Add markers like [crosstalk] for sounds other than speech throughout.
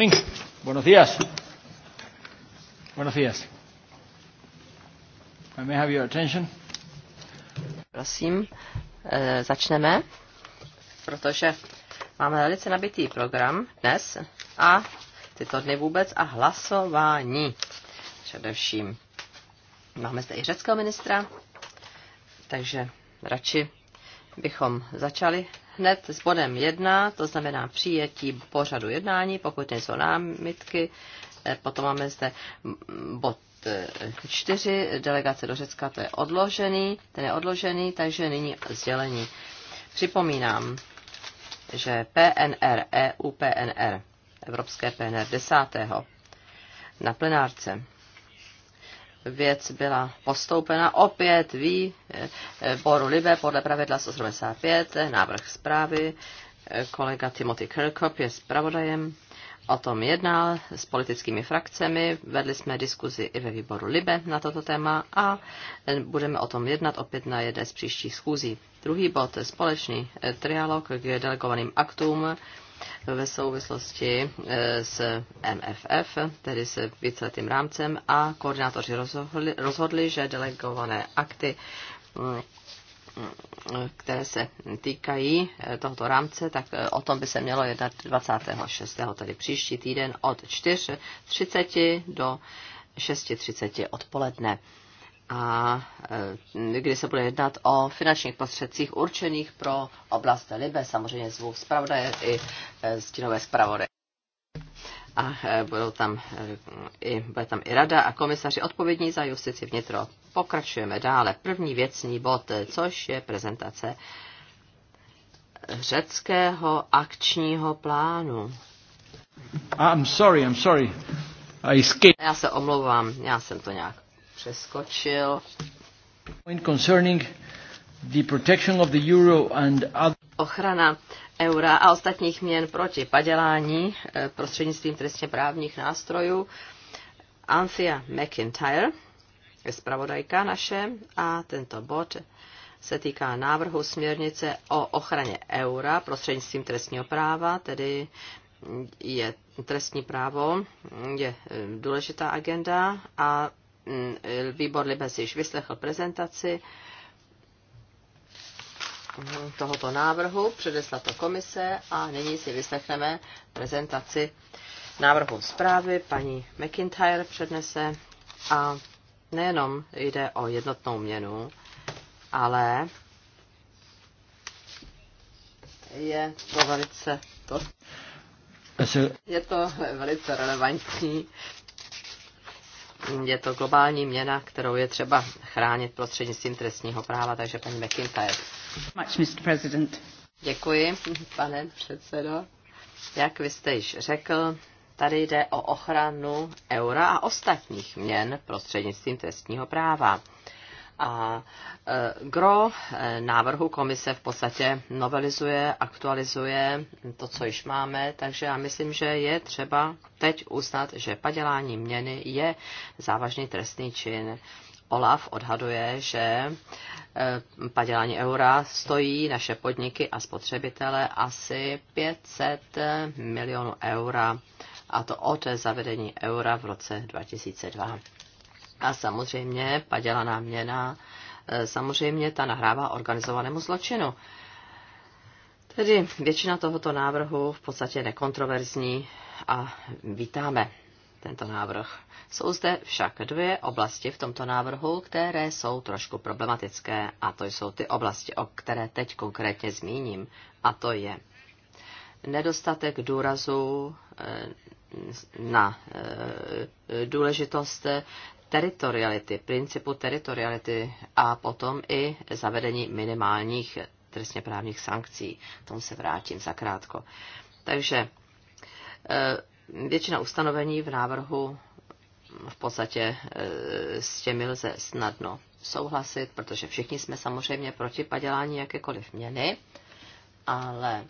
morning. Buenos días. Buenos días. I may have your attention. Prosím, uh, začneme, protože máme velice nabitý program dnes a tyto dny vůbec a hlasování především. Máme zde i řeckého ministra, takže radši bychom začali hned s bodem 1, to znamená přijetí pořadu jednání, pokud nejsou námitky. Eh, potom máme zde bod 4, eh, delegace do Řecka, to je odložený, ten je odložený, takže nyní sdělení. Připomínám, že PNR, EU PNR, Evropské PNR 10. na plenárce věc byla postoupena opět výboru Libe podle pravidla 185, návrh zprávy. Eh, kolega Timothy Kirkop je zpravodajem. O tom jednal s politickými frakcemi, vedli jsme diskuzi i ve výboru Libe na toto téma a eh, budeme o tom jednat opět na jedné z příštích schůzí. Druhý bod, společný eh, trialog k delegovaným aktům ve souvislosti e, s MFF, tedy s víceletým rámcem, a koordinátoři rozhodli, rozhodli že delegované akty mm, mm, které se týkají e, tohoto rámce, tak e, o tom by se mělo jednat 26. tedy příští týden od 4.30 do 6.30 odpoledne a e, kdy se bude jednat o finančních prostředcích určených pro oblast Libe, samozřejmě zvuk zpravodaje i e, stinové zpravodaje. A e, budou tam i, bude tam i rada a komisaři odpovědní za justici vnitro. Pokračujeme dále. První věcný bod, což je prezentace řeckého akčního plánu. Ah, I'm sorry, I'm sorry. I escaped. Já se omlouvám, já jsem to nějak přeskočil. Ochrana eura a ostatních měn proti padělání eh, prostřednictvím trestně právních nástrojů. Anthea McIntyre je zpravodajka naše a tento bod se týká návrhu směrnice o ochraně eura prostřednictvím trestního práva, tedy je trestní právo je eh, důležitá agenda a Mm, výbor Libes již vyslechl prezentaci tohoto návrhu, předesla to komise a nyní si vyslechneme prezentaci návrhu zprávy. Paní McIntyre přednese a nejenom jde o jednotnou měnu, ale je to velice to, je to velice relevantní je to globální měna, kterou je třeba chránit prostřednictvím trestního práva, takže paní McIntyre. Much, Mr. President. Děkuji, pane předsedo. Jak vy jste již řekl, tady jde o ochranu eura a ostatních měn prostřednictvím trestního práva. A e, gro e, návrhu komise v podstatě novelizuje, aktualizuje to, co již máme, takže já myslím, že je třeba teď uznat, že padělání měny je závažný trestný čin. Olaf odhaduje, že e, padělání eura stojí naše podniky a spotřebitele asi 500 milionů eura, a to od zavedení eura v roce 2002. A samozřejmě padělaná měna, e, samozřejmě ta nahrává organizovanému zločinu. Tedy většina tohoto návrhu v podstatě nekontroverzní a vítáme tento návrh. Jsou zde však dvě oblasti v tomto návrhu, které jsou trošku problematické a to jsou ty oblasti, o které teď konkrétně zmíním. A to je nedostatek důrazu e, na e, důležitost teritoriality, principu teritoriality a potom i zavedení minimálních trestně právních sankcí. K tomu se vrátím krátko. Takže e, většina ustanovení v návrhu v podstatě e, s těmi lze snadno souhlasit, protože všichni jsme samozřejmě proti padělání jakékoliv měny, ale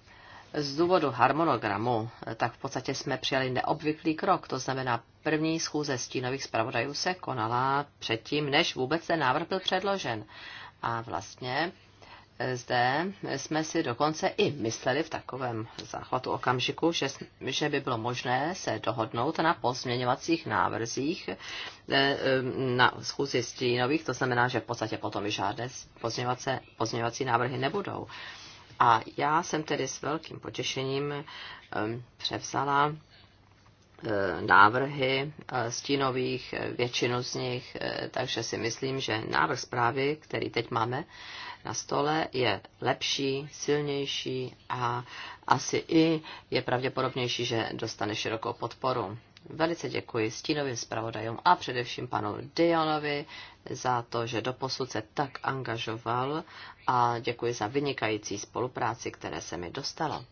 z důvodu harmonogramu, e, tak v podstatě jsme přijali neobvyklý krok, to znamená První schůze stínových zpravodajů se konala předtím, než vůbec ten návrh byl předložen. A vlastně e, zde jsme si dokonce i mysleli v takovém záchvatu okamžiku, že, že by bylo možné se dohodnout na pozměňovacích návrzích e, e, na schůzi stínových, to znamená, že v podstatě potom i žádné pozměňovací návrhy nebudou. A já jsem tedy s velkým potěšením převzala E, návrhy e, stínových, e, většinu z nich, takže si myslím, že návrh zprávy, který teď máme na stole, je lepší, silnější a asi i je pravděpodobnější, že dostane širokou podporu. Velice děkuji stínovým zpravodajům a především panu Dionovi za to, že doposud se tak angažoval a děkuji za vynikající spolupráci, které se mi dostalo.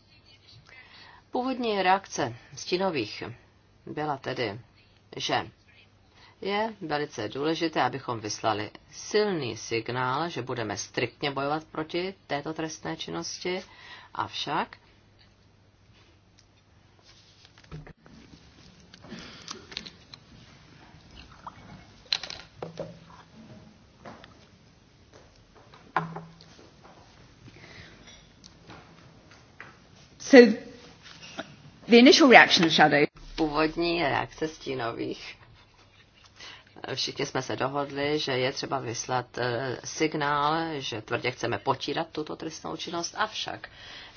Původní reakce stínových byla tedy, že je velice důležité, abychom vyslali silný signál, že budeme striktně bojovat proti této trestné činnosti, avšak So the initial reaction of Shadow původní reakce stínových. Všichni jsme se dohodli, že je třeba vyslat eh, signál, že tvrdě chceme potírat tuto trestnou činnost, avšak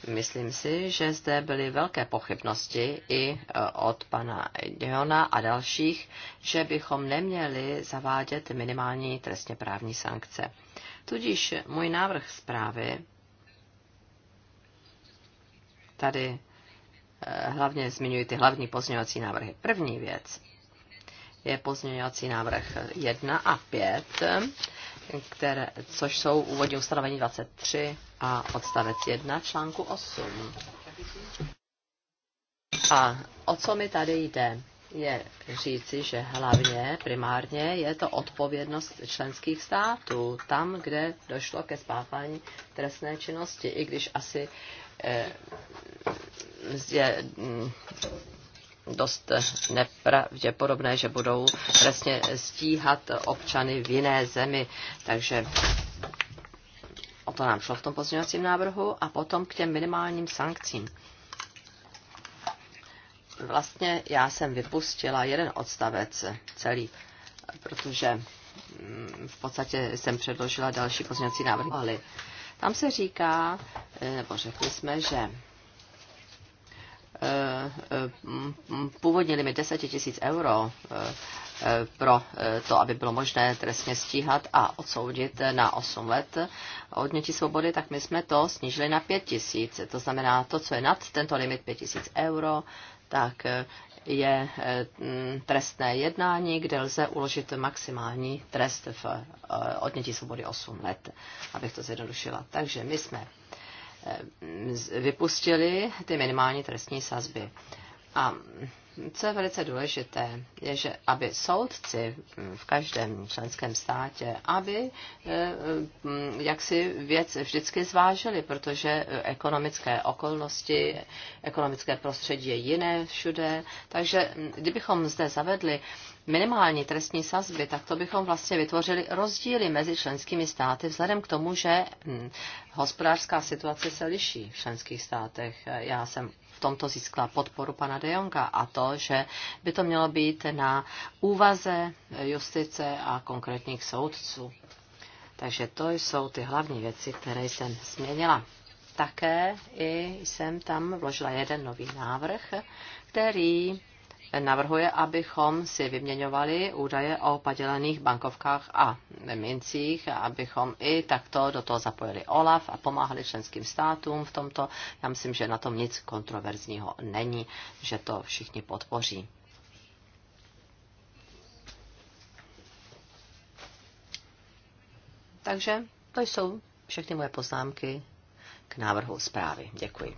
myslím si, že zde byly velké pochybnosti i eh, od pana Diona a dalších, že bychom neměli zavádět minimální trestně právní sankce. Tudíž můj návrh zprávy tady Eh, hlavně zmiňuji ty hlavní pozměňovací návrhy. První věc je pozměňovací návrh 1 a 5, které, což jsou úvodní ustanovení 23 a odstavec 1 článku 8. A o co mi tady jde? je říci, že hlavně, primárně je to odpovědnost členských států, tam, kde došlo ke spáchání trestné činnosti, i když asi Eh, je mm, dost nepravděpodobné, že budou přesně stíhat občany v jiné zemi. Takže o to nám šlo v tom pozměňovacím návrhu a potom k těm minimálním sankcím. Vlastně já jsem vypustila jeden odstavec celý, protože mm, v podstatě jsem předložila další pozměňovací návrhy tam se říká, eh, nebo řekli jsme, že eh, eh, původně limit 10 tisíc euro pro to, aby bylo možné trestně stíhat a odsoudit na 8 let odnětí svobody, tak my jsme to snížili na 5 tisíc. To znamená, to, co je nad tento limit 5 tisíc euro, tak je eh, mm, trestné jednání, kde lze uložit maximální trest v eh, odnětí svobody 8 let, abych to zjednodušila. Takže my jsme eh, vypustili ty minimální trestní sazby. A co je velice důležité, je, že aby soudci v každém členském státě, aby eh, eh, jak si věc vždycky zvážili, protože ekonomické okolnosti, ekonomické prostředí je jiné všude. Takže hm, kdybychom zde zavedli minimální trestní sazby, tak to bychom vlastně vytvořili rozdíly mezi členskými státy vzhledem k tomu, že hm, hospodářská situace se liší v členských státech. Já jsem tomto získala podporu pana De Jonga a to, že by to mělo být na úvaze justice a konkrétních soudců. Takže to jsou ty hlavní věci, které jsem změnila. Také i jsem tam vložila jeden nový návrh, který navrhuje, abychom si vyměňovali údaje o padělených bankovkách a mincích, abychom i takto do toho zapojili OLAF a pomáhali členským státům v tomto. Já myslím, že na tom nic kontroverzního není, že to všichni podpoří. Takže to jsou všechny moje poznámky k návrhu zprávy. Děkuji.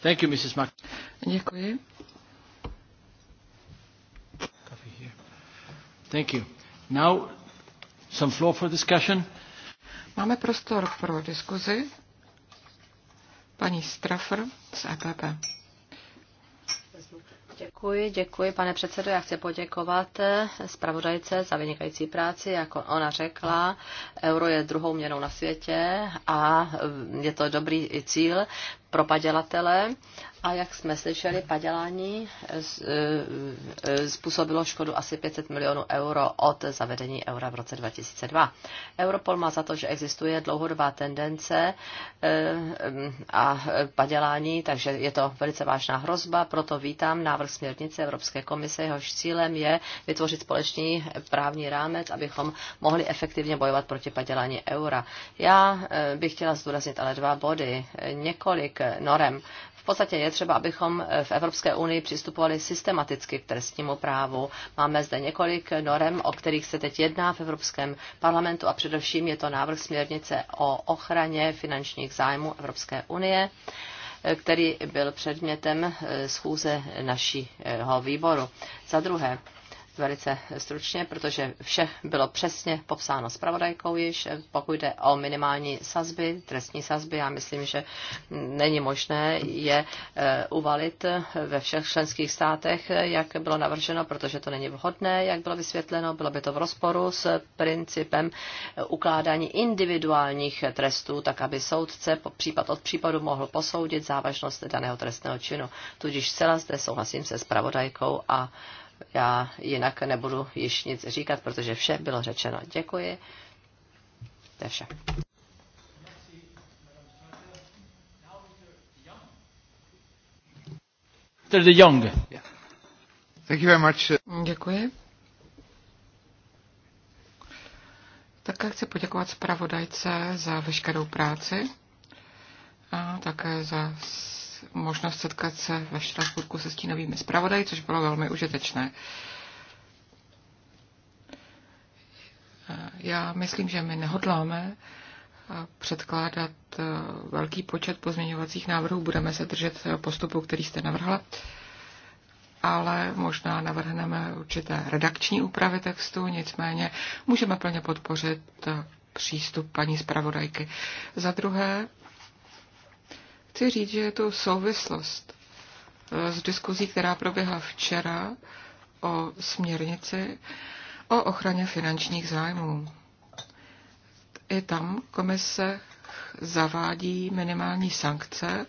Thank you, Mrs. Mac- Děkuji. Thank you. Now, some floor for discussion. Máme prostor pro diskuzi. Paní Straffer z EPP. Děkuji, děkuji, pane předsedo. Já chci poděkovat zpravodajce za vynikající práci. Jako ona řekla, euro je druhou měnou na světě a je to dobrý cíl pro padělatele a jak jsme slyšeli, padělání eh, eh, eh, způsobilo škodu asi 500 milionů euro od zavedení eura v roce 2002. Europol má za to, že existuje dlouhodobá tendence a padělání, takže je to velice vážná hrozba, proto vítám návrh směrnice Evropské komise, jehož cílem je vytvořit společný právní rámec, abychom mohli efektivně bojovat proti padělání eura. Já bych chtěla zdůraznit ale dva body. Několik k norem. V podstatě je třeba, abychom v Evropské unii přistupovali systematicky k trestnímu právu. Máme zde několik norem, o kterých se teď jedná v Evropském parlamentu a především je to návrh směrnice o ochraně finančních zájmů Evropské unie který byl předmětem schůze našího výboru. Za druhé, velice stručně, protože vše bylo přesně popsáno zpravodajkou již. Pokud jde o minimální sazby, trestní sazby, já myslím, že není možné je eh, uvalit ve všech členských státech, jak bylo navrženo, protože to není vhodné, jak bylo vysvětleno, bylo by to v rozporu s principem eh, ukládání individuálních trestů, tak aby soudce případ od případu mohl posoudit závažnost daného trestného činu. Tudíž celá zde souhlasím se zpravodajkou a já jinak nebudu již nic říkat, protože vše bylo řečeno. Děkuji. To je vše. Mr. De Jong. Thank you very much. Děkuji. Také chci poděkovat zpravodajce za veškerou práci a také za možnost setkat se ve Štrasburku se stínovými zpravodaji, což bylo velmi užitečné. Já myslím, že my nehodláme předkládat velký počet pozměňovacích návrhů. Budeme se držet postupu, který jste navrhla, ale možná navrhneme určité redakční úpravy textu, nicméně můžeme plně podpořit přístup paní zpravodajky. Za druhé, Chci říct, že je to souvislost eh, s diskuzí, která proběhla včera o směrnici o ochraně finančních zájmů. I tam komise zavádí minimální sankce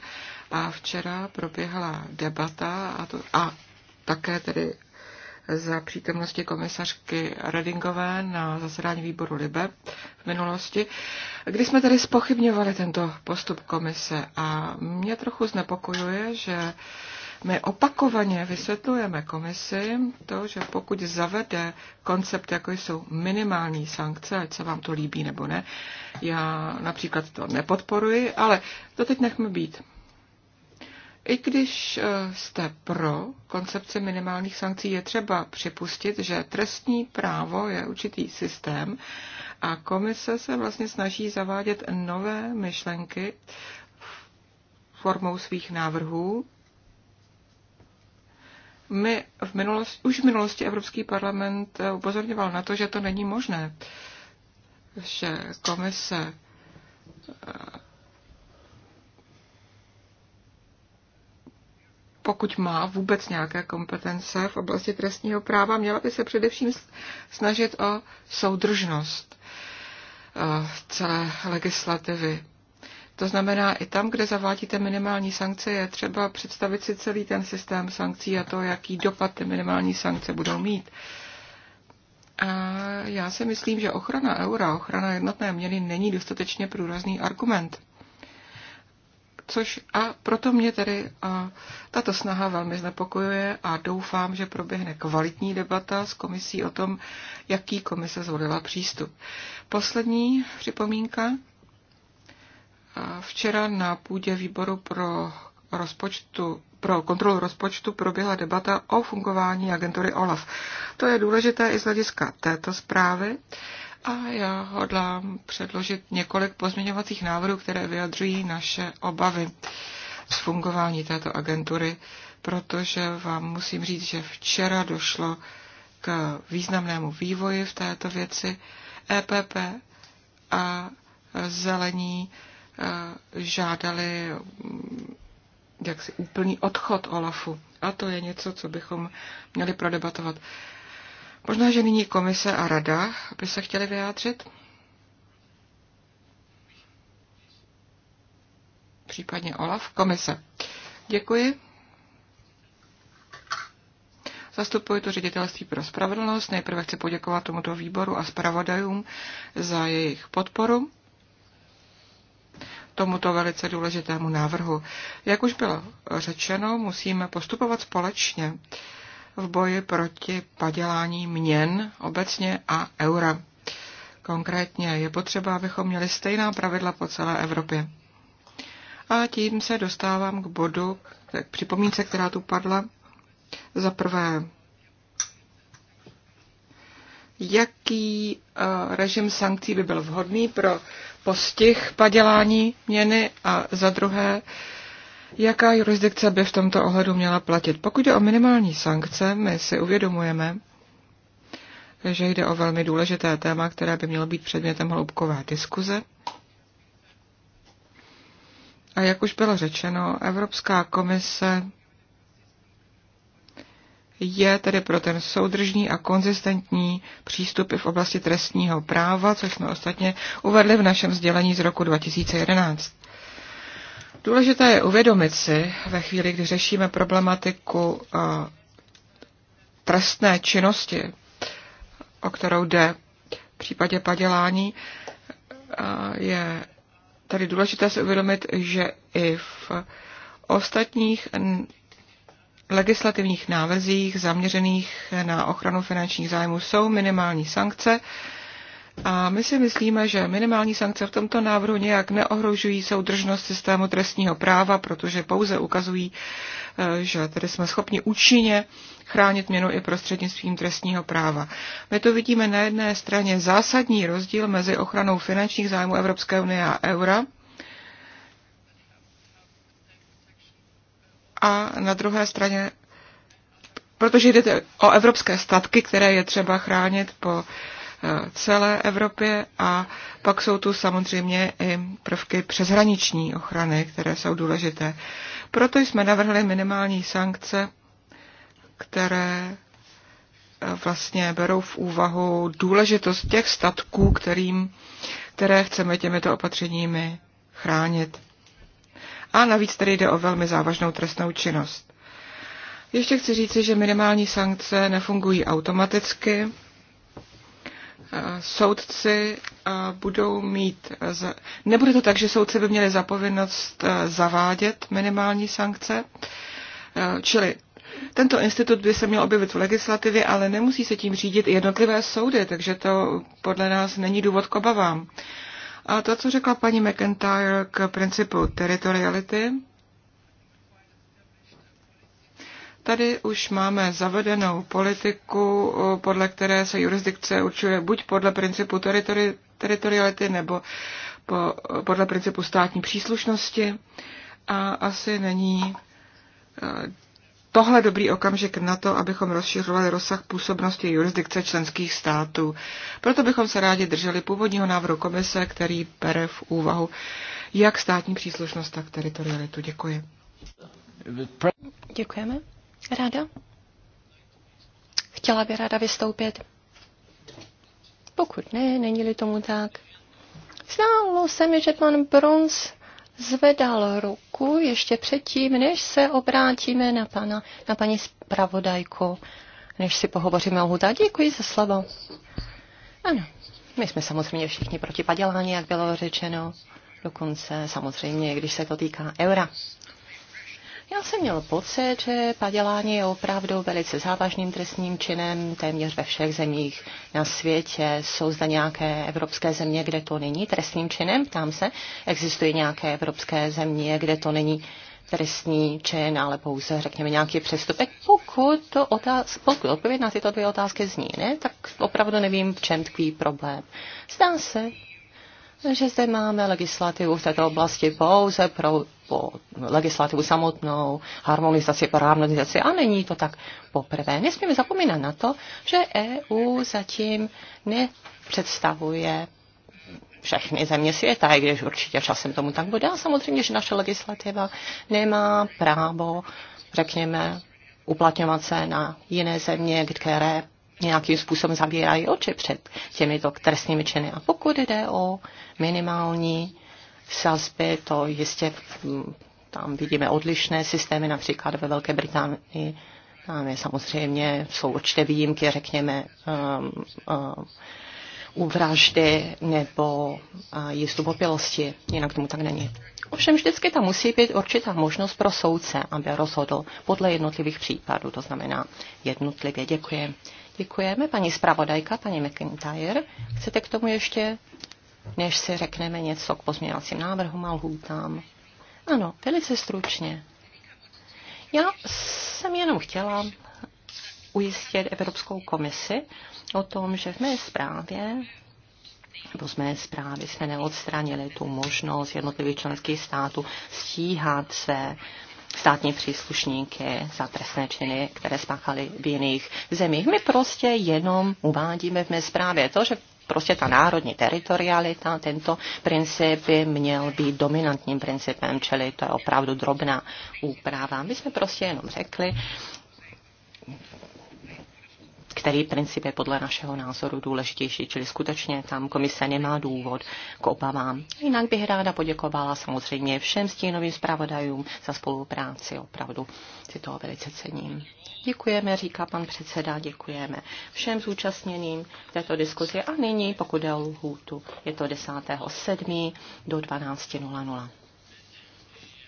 a včera proběhla debata a, to, a také tedy za přítomnosti komisařky Redingové na zasedání výboru LIBE v minulosti, kdy jsme tady spochybňovali tento postup komise a mě trochu znepokojuje, že my opakovaně vysvětlujeme komisi to, že pokud zavede koncept, jako jsou minimální sankce, ať se vám to líbí nebo ne, já například to nepodporuji, ale to teď nechme být. I když eh, jste pro koncepci minimálních sankcí, je třeba připustit, že trestní právo je určitý systém a komise se vlastně snaží zavádět nové myšlenky formou svých návrhů. My v minulosti, už v minulosti Evropský parlament eh, upozorňoval na to, že to není možné, že komise eh, pokud má vůbec nějaké kompetence v oblasti trestního práva, měla by se především snažit o soudržnost eh, celé legislativy. To znamená, i tam, kde zavádíte minimální sankce, je třeba představit si celý ten systém sankcí a to, jaký dopad ty minimální sankce budou mít. A já si myslím, že ochrana eura, ochrana jednotné měny není dostatečně průrazný argument. Což a proto mě tedy a, tato snaha velmi znepokojuje a doufám, že proběhne kvalitní debata s komisí o tom, jaký komise zvolila přístup. Poslední připomínka. A včera na půdě výboru pro rozpočtu pro kontrolu rozpočtu proběhla debata o fungování agentury OLAF. To je důležité i z hlediska této zprávy a já hodlám předložit několik pozměňovacích návrhů, které vyjadřují naše obavy z fungování této agentury, protože vám musím říct, že včera došlo k významnému vývoji v této věci. EPP a zelení eh, žádali mm, jaksi úplný odchod Olafu. A to je něco, co bychom měli prodebatovat. Možná, že nyní komise a rada by se chtěli vyjádřit. Případně Olaf, komise. Děkuji. Zastupuji tu ředitelství pro spravedlnost. Nejprve chci poděkovat tomuto výboru a zpravodajům za jejich podporu tomuto velice důležitému návrhu. Jak už bylo řečeno, musíme postupovat společně v boji proti padělání měn obecně a eura. Konkrétně je potřeba, abychom měli stejná pravidla po celé Evropě. A tím se dostávám k bodu, k připomínce, která tu padla. Za prvé, jaký eh, režim sankcí by byl vhodný pro postih padělání měny a za druhé, jaká jurisdikce by v tomto ohledu měla platit. Pokud jde o minimální sankce, my si uvědomujeme, že jde o velmi důležité téma, které by mělo být předmětem hloubkové diskuze. A jak už bylo řečeno, Evropská komise je tedy pro ten soudržný a konzistentní přístup v oblasti trestního práva, což jsme ostatně uvedli v našem sdělení z roku 2011. Důležité je uvědomit si ve chvíli, kdy řešíme problematiku eh, trestné činnosti, o kterou jde v případě padělání, eh, je tady důležité si uvědomit, že i v ostatních legislativních návrzích zaměřených na ochranu finančních zájmů jsou minimální sankce, a my si myslíme, že minimální sankce v tomto návrhu nějak neohrožují soudržnost systému trestního práva, protože pouze ukazují, e, že tedy jsme schopni účinně chránit měnu i prostřednictvím trestního práva. My tu vidíme na jedné straně zásadní rozdíl mezi ochranou finančních zájmů Evropské unie a eura, a na druhé straně, protože jde o evropské statky, které je třeba chránit po uh, celé Evropě a pak jsou tu samozřejmě i prvky přeshraniční ochrany, které jsou důležité. Proto jsme navrhli minimální sankce, které eh, vlastně berou v úvahu důležitost těch statků, kterým, které chceme těmito opatřeními chránit. A navíc tady jde o velmi závažnou trestnou činnost. Ještě chci říci, že minimální sankce nefungují automaticky, soudci budou mít, nebude to tak, že soudci by měli zapovinnost zavádět minimální sankce, čili tento institut by se měl objevit v legislativě, ale nemusí se tím řídit jednotlivé soudy, takže to podle nás není důvod k obavám. A to, co řekla paní McIntyre k principu teritoriality, Tady už máme zavedenou politiku, eh, podle které se jurisdikce určuje buď podle principu teritori- teritoriality nebo po, eh, podle principu státní příslušnosti. A asi není eh, tohle dobrý okamžik na to, abychom rozšiřovali rozsah působnosti jurisdikce členských států. Proto bychom se rádi drželi původního návrhu komise, který bere v úvahu jak státní příslušnost, tak teritorialitu. Děkuji. Děkujeme. Ráda? Chtěla by ráda vystoupit? Pokud ne, není-li tomu tak. Zdálo se mi, že pan Bronz zvedal ruku ještě předtím, než se obrátíme na, pana, na paní zpravodajku, než si pohovoříme o hudá. Děkuji za slovo. Ano, my jsme samozřejmě všichni proti padělání, jak bylo řečeno. Dokonce samozřejmě, když se to týká eura. Já jsem měl pocit, že padělání je opravdu velice závažným trestním činem téměř ve všech zemích na světě. Jsou zde nějaké evropské země, kde to není trestním činem? Tam se existují nějaké evropské země, kde to není trestní čin, ale pouze, řekněme, nějaký přestupek. Pokud, to otáz, pokud odpověď na tyto dvě otázky zní ne, tak opravdu nevím, v čem tkví problém. Zdá se, že zde máme legislativu v této oblasti pouze pro, po legislativu samotnou, harmonizaci, právnotizaci a není to tak poprvé. Nesmíme zapomínat na to, že EU zatím nepředstavuje všechny země světa, i když určitě časem tomu tak bude. A samozřejmě, že naše legislativa nemá právo, řekněme, uplatňovat se na jiné země, které nějakým způsobem zavírají oči před těmito trestnými činy. A pokud jde o minimální sazby, to jistě mm, tam vidíme odlišné systémy, například ve Velké Británii tam je samozřejmě, jsou určité výjimky, řekněme, u um, um, vraždy nebo uh, jistu v jinak tomu tak není. Ovšem vždycky tam musí být určitá možnost pro soudce, aby rozhodl podle jednotlivých případů, to znamená jednotlivě. Děkuji. Děkujeme. Paní zpravodajka, paní McIntyre, chcete k tomu ještě, než si řekneme něco k pozměňovacím návrhům a lhůtám? Ano, velice stručně. Já jsem jenom chtěla ujistit Evropskou komisi o tom, že v mé zprávě nebo z mé zprávy jsme neodstranili tu možnost jednotlivých členských států stíhat své státní příslušníky za trestné činy, které spáchali v jiných zemích. My prostě jenom uvádíme v mé zprávě to, že prostě ta národní teritorialita, tento princip by měl být dominantním principem, čili to je opravdu drobná úprava. My jsme prostě jenom řekli, který princip je podle našeho názoru důležitější, čili skutečně tam komise nemá důvod k obavám. Jinak bych ráda poděkovala samozřejmě všem stínovým zpravodajům za spolupráci, opravdu si toho velice cením. Děkujeme, říká pan předseda, děkujeme všem zúčastněným této diskuzi a nyní, pokud je o lhůtu, je to 10.7. do 12.00.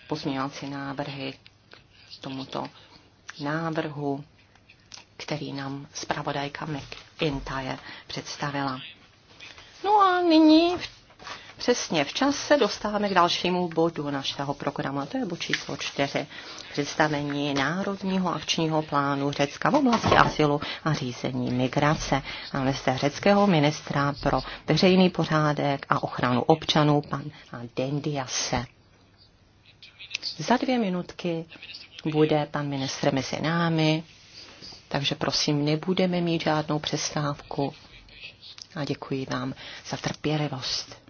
Pozměňovací návrhy k tomuto návrhu který nám zpravodajka McIntyre představila. No a nyní přesně v čase dostáváme k dalšímu bodu našeho programu, to je bod číslo čtyři Představení Národního akčního plánu Řecka v oblasti asilu a řízení migrace. Máme zde řeckého ministra pro veřejný pořádek a ochranu občanů, pan Dendiase. Za dvě minutky bude pan ministr mezi námi takže prosím, nebudeme mít žádnou přestávku. A děkuji vám za trpělivost.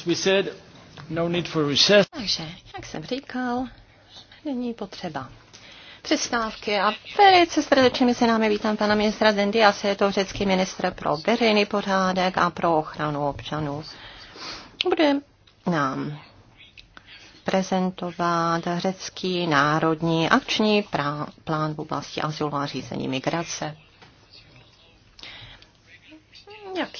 as we said, no need for recess. Takže, jak jsem říkal, není potřeba přestávky a velice srdečně se námi vítám pana ministra asi je to řecký ministr pro veřejný pořádek a pro ochranu občanů. Bude nám prezentovat řecký národní akční plán v oblasti azylu a řízení migrace.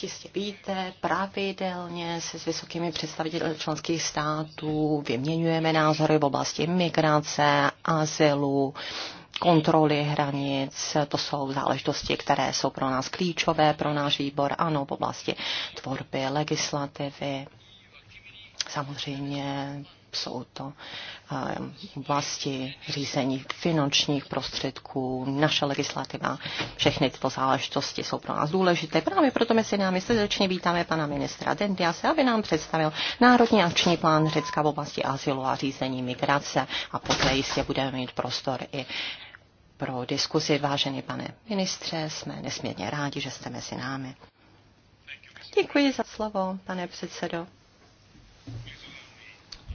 jistě víte, pravidelně se s vysokými představiteli členských států vyměňujeme názory v oblasti migrace, azylu, kontroly hranic, to jsou záležitosti, které jsou pro nás klíčové, pro náš výbor, ano, v oblasti tvorby legislativy, samozřejmě jsou to vlasti eh, řízení finančních prostředků, naše legislativa, všechny tyto záležitosti jsou pro nás důležité. Právě proto si námi srdečně vítáme pana ministra Dendiase, aby nám představil Národní akční plán Řecka v oblasti asilu a řízení migrace a poté jistě budeme mít prostor i pro diskuzi. Vážený pane ministře, jsme nesmírně rádi, že jste mezi námi. Děkuji za slovo, pane předsedo.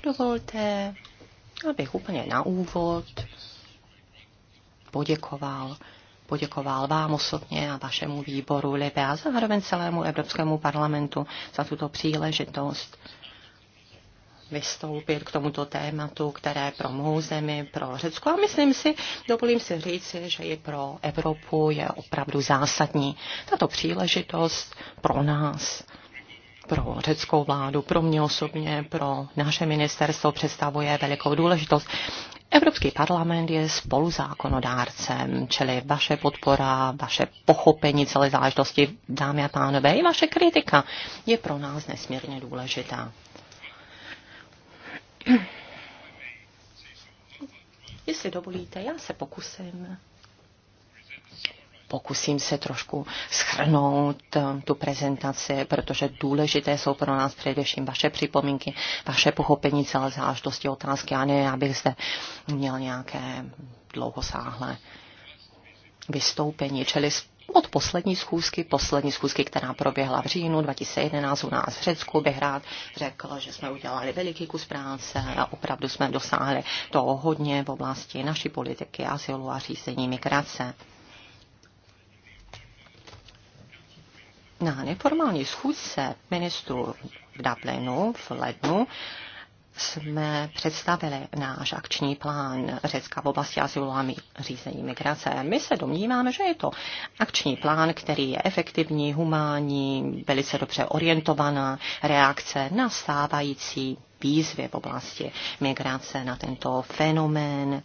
Dovolte, abych úplně na úvod poděkoval poděkoval vám osobně a vašemu výboru Libe a zároveň celému Evropskému parlamentu za tuto příležitost vystoupit k tomuto tématu, které pro mou zemi, pro Řecko a myslím si, dovolím si říci, že i pro Evropu je opravdu zásadní. Tato příležitost pro nás pro řeckou vládu, pro mě osobně, pro naše ministerstvo představuje velikou důležitost. Evropský parlament je spoluzákonodárcem, čili vaše podpora, vaše pochopení celé záležitosti, dámy a pánové, i vaše kritika je pro nás nesmírně důležitá. Jestli dovolíte, já se pokusím pokusím se trošku schrnout eh, tu prezentaci, protože důležité jsou pro nás především vaše připomínky, vaše pochopení celé záležitosti otázky a ne, abych zde měl nějaké dlouhosáhlé vystoupení, čili od poslední schůzky, poslední schůzky, která proběhla v říjnu 2011 u nás v Řecku, bych rád řekl, že jsme udělali veliký kus práce a opravdu jsme dosáhli toho hodně v oblasti naší politiky, asilu a řízení migrace. Na neformální schůzce ministrů v Dublinu v lednu jsme představili náš akční plán Řecka v oblasti azylu a řízení migrace. My se domníváme, že je to akční plán, který je efektivní, humánní, velice dobře orientovaná reakce na stávající výzvy v oblasti migrace, na tento fenomén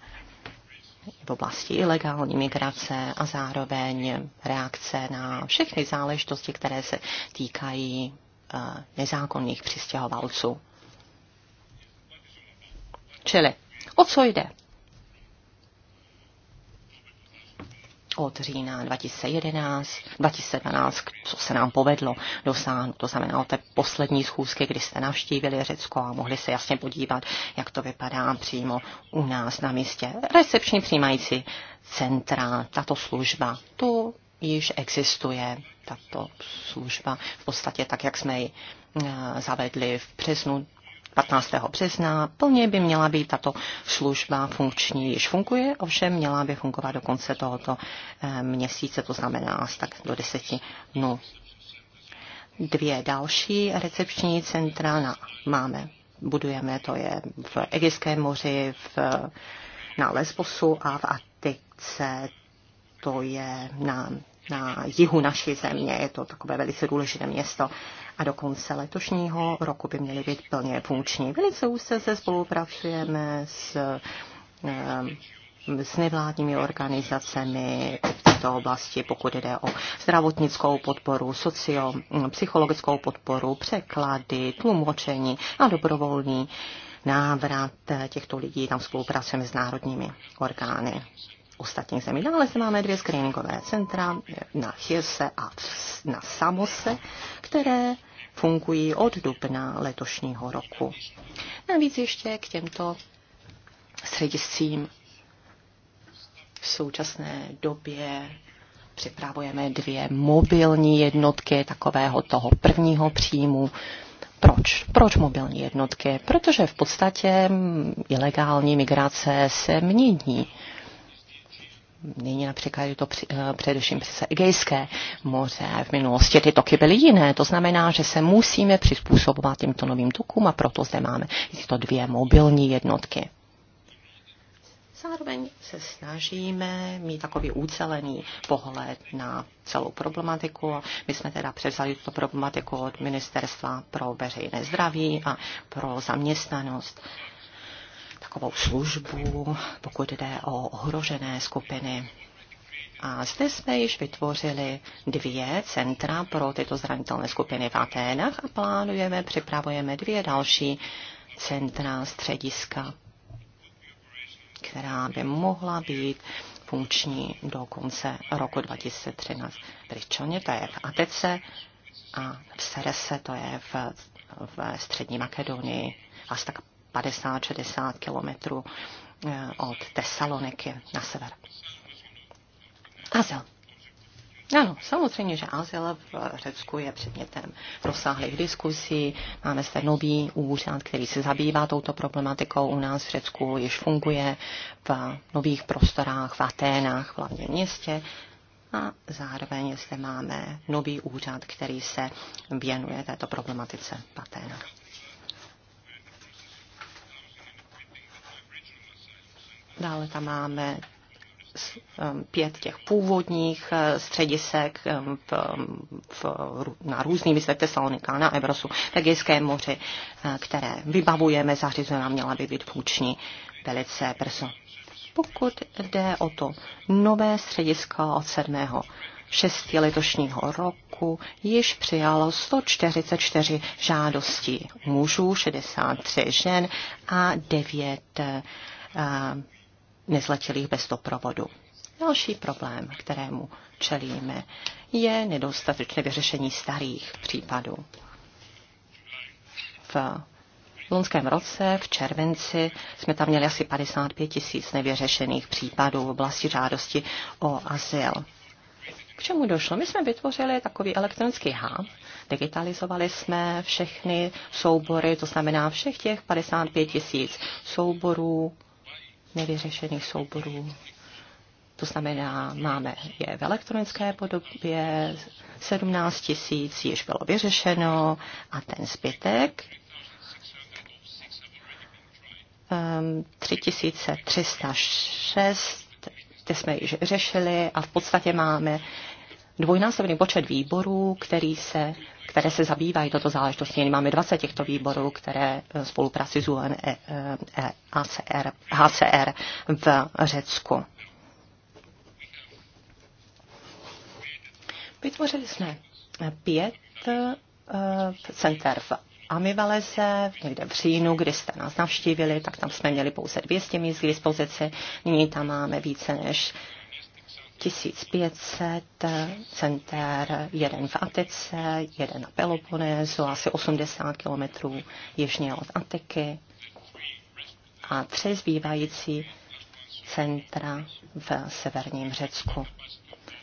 v oblasti ilegální migrace a zároveň reakce na všechny záležitosti, které se týkají eh, nezákonných přistěhovalců. Čili o co jde? od října 2011, 2012, co se nám povedlo dosáhnout. To znamená o té poslední schůzky, kdy jste navštívili Řecko a mohli se jasně podívat, jak to vypadá přímo u nás na místě. Recepční přijímající centra, tato služba, tu již existuje tato služba. V podstatě tak, jak jsme ji eh, zavedli v březnu 15. března. Plně by měla být tato služba funkční. Již funguje, ovšem měla by fungovat do konce tohoto eh, měsíce, to znamená asi tak do 10 dnů. Dvě další recepční centra na, máme. Budujeme, to je v Egejském moři, v, na Lesbosu a v Atice, to je na na jihu naší země. Je to takové velice důležité město a do konce letošního roku by měly být plně funkční. Velice úzce se spolupracujeme s eh, s nevládními organizacemi v této oblasti, pokud jde o zdravotnickou podporu, socio-psychologickou podporu, překlady, tlumočení a dobrovolný návrat těchto lidí. Tam spolupracujeme s národními orgány ostatních zemí. Dále se máme dvě screeningové centra eh, na Chiese a na Samose, které fungují od dubna letošního roku. Navíc ještě k těmto střediscím v současné době připravujeme dvě mobilní jednotky takového toho prvního příjmu. Proč? Proč mobilní jednotky? Protože v podstatě ilegální migrace se mění. Nyní například je to při, eh, především přes Egejské moře. V minulosti ty toky byly jiné. To znamená, že se musíme přizpůsobovat těmto novým tokům a proto zde máme tyto dvě mobilní jednotky. Zároveň se snažíme mít takový ucelený pohled na celou problematiku. My jsme teda převzali tuto problematiku od Ministerstva pro veřejné zdraví a pro zaměstnanost takovou službu, pokud jde o ohrožené skupiny. A zde jsme již vytvořili dvě centra pro tyto zranitelné skupiny v Aténách a plánujeme, připravujeme dvě další centra, střediska, která by mohla být funkční do konce roku 2013. Pričoně to je v Atece a v Serese to je v, v střední Makedonii. Asi tak 50-60 kilometrů eh, od Tesaloniky na sever. Azel. Ano, samozřejmě, že azyl v Řecku je předmětem rozsáhlých diskusí. Máme zde nový úřad, který se zabývá touto problematikou. U nás v Řecku již funguje v nových prostorách, v Aténách, v hlavním městě. A zároveň zde máme nový úřad, který se věnuje této problematice v Aténách. Dále tam máme um, pět těch původních eh, středisek um, v, um, v, na různých místech Tesalonika, na Ebrosu, v Egejském moři, eh, které vybavujeme, zařizujeme a měla by být funkční velice brzo. Pokud jde o to nové středisko od 7. 6. letošního roku již přijalo 144 žádostí mužů, 63 žen a 9 uh, eh, nezletilých bez doprovodu. Další problém, kterému čelíme, je nedostatečné vyřešení starých případů. V loňském roce, v červenci, jsme tam měli asi 55 tisíc nevyřešených případů v oblasti žádosti o azyl. K čemu došlo? My jsme vytvořili takový elektronický hub, digitalizovali jsme všechny soubory, to znamená všech těch 55 tisíc souborů, nevyřešených souborů. To znamená, máme je v elektronické podobě, 17 tisíc již bylo vyřešeno a ten zbytek 3306, ehm, ty jsme již řešili a v podstatě máme dvojnásobný počet výborů, který se které se zabývají toto záležitostí. Máme 20 těchto výborů, které eh, spolupráci s UNHCR e, eh, e, HCR v Řecku. Vytvořili jsme pět eh, center v Amivaleze, někde v říjnu, kdy jste nás navštívili, tak tam jsme měli pouze 200 míst k dispozici. Nyní tam máme více než 1500 center, jeden v Atice, jeden na Peloponézu, asi 80 kilometrů jižně od Atiky a tři zbývající centra v severním Řecku.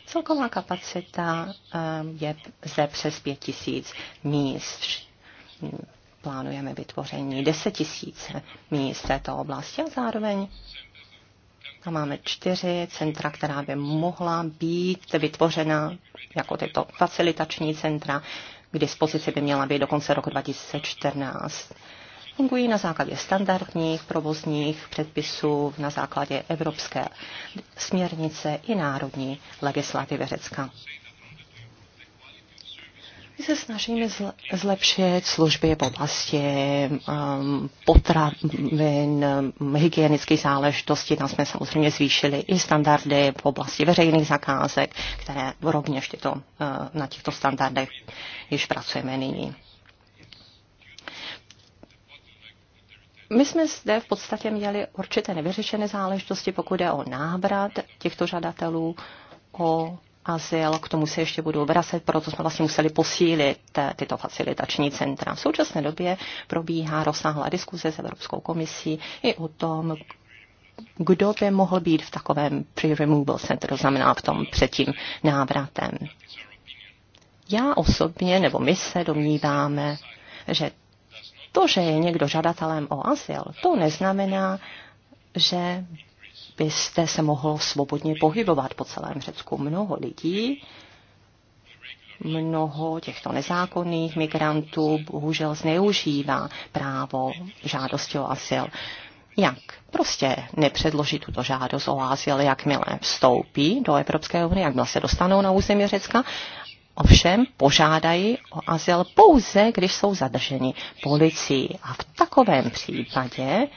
Celková kapacita eh, je zde přes 5000 míst. Plánujeme vytvoření 10 000 míst v této oblasti a zároveň a máme čtyři centra, která by mohla být vytvořena jako tyto facilitační centra. K dispozici by měla být do konce roku 2014 fungují na základě standardních provozních předpisů, na základě evropské směrnice i národní legislativy Řecka. My se snažíme zlepšit služby v oblasti um, potravin, um, hygienické záležitosti. Tam jsme samozřejmě zvýšili i standardy v oblasti veřejných zakázek, které rovněž tyto, uh, na těchto standardech již pracujeme nyní. My jsme zde v podstatě měli určité nevyřešené záležitosti, pokud je o návrat těchto žadatelů o azyl, k tomu se ještě budou vracet, proto jsme vlastně museli posílit eh, tyto facilitační centra. V současné době probíhá rozsáhlá diskuze s Evropskou komisí i o tom, kdo by mohl být v takovém pre-removal center, to znamená v tom před tím návratem. Já osobně, nebo my se domníváme, že to, že je někdo žadatelem o azyl, to neznamená, že byste se mohl svobodně pohybovat po celém Řecku. Mnoho lidí, mnoho těchto nezákonných migrantů bohužel zneužívá právo žádosti o asil. Jak prostě nepředložit tuto žádost o azyl, jakmile vstoupí do Evropské unie, jakmile se dostanou na území Řecka, ovšem požádají o azyl pouze, když jsou zadrženi policií. A v takovém případě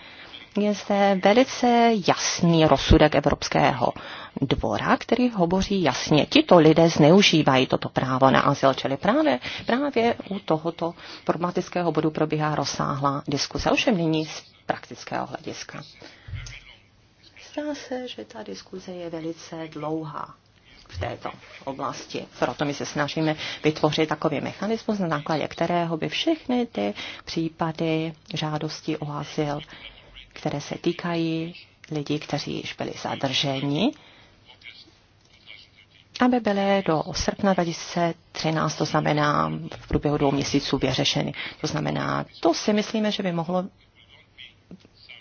je zde velice jasný rozsudek Evropského dvora, který hovoří jasně. Tito lidé zneužívají toto právo na azyl, čili právě, právě u tohoto problematického bodu probíhá rozsáhlá diskuse. Ovšem nyní z praktického hlediska. Zdá se, že ta diskuze je velice dlouhá v této oblasti. Proto my se snažíme vytvořit takový mechanismus, na základě kterého by všechny ty případy žádosti o azyl které se týkají lidí, kteří již byli zadrženi, aby byly do srpna 2013, to znamená v průběhu dvou měsíců vyřešeny. To znamená, to si myslíme, že by mohlo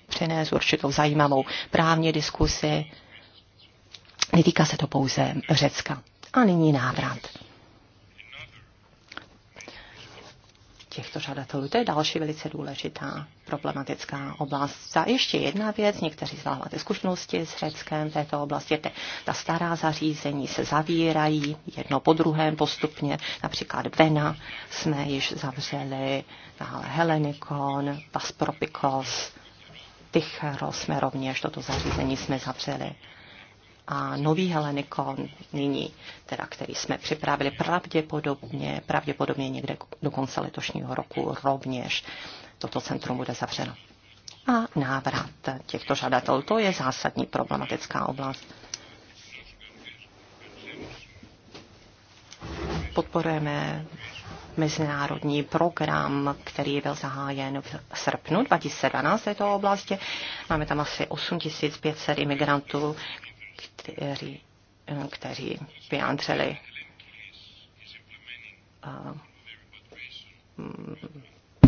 přinést určitou zajímavou právní diskusi. Netýká se to pouze Řecka. A nyní návrat. těchto žadatelů. To je další velice důležitá problematická oblast. A ještě jedna věc, někteří z vás máte zkušenosti s Řeckem v této oblasti, te, ta stará zařízení se zavírají jedno po druhém postupně, například Vena jsme již zavřeli, dále Helenikon, Paspropikos, Tychero jsme rovněž toto zařízení jsme zavřeli a nový Helenikon nyní, teda, který jsme připravili pravděpodobně, pravděpodobně někde do konce letošního roku rovněž toto centrum bude zavřeno. A návrat těchto žadatelů, to je zásadní problematická oblast. Podporujeme mezinárodní program, který byl zahájen v srpnu 2012 v této oblasti. Máme tam asi 8500 imigrantů, kteří, eh, kteří vyjádřili eh, mm,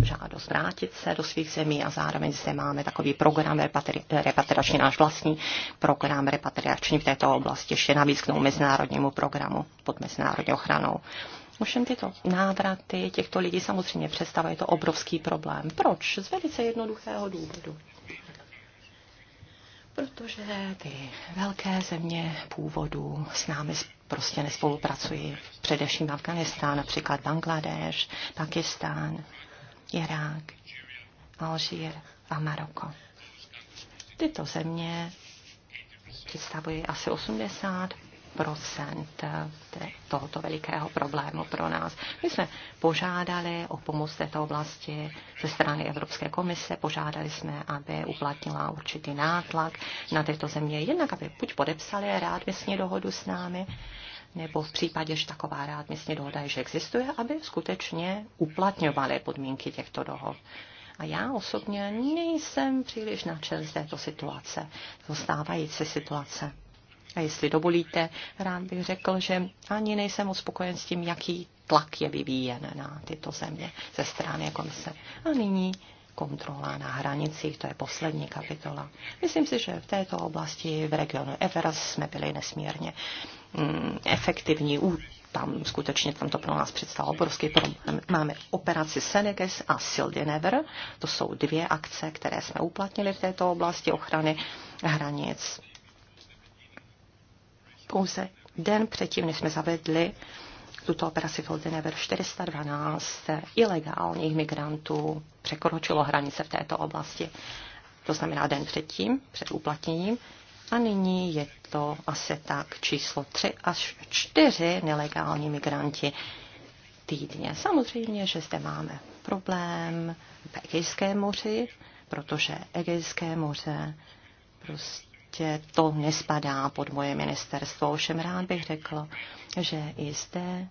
žádost vrátit se do svých zemí a zároveň zde máme takový program repatri, repatriační, náš vlastní program repatriační v této oblasti, ještě navíc k mezinárodnímu programu pod mezinárodní ochranou. Ovšem tyto návraty těchto lidí samozřejmě představuje to obrovský problém. Proč? Z velice jednoduchého důvodu protože ty velké země původu s námi prostě nespolupracují. Především Afganistán, například Bangladeš, Pakistán, Irák, Alžír a Maroko. Tyto země představují asi 80 tohoto velikého problému pro nás. My jsme požádali o pomoc této oblasti ze strany Evropské komise, požádali jsme, aby uplatnila určitý nátlak na tyto země, jednak aby buď podepsali rád readmisní dohodu s námi, nebo v případě, že taková rád readmisní dohoda že existuje, aby skutečně uplatňovali podmínky těchto dohod. A já osobně nejsem příliš nadšen z této situace, zostávající situace. A jestli dovolíte, rád bych řekl, že ani nejsem uspokojen s tím, jaký tlak je vyvíjen na tyto země ze strany komise. A nyní kontrola na hranicích, to je poslední kapitola. Myslím si, že v této oblasti v regionu Everas jsme byli nesmírně mm, efektivní. U, tam skutečně tam to pro nás předstalo obrovský problém. Máme operaci Seneges a Sildenever. To jsou dvě akce, které jsme uplatnili v této oblasti ochrany hranic pouze den předtím, než jsme zavedli tuto operaci Foldenever 412 ilegálních migrantů překročilo hranice v této oblasti. To znamená den předtím, před uplatněním. A nyní je to asi tak číslo 3 až 4 nelegální migranti týdně. Samozřejmě, že zde máme problém v Egejském moři, protože Egejské moře prostě podstatě to nespadá pod moje ministerstvo. Ovšem rád bych řekl, že i zde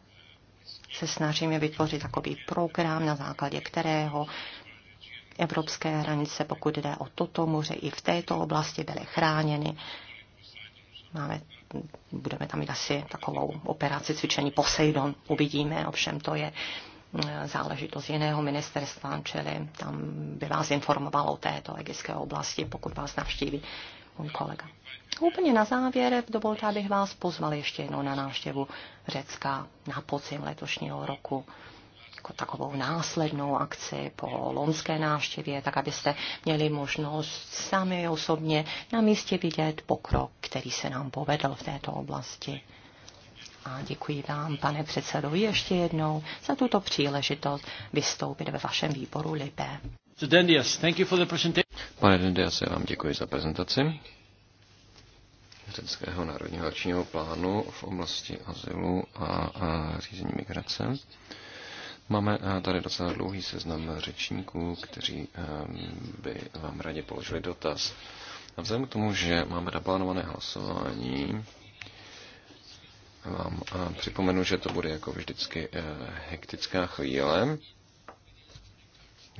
se snažíme vytvořit takový program, na základě kterého evropské hranice, pokud jde o toto moře, i v této oblasti byly chráněny. Máme, budeme tam mít asi takovou operaci cvičení Poseidon. Uvidíme, ovšem to je mm, záležitost jiného ministerstva, čili tam by vás informovalo o této egyptské oblasti, pokud vás navštíví můj kolega. Úplně na závěr dovolte, abych vás pozval ještě jednou na návštěvu Řecka na podzim letošního roku jako takovou následnou akci po lonské návštěvě, tak abyste měli možnost sami osobně na místě vidět pokrok, který se nám povedl v této oblasti. A děkuji vám, pane předsedo, ještě jednou za tuto příležitost vystoupit ve vašem výboru Libé. Dendias, thank you for the Pane Dendias, já vám děkuji za prezentaci Řeckého národního akčního plánu v oblasti azylu a, a řízení migrace. Máme eh, tady docela dlouhý seznam řečníků, kteří eh, by vám rádi položili dotaz. A vzhledem k tomu, že máme naplánované hlasování, vám eh, připomenu, že to bude jako vždycky hektická chvíle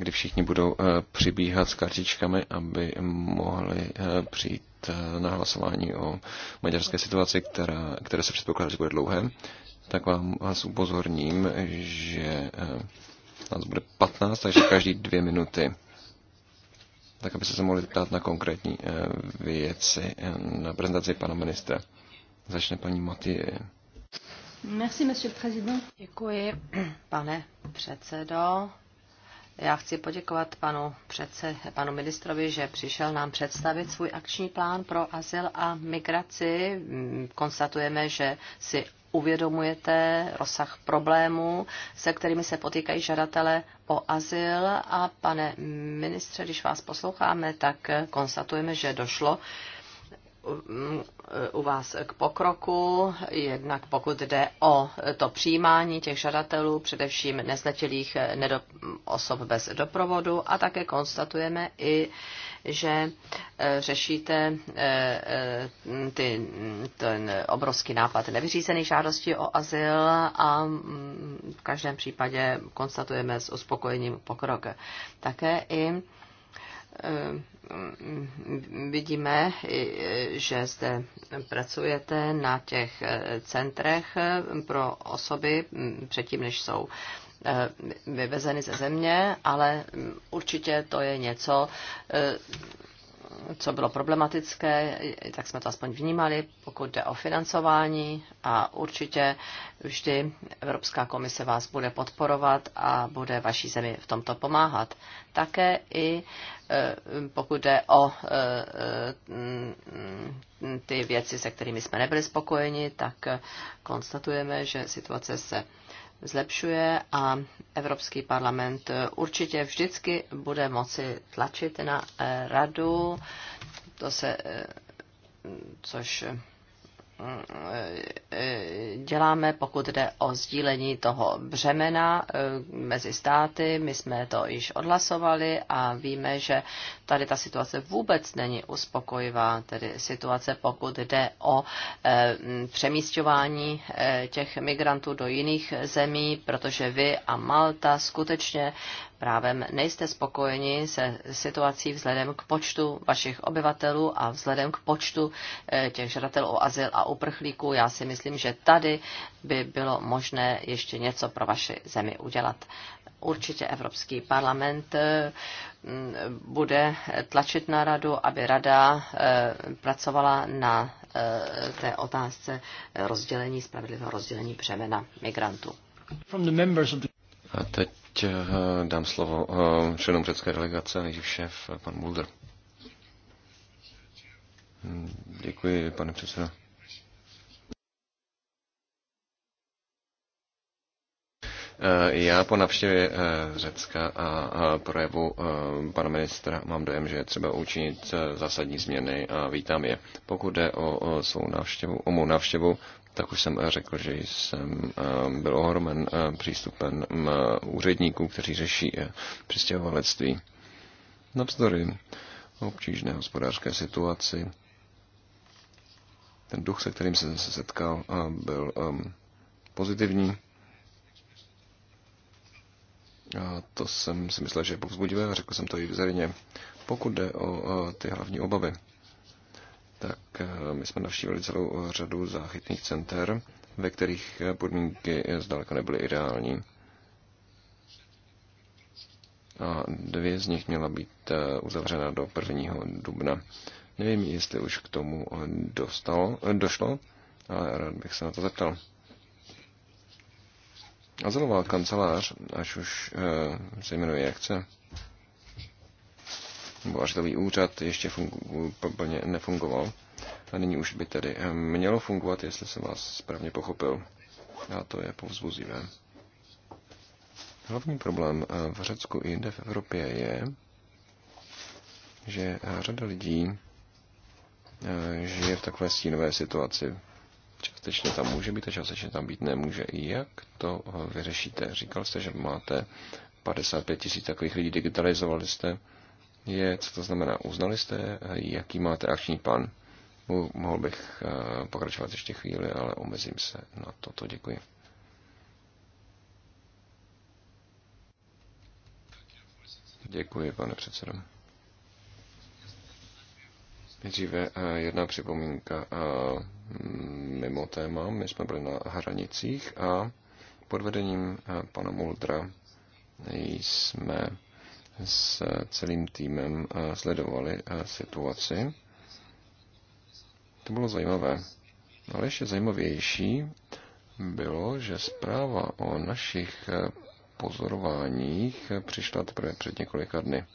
kdy všichni budou eh, přibíhat s kartičkami, aby mohli eh, přijít eh, na hlasování o maďarské situaci, která, které se předpokládá, že bude dlouhé, tak vám vás upozorním, že nás bude 15, takže každý dvě minuty tak aby se mohli ptát na konkrétní věci na prezentaci pana ministra. Začne paní Matěje. Merci, monsieur le président. Děkuji, pane předsedo. Já chci poděkovat panu, předse, panu ministrovi, že přišel nám představit svůj akční plán pro azyl a migraci. Mm, konstatujeme, že si uvědomujete rozsah problémů, se kterými se potýkají žadatele o azyl. A pane ministře, když vás posloucháme, tak konstatujeme, že došlo u vás k pokroku, jednak pokud jde o to přijímání těch žadatelů, především nezletilých osob bez doprovodu a také konstatujeme i, že eh, řešíte eh, eh, ty, ten obrovský nápad nevyřízených žádostí o azyl a mm, v každém případě konstatujeme s uspokojením pokrok. Také i Eh, vidíme, že zde pracujete na těch eh, centrech eh, pro osoby hm, předtím, než jsou vyvezeny ze země, ale hm, určitě to je něco, co bylo problematické, tak jsme to aspoň vnímali, pokud jde o financování a určitě vždy Evropská komise vás bude podporovat a bude vaší zemi v tomto pomáhat. Také i e, pokud jde o e, e, ty věci, se kterými jsme nebyli spokojeni, tak konstatujeme, že situace se zlepšuje a Evropský parlament určitě vždycky bude moci tlačit na eh, radu, to se, eh, což Eh, děláme, pokud jde o sdílení toho břemena eh, mezi státy. My jsme to již odhlasovali a víme, že tady ta situace vůbec není uspokojivá, tedy situace, pokud jde o eh, přemístování těch migrantů do jiných zemí, protože vy a Malta skutečně právem nejste spokojeni se situací vzhledem k počtu vašich obyvatelů a vzhledem k počtu eh, těch žadatelů o azyl a uprchlíků. Já si myslím, že tady by bylo možné ještě něco pro vaši zemi udělat. Určitě Evropský parlament eh, bude tlačit na radu, aby rada eh, pracovala na té otázce rozdělení, spravedlivého rozdělení břemena migrantů. A teď Teď eh, dám slovo eh, členům řecké delegace, nejdřív šéf, eh, pan Mulder. Hmm, děkuji, pane předsedo. Já po navštěvě Řecka a projevu pana ministra mám dojem, že je třeba učinit zásadní změny a vítám je. Pokud jde o svou návštěvu, o mou návštěvu, tak už jsem eh, řekl, že jsem eh, byl ohromen eh, přístupem úředníků, kteří řeší přistěhovalectví. Navzdory obtížné hospodářské situaci, ten duch, se kterým jsem se setkal, byl pozitivní. A to jsem si myslel, že je povzbudivé a řekl jsem to i v Zerině. Pokud jde o ty hlavní obavy, tak eh, my jsme navštívili celou eh, řadu záchytných center, ve kterých eh, podmínky zdaleka nebyly ideální. A dvě z nich měla být uzavřena do 1. dubna. Nevím, jestli už k tomu dostalo, došlo, ale rád bych se na to zeptal. Azylová kancelář, až už se jmenuje jak chce, nebo nový úřad ještě fungu, plně nefungoval. A nyní už by tedy eh, mělo fungovat, jestli jsem vás správně pochopil. A to je povzbuzivé. Hlavní problém eh, v Řecku i jinde v Evropě je, že eh, řada lidí žije v takové stínové situaci. Částečně tam může být a částečně tam být nemůže. Jak to vyřešíte? Říkal jste, že máte 55 tisíc takových lidí, digitalizovali jste je, co to znamená, uznali jste, eh, jaký máte akční plán. Mohl bych eh, pokračovat ještě chvíli, ale omezím se na toto. Děkuji. Děkuji, pane předsedo. Nejdříve eh, jedna připomínka mimo téma. My jsme byli na hranicích a pod vedením pana Muldra jsme s celým týmem eh, sledovali eh, situaci. To bylo zajímavé. Ale ještě zajímavější bylo, že zpráva o našich eh, pozorováních přišla teprve před několika dny.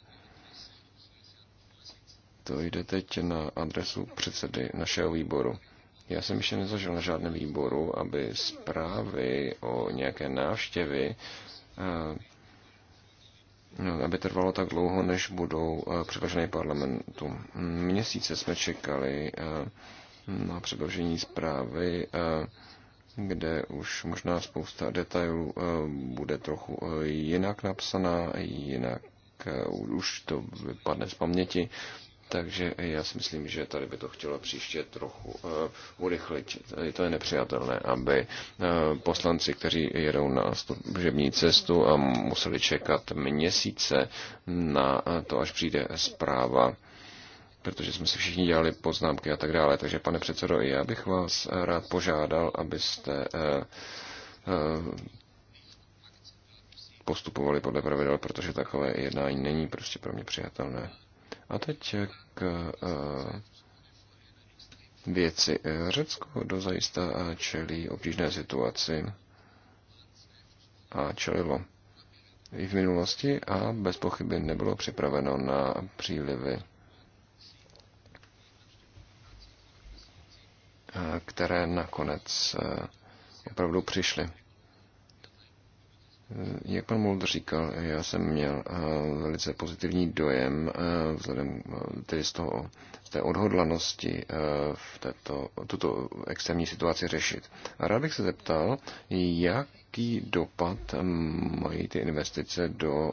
To jde teď na adresu předsedy našeho výboru. Já jsem ještě nezažil na žádném výboru, aby zprávy o nějaké návštěvy No, aby trvalo tak dlouho, než budou eh, předloženy parlamentu. Měsíce jsme čekali eh, na předložení zprávy, eh, kde už možná spousta detailů bude trochu jinak napsaná, jinak už to vypadne z paměti. Takže já si myslím, že tady by to chtělo příště trochu uh, urychlit. To je nepřijatelné, aby uh, poslanci, kteří jedou na služební cestu a museli čekat měsíce na eh, to, až přijde zpráva, protože jsme si všichni dělali poznámky a tak dále. Takže pane předsedo, já bych vás rád požádal, abyste uh, uh, postupovali podle pravidel, protože takové jednání není prostě pro mě přijatelné. A teď k eh, věci. Řecko dozajista čelí obtížné situaci a čelilo i v minulosti a bez pochyby nebylo připraveno na přílivy, eh, které nakonec eh, opravdu přišly. Eh, jak pan Mold říkal, já jsem měl eh, velice pozitivní dojem eh, vzhledem tedy z, toho, z té odhodlanosti v této, tuto extrémní situaci řešit. A rád bych se zeptal, jaký dopad mají ty investice do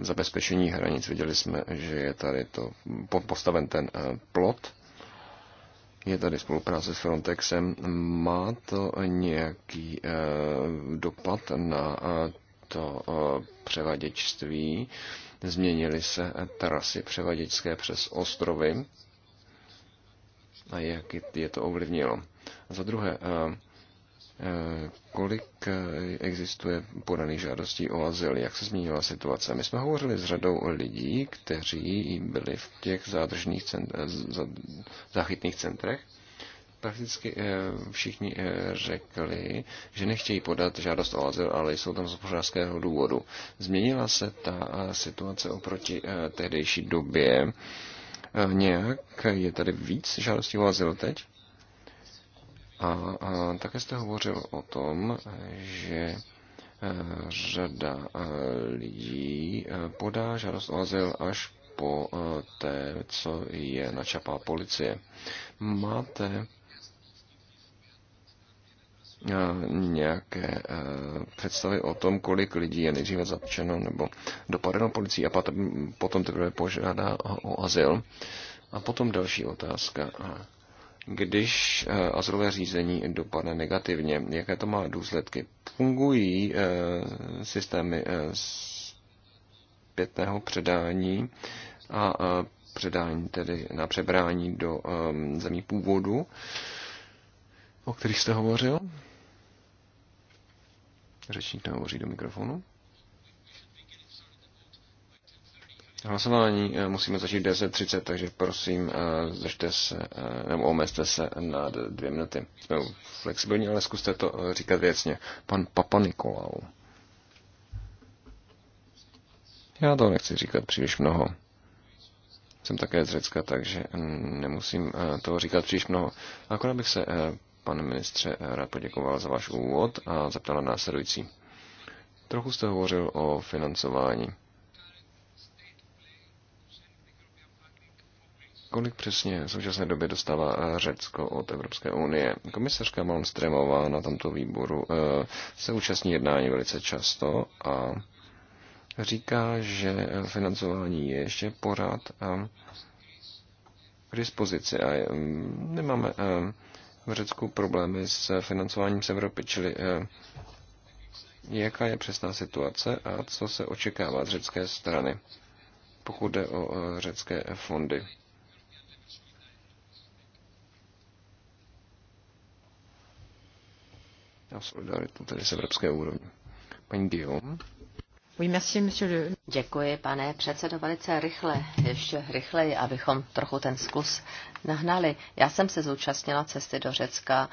zabezpečení hranic. Viděli jsme, že je tady to postaven ten plot je tady spolupráce s Frontexem. Má to nějaký eh, dopad na eh, to eh, převaděčství? Změnily se trasy převaděčské přes ostrovy? A jak je to ovlivnilo? Za druhé, kolik eh, existuje podaných žádostí o azyl, jak se změnila situace. My jsme hovořili s řadou lidí, kteří byli v těch zádržných cent, eh, záchytných centrech. Prakticky eh, všichni řekli, že nechtějí podat žádost o azyl, ale jsou tam z pořádského důvodu. Změnila se ta situace oproti tehdejší době nějak? Je tady víc žádostí o azyl teď? A, a také jste hovořil o tom, že e, řada e, lidí e, podá žádost o azyl až po té, co je načapá policie. Máte nějaké představy o tom, kolik lidí je nejdříve zapčeno nebo dopadeno policií a potom teprve požádá o azyl. A potom další otázka když eh, azylové řízení dopadne negativně. Jaké to má důsledky? Fungují eh, systémy eh, zpětného předání a předání tedy na přebrání do zemí původu, o kterých jste hovořil? Řečník nehovoří do mikrofonu. Hlasování eh, musíme začít 10.30, takže prosím, zdržte eh, se, eh, nebo omezte se na dvě minuty. Jsme flexibilní, ale zkuste to říkat věcně. Pan Papa Nikolau. Já to nechci říkat příliš mnoho. Jsem také z Řecka, takže mm, nemusím toho říkat příliš mnoho. Akorát bych se, pane ministře, rád poděkoval za váš úvod a zeptal na následující. Trochu jste hovořil o financování Kolik přesně v současné době dostává eh, Řecko od Evropské unie? Komisařka Malmströmová na tomto výboru eh, se účastní jednání velice často a říká, že eh, financování je ještě pořád k dispozici a nemáme v Řecku problémy s financováním z Evropy, čili jaká je přesná situace a co se očekává z řecké strany, pokud jde o řecké fondy. a solidaritu tedy z evropské úrovně. Paní Guillaume. Děkuji, pane předsedo, velice rychle, ještě rychleji, abychom trochu ten zkus nahnali. Já jsem se zúčastnila cesty do Řecka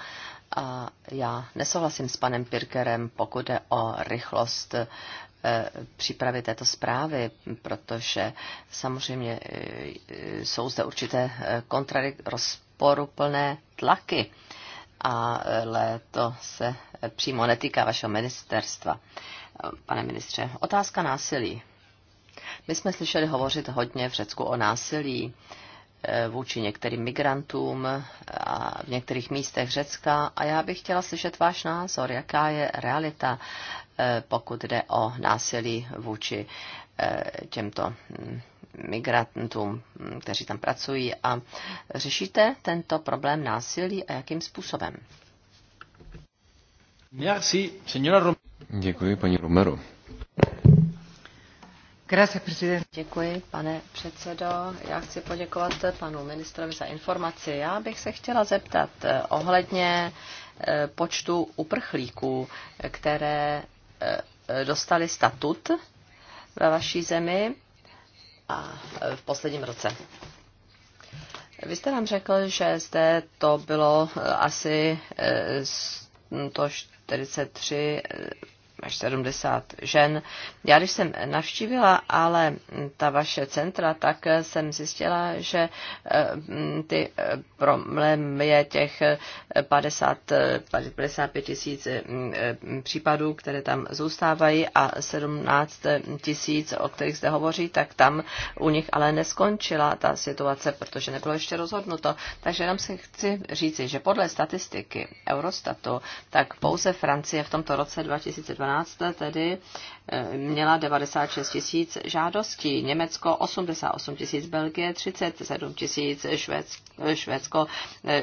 a já nesouhlasím s panem Pirkerem, pokud jde o rychlost eh, přípravy této zprávy, protože samozřejmě eh, jsou zde určité eh, kontrary, rozporuplné tlaky ale eh, to se eh, přímo netýká vašeho ministerstva, eh, pane ministře. Otázka násilí. My jsme slyšeli hovořit hodně v Řecku o násilí vůči některým migrantům a v některých místech Řecka a já bych chtěla slyšet váš názor, jaká je realita, pokud jde o násilí vůči těmto hm, migrantům, kteří tam pracují. A řešíte tento problém násilí a jakým způsobem? Merci, señora Rom- Děkuji, paní Romero. Děkuji, pane předsedo. Já chci poděkovat panu ministrovi za informaci. Já bych se chtěla zeptat eh, ohledně eh, počtu uprchlíků, které eh, dostali statut ve vaší zemi a e, v posledním roce. Vy jste nám řekl, že zde to bylo e, asi 143 e, až 70 žen. Já když jsem navštívila ale ta vaše centra, tak jsem zjistila, že eh, ty eh, problém je těch 50, 55 tisíc eh, případů, které tam zůstávají a 17 tisíc, o kterých zde hovoří, tak tam u nich ale neskončila ta situace, protože nebylo ještě rozhodnuto. Takže jenom si chci říci, že podle statistiky Eurostatu, tak pouze Francie v tomto roce 2020 2012 tedy eh, měla 96 tisíc žádostí, Německo 88 tisíc, Belgie 37 tisíc, eh, Švédsko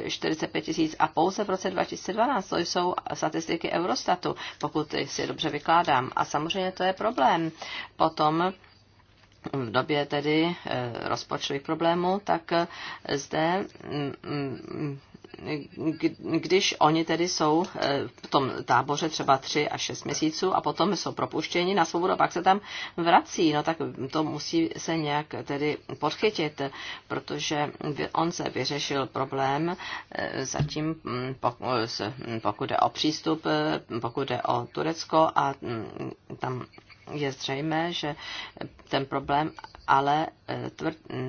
45 eh, tisíc a pouze v roce 2012. To jsou statistiky Eurostatu, pokud si je dobře vykládám. A samozřejmě to je problém. Potom mm, v době tedy rozpočtových problémů, tak zde mm, mm, když oni tedy jsou eh, v tom táboře třeba 3 až 6 měsíců a potom jsou propuštěni na svobodu a pak se tam vrací, no tak to musí se nějak tedy podchytit, protože on se vyřešil problém eh, zatím, mm, pokud jde o přístup, eh, pokud jde o Turecko a mm, tam je zřejmé, že ten problém ale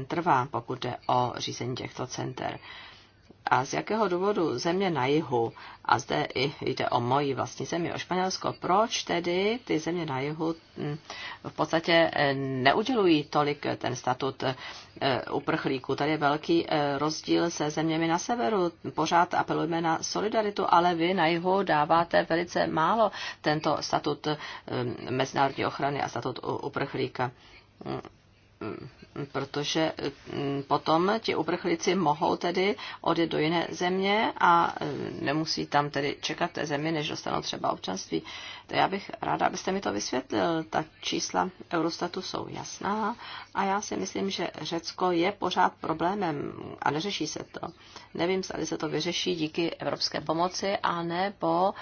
trvá, pokud jde o řízení těchto center. A z jakého důvodu země na jihu, a zde i jde o moji vlastní zemi, o Španělsko, proč tedy ty země na jihu mm, v podstatě eh, neudělují tolik eh, ten statut eh, uprchlíků? Tady je velký rozdíl se zeměmi na severu. Pořád apelujeme na solidaritu, ale vy na jihu dáváte velice málo tento statut mezinárodní ochrany a statut uprchlíka mm, mm protože mm, potom ti uprchlíci mohou tedy odjet do jiné země a mm, nemusí tam tedy čekat té zemi, než dostanou třeba občanství. To já bych ráda, abyste mi to vysvětlil. Ta čísla Eurostatu jsou jasná a já si myslím, že Řecko je pořád problémem a neřeší se to. Nevím, zda se to vyřeší díky evropské pomoci a nebo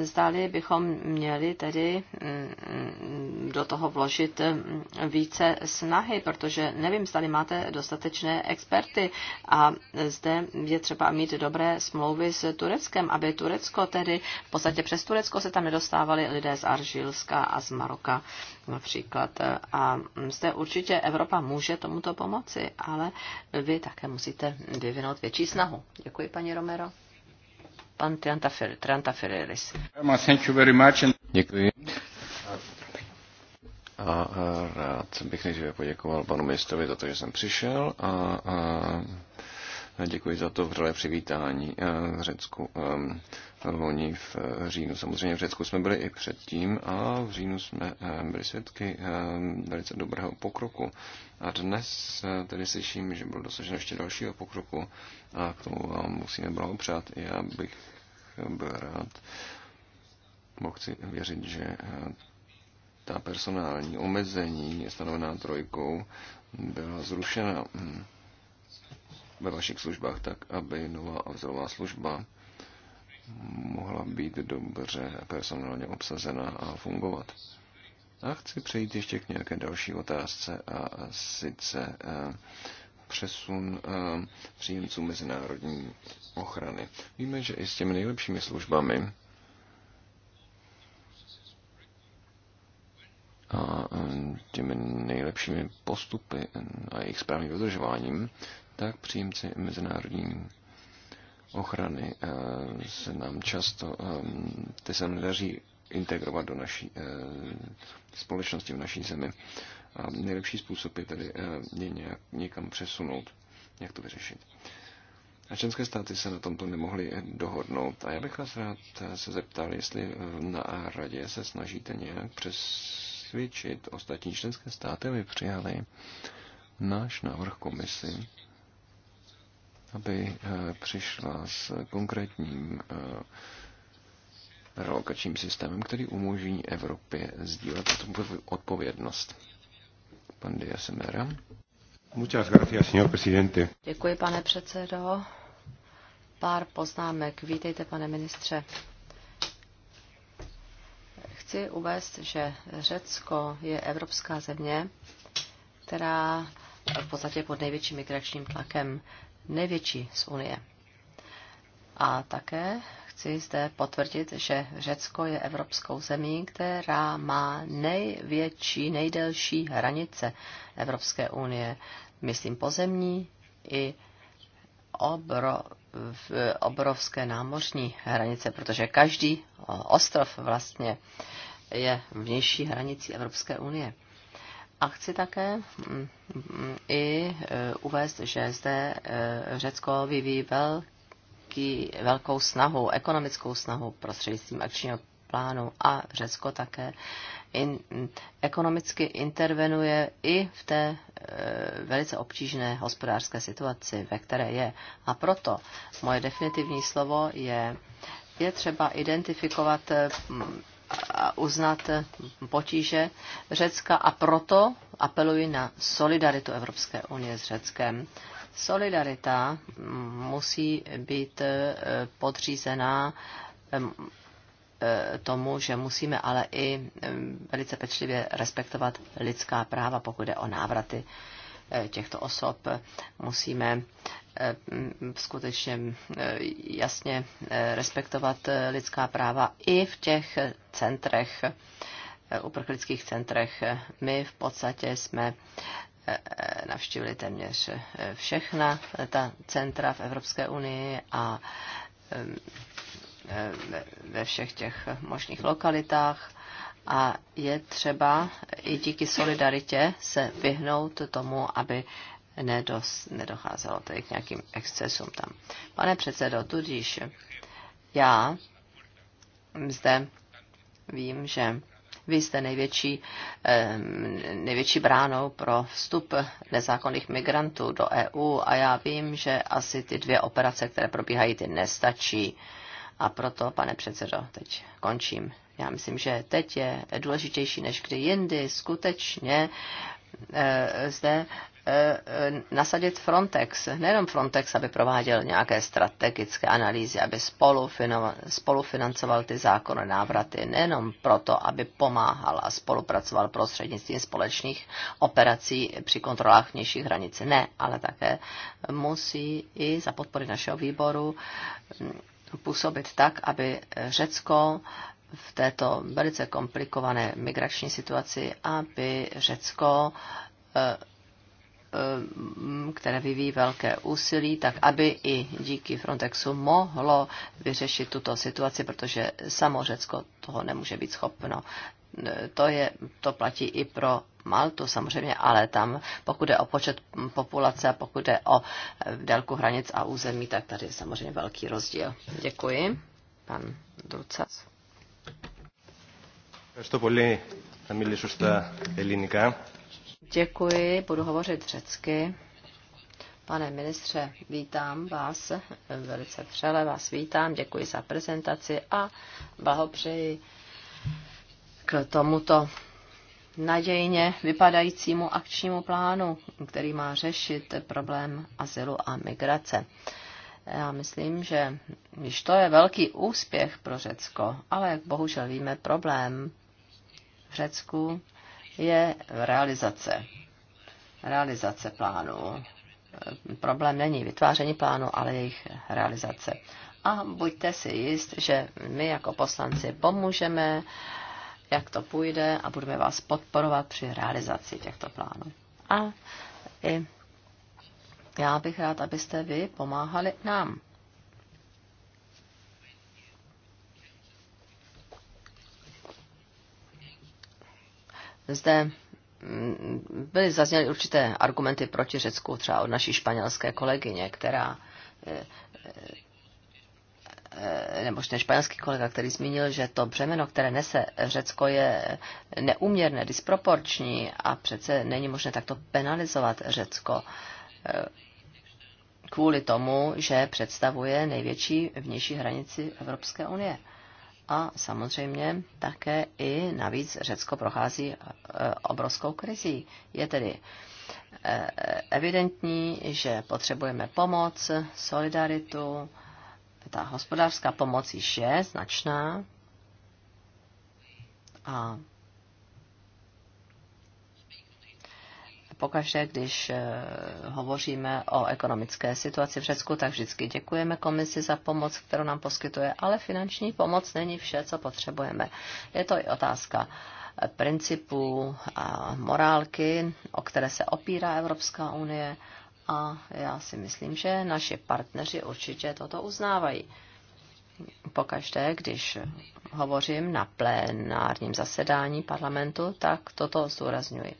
zdali bychom měli tedy mm, do toho vložit mm, více snahy, protože nevím, zdali máte dostatečné experty a zde je třeba mít dobré smlouvy s Tureckem, aby Turecko tedy, v podstatě přes Turecko se tam nedostávali lidé z Aržilska a z Maroka například. A zde určitě Evropa může tomuto pomoci, ale vy také musíte vyvinout větší snahu. Děkuji, paní Romero pan Trantaferelis. Děkuji. A rád bych nejdříve poděkoval panu ministrovi za to, že jsem přišel a, a děkuji za to vřelé přivítání e, v Řecku. Loni e, e, v říjnu, samozřejmě v Řecku jsme byli i předtím a v říjnu jsme byli svědky velice dobrého pokroku. A dnes tedy slyším, že bylo dosaženo ještě dalšího pokroku a k tomu vám musíme blahopřát. Já bych byl rád. Mohl si věřit, že eh, ta personální omezení stanovená trojkou byla zrušena hm, ve vašich službách tak, aby nová a služba mohla být dobře personálně obsazená a fungovat. A chci přejít ještě k nějaké další otázce a sice eh, přesun eh, příjemců mezinárodní ochrany. Víme, že i s těmi nejlepšími službami a eh, těmi nejlepšími postupy a jejich správným dodržováním, tak příjemci mezinárodní ochrany eh, se nám často, ty se nedaří integrovat do naší společnosti v naší zemi. A nejlepší způsob je tedy je eh, nějak, někam přesunout, jak to vyřešit. A členské státy se na tomto nemohly eh, dohodnout. A já bych vás rád eh, se zeptal, jestli na radě se snažíte nějak přesvědčit ostatní členské státy, aby přijali náš návrh komisi, aby přišla s konkrétním relokačním systémem, který umožní Evropě sdílet odpovědnost. Pan Semera. Muchas gracias, señor presidente. Děkuji, pane předsedo. Pár poznámek. Vítejte, pane ministře. Chci uvést, že Řecko je evropská země, která v podstatě pod největším migračním tlakem, největší z Unie. A také chci zde potvrdit, že Řecko je evropskou zemí, která má největší, nejdelší hranice Evropské unie. Myslím pozemní i obro, obrovské námořní hranice, protože každý ostrov vlastně je vnější hranicí Evropské unie. A chci také mm, mm, i e, uvést, že zde e, Řecko vyvíjí velký, velkou snahu, ekonomickou snahu prostřednictvím akčního plánu a Řecko také in, ekonomicky intervenuje i v té e, velice obtížné hospodářské situaci, ve které je. A proto moje definitivní slovo je, je třeba identifikovat e, a uznat potíže Řecka a proto apeluji na solidaritu Evropské unie s Řeckem Solidarita musí být eh, podřízená eh, tomu, že musíme ale i velice pečlivě respektovat lidská práva, pokud jde o návraty eh, těchto osob. Musíme skutečně jasně respektovat lidská práva i v těch centrech, uprchlických centrech. My v podstatě jsme Eh, navštívili téměř eh, všechna ta centra v Evropské unii a eh, ve všech těch možných lokalitách a je třeba i díky solidaritě se vyhnout tomu, aby nedos, nedocházelo tedy k nějakým excesům tam. Pane předsedo, tudíž já zde vím, že vy jste největší, největší bránou pro vstup nezákonných migrantů do EU a já vím, že asi ty dvě operace, které probíhají, ty nestačí. A proto, pane předsedo, teď končím. Já myslím, že teď je důležitější než kdy jindy skutečně eh, zde Eh, eh, nasadit Frontex, nejenom Frontex, aby prováděl nějaké strategické analýzy, aby spolufinancoval ty zákony návraty, nejenom proto, aby pomáhal a spolupracoval prostřednictvím společných operací při kontrolách vnějších hranic. Ne, ale také musí i za podpory našeho výboru mm, působit tak, aby Řecko v této velice komplikované migrační situaci, aby Řecko eh, Eh, které vyvíjí velké úsilí, tak aby i díky Frontexu mohlo vyřešit tuto situaci, protože samo Řecko toho nemůže být schopno. Eh, to, je, to platí i pro Maltu samozřejmě, ale tam pokud je o počet populace a pokud je o eh, délku hranic a území, tak tady je samozřejmě velký rozdíl. Děkuji. Pan Ducas. Děkuji. πολύ. Θα μιλήσω στα ελληνικά. Děkuji, budu hovořit řecky. Pane ministře, vítám vás, velice přele, vás vítám, děkuji za prezentaci a blahopřeji k tomuto nadějně vypadajícímu akčnímu plánu, který má řešit problém azylu a migrace. Já myslím, že již to je velký úspěch pro Řecko, ale jak bohužel víme, problém v Řecku je realizace. Realizace plánu. Problém není vytváření plánu, ale jejich realizace. A buďte si jist, že my jako poslanci pomůžeme, jak to půjde a budeme vás podporovat při realizaci těchto plánů. A i já bych rád, abyste vy pomáhali nám. Zde mm, byly zazněly určité argumenty proti Řecku, třeba od naší španělské kolegyně, která eh, eh, eh, nebo ten španělský kolega, který zmínil, že to břemeno, které nese Řecko, je neuměrné, disproporční a přece není možné takto penalizovat Řecko kvůli tomu, že představuje největší vnější hranici Evropské unie. A samozřejmě také i navíc Řecko prochází e, obrovskou krizí. Je tedy e, evidentní, že potřebujeme pomoc, solidaritu. Ta hospodářská pomoc již je značná. A pokaždé, když eh, hovoříme o ekonomické situaci v Řecku, tak vždycky děkujeme komisi za pomoc, kterou nám poskytuje, ale finanční pomoc není vše, co potřebujeme. Je to i otázka eh, principů a morálky, o které se opírá Evropská unie a já si myslím, že naši partneři určitě toto uznávají. Pokaždé, když hovořím na plénárním zasedání parlamentu, tak toto zdůrazňuji.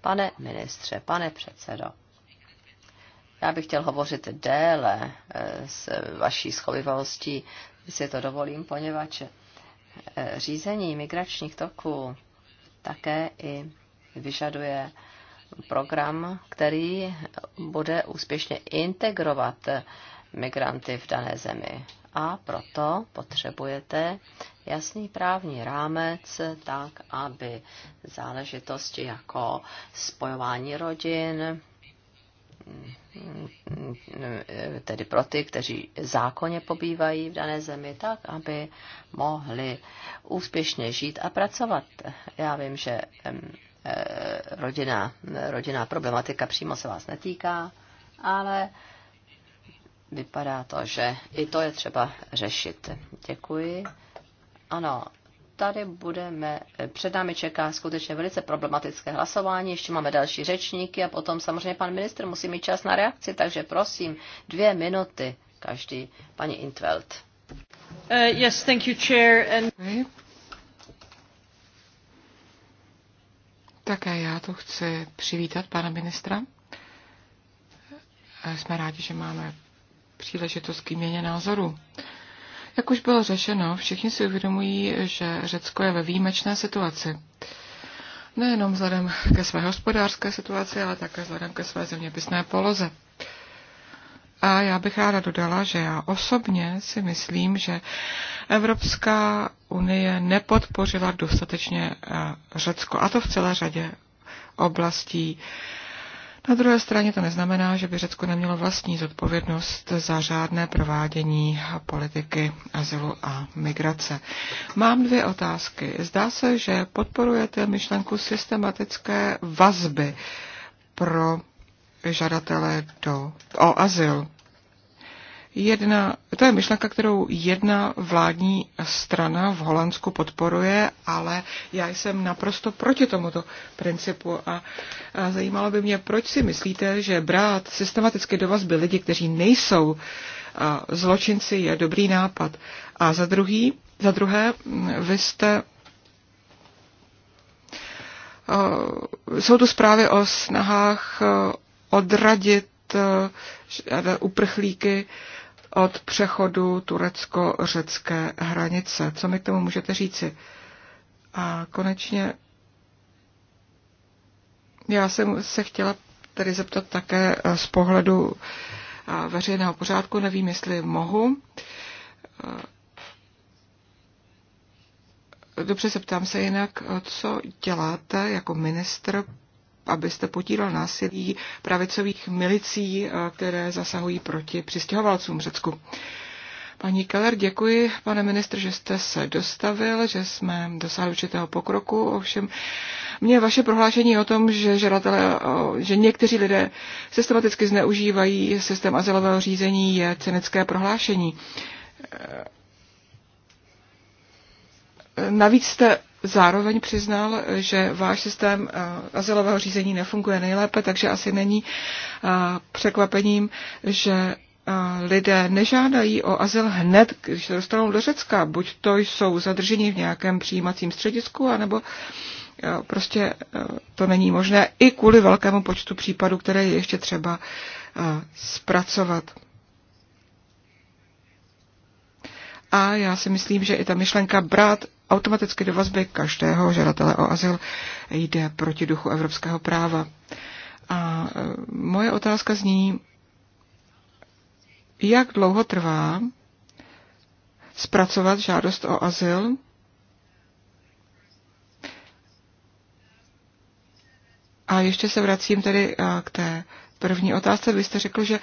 Pane ministře, pane předsedo, já bych chtěl hovořit déle eh, s vaší schovivostí, když si to dovolím, poněvadž eh, řízení migračních toků také i vyžaduje program, který bude úspěšně integrovat migranty v dané zemi a proto potřebujete jasný právní rámec, tak aby záležitosti jako spojování rodin, tedy pro ty, kteří zákonně pobývají v dané zemi, tak, aby mohli úspěšně žít a pracovat. Já vím, že eh, rodina, rodina problematika přímo se vás netýká, ale vypadá to, že i to je třeba řešit. Děkuji. Ano, tady budeme, eh, před námi čeká skutečně velice problematické hlasování, ještě máme další řečníky a potom samozřejmě pan ministr musí mít čas na reakci, takže prosím, dvě minuty každý, paní Intveld. Uh, yes, thank you, chair. And... Také já tu chci přivítat pana ministra. Eh, jsme rádi, že máme příležitost k měně názoru. Jak už bylo řešeno, všichni si uvědomují, že Řecko je ve výjimečné situaci. Nejenom vzhledem ke své hospodářské situaci, ale také vzhledem ke své zeměpisné poloze. A já bych ráda dodala, že já osobně si myslím, že Evropská unie nepodpořila dostatečně eh, Řecko, a to v celé řadě oblastí. Na druhé straně to neznamená, že by Řecko nemělo vlastní zodpovědnost za řádné provádění politiky azylu a migrace. Mám dvě otázky. Zdá se, že podporujete myšlenku systematické vazby pro žadatele do, o azyl. Jedna, to je myšlenka, kterou jedna vládní strana v Holandsku podporuje, ale já jsem naprosto proti tomuto principu a zajímalo by mě, proč si myslíte, že brát systematicky do vazby lidi, kteří nejsou zločinci, je dobrý nápad. A za, druhý, za druhé, vy jste jsou tu zprávy o snahách odradit uprchlíky od přechodu turecko-řecké hranice. Co mi k tomu můžete říci? A konečně já jsem se chtěla tedy zeptat také eh, z pohledu eh, veřejného pořádku. Nevím, jestli mohu. Eh, dobře, zeptám se jinak, co děláte jako ministr abyste potíral násilí pravicových milicí, eh, které zasahují proti přistěhovalcům v Řecku. Paní Keller, děkuji, pane ministr, že jste se dostavil, že jsme dosáhli určitého pokroku. Ovšem, mě vaše prohlášení o tom, že, žadatelé, eh, že někteří lidé systematicky zneužívají systém azylového řízení, je cynické prohlášení. Eh, Navíc jste Zároveň přiznal, že váš systém eh, azylového řízení nefunguje nejlépe, takže asi není eh, překvapením, že eh, lidé nežádají o azyl hned, když se dostanou do Řecka. Buď to jsou zadrženi v nějakém přijímacím středisku, anebo prostě to není možné i kvůli velkému počtu případů, které je ještě třeba zpracovat. A já si myslím, že i ta myšlenka brát automaticky do vazby každého žadatele o azyl jde proti duchu evropského práva. A e, moje otázka zní, jak dlouho trvá zpracovat žádost o azyl A ještě se vracím tedy e, k té první otázce. Vy jste řekl, že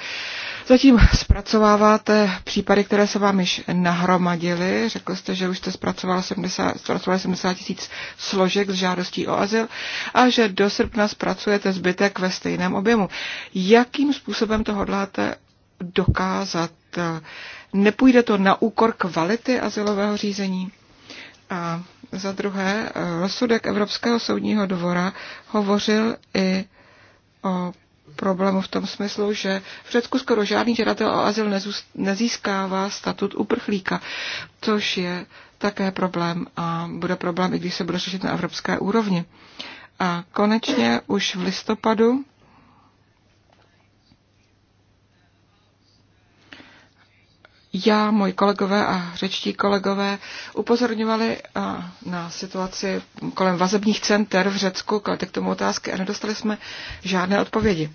zatím zpracováváte případy, které se vám již nahromadily. Řekl jste, že už jste zpracoval 70, zpracovali 70 tisíc složek s žádostí o azyl a že do srpna zpracujete zbytek ve stejném objemu. Jakým způsobem to hodláte dokázat? Nepůjde to na úkor kvality azylového řízení? A za druhé, rozsudek Evropského soudního dvora hovořil i o problému v tom smyslu, že v Řecku skoro žádný žadatel o azyl nezískává statut uprchlíka, což je také problém a bude problém, i když se bude řešit na evropské úrovni. A konečně už v listopadu já, moji kolegové a řečtí kolegové upozorňovali na situaci kolem vazebních center v Řecku, kladli k tomu otázky a nedostali jsme žádné odpovědi.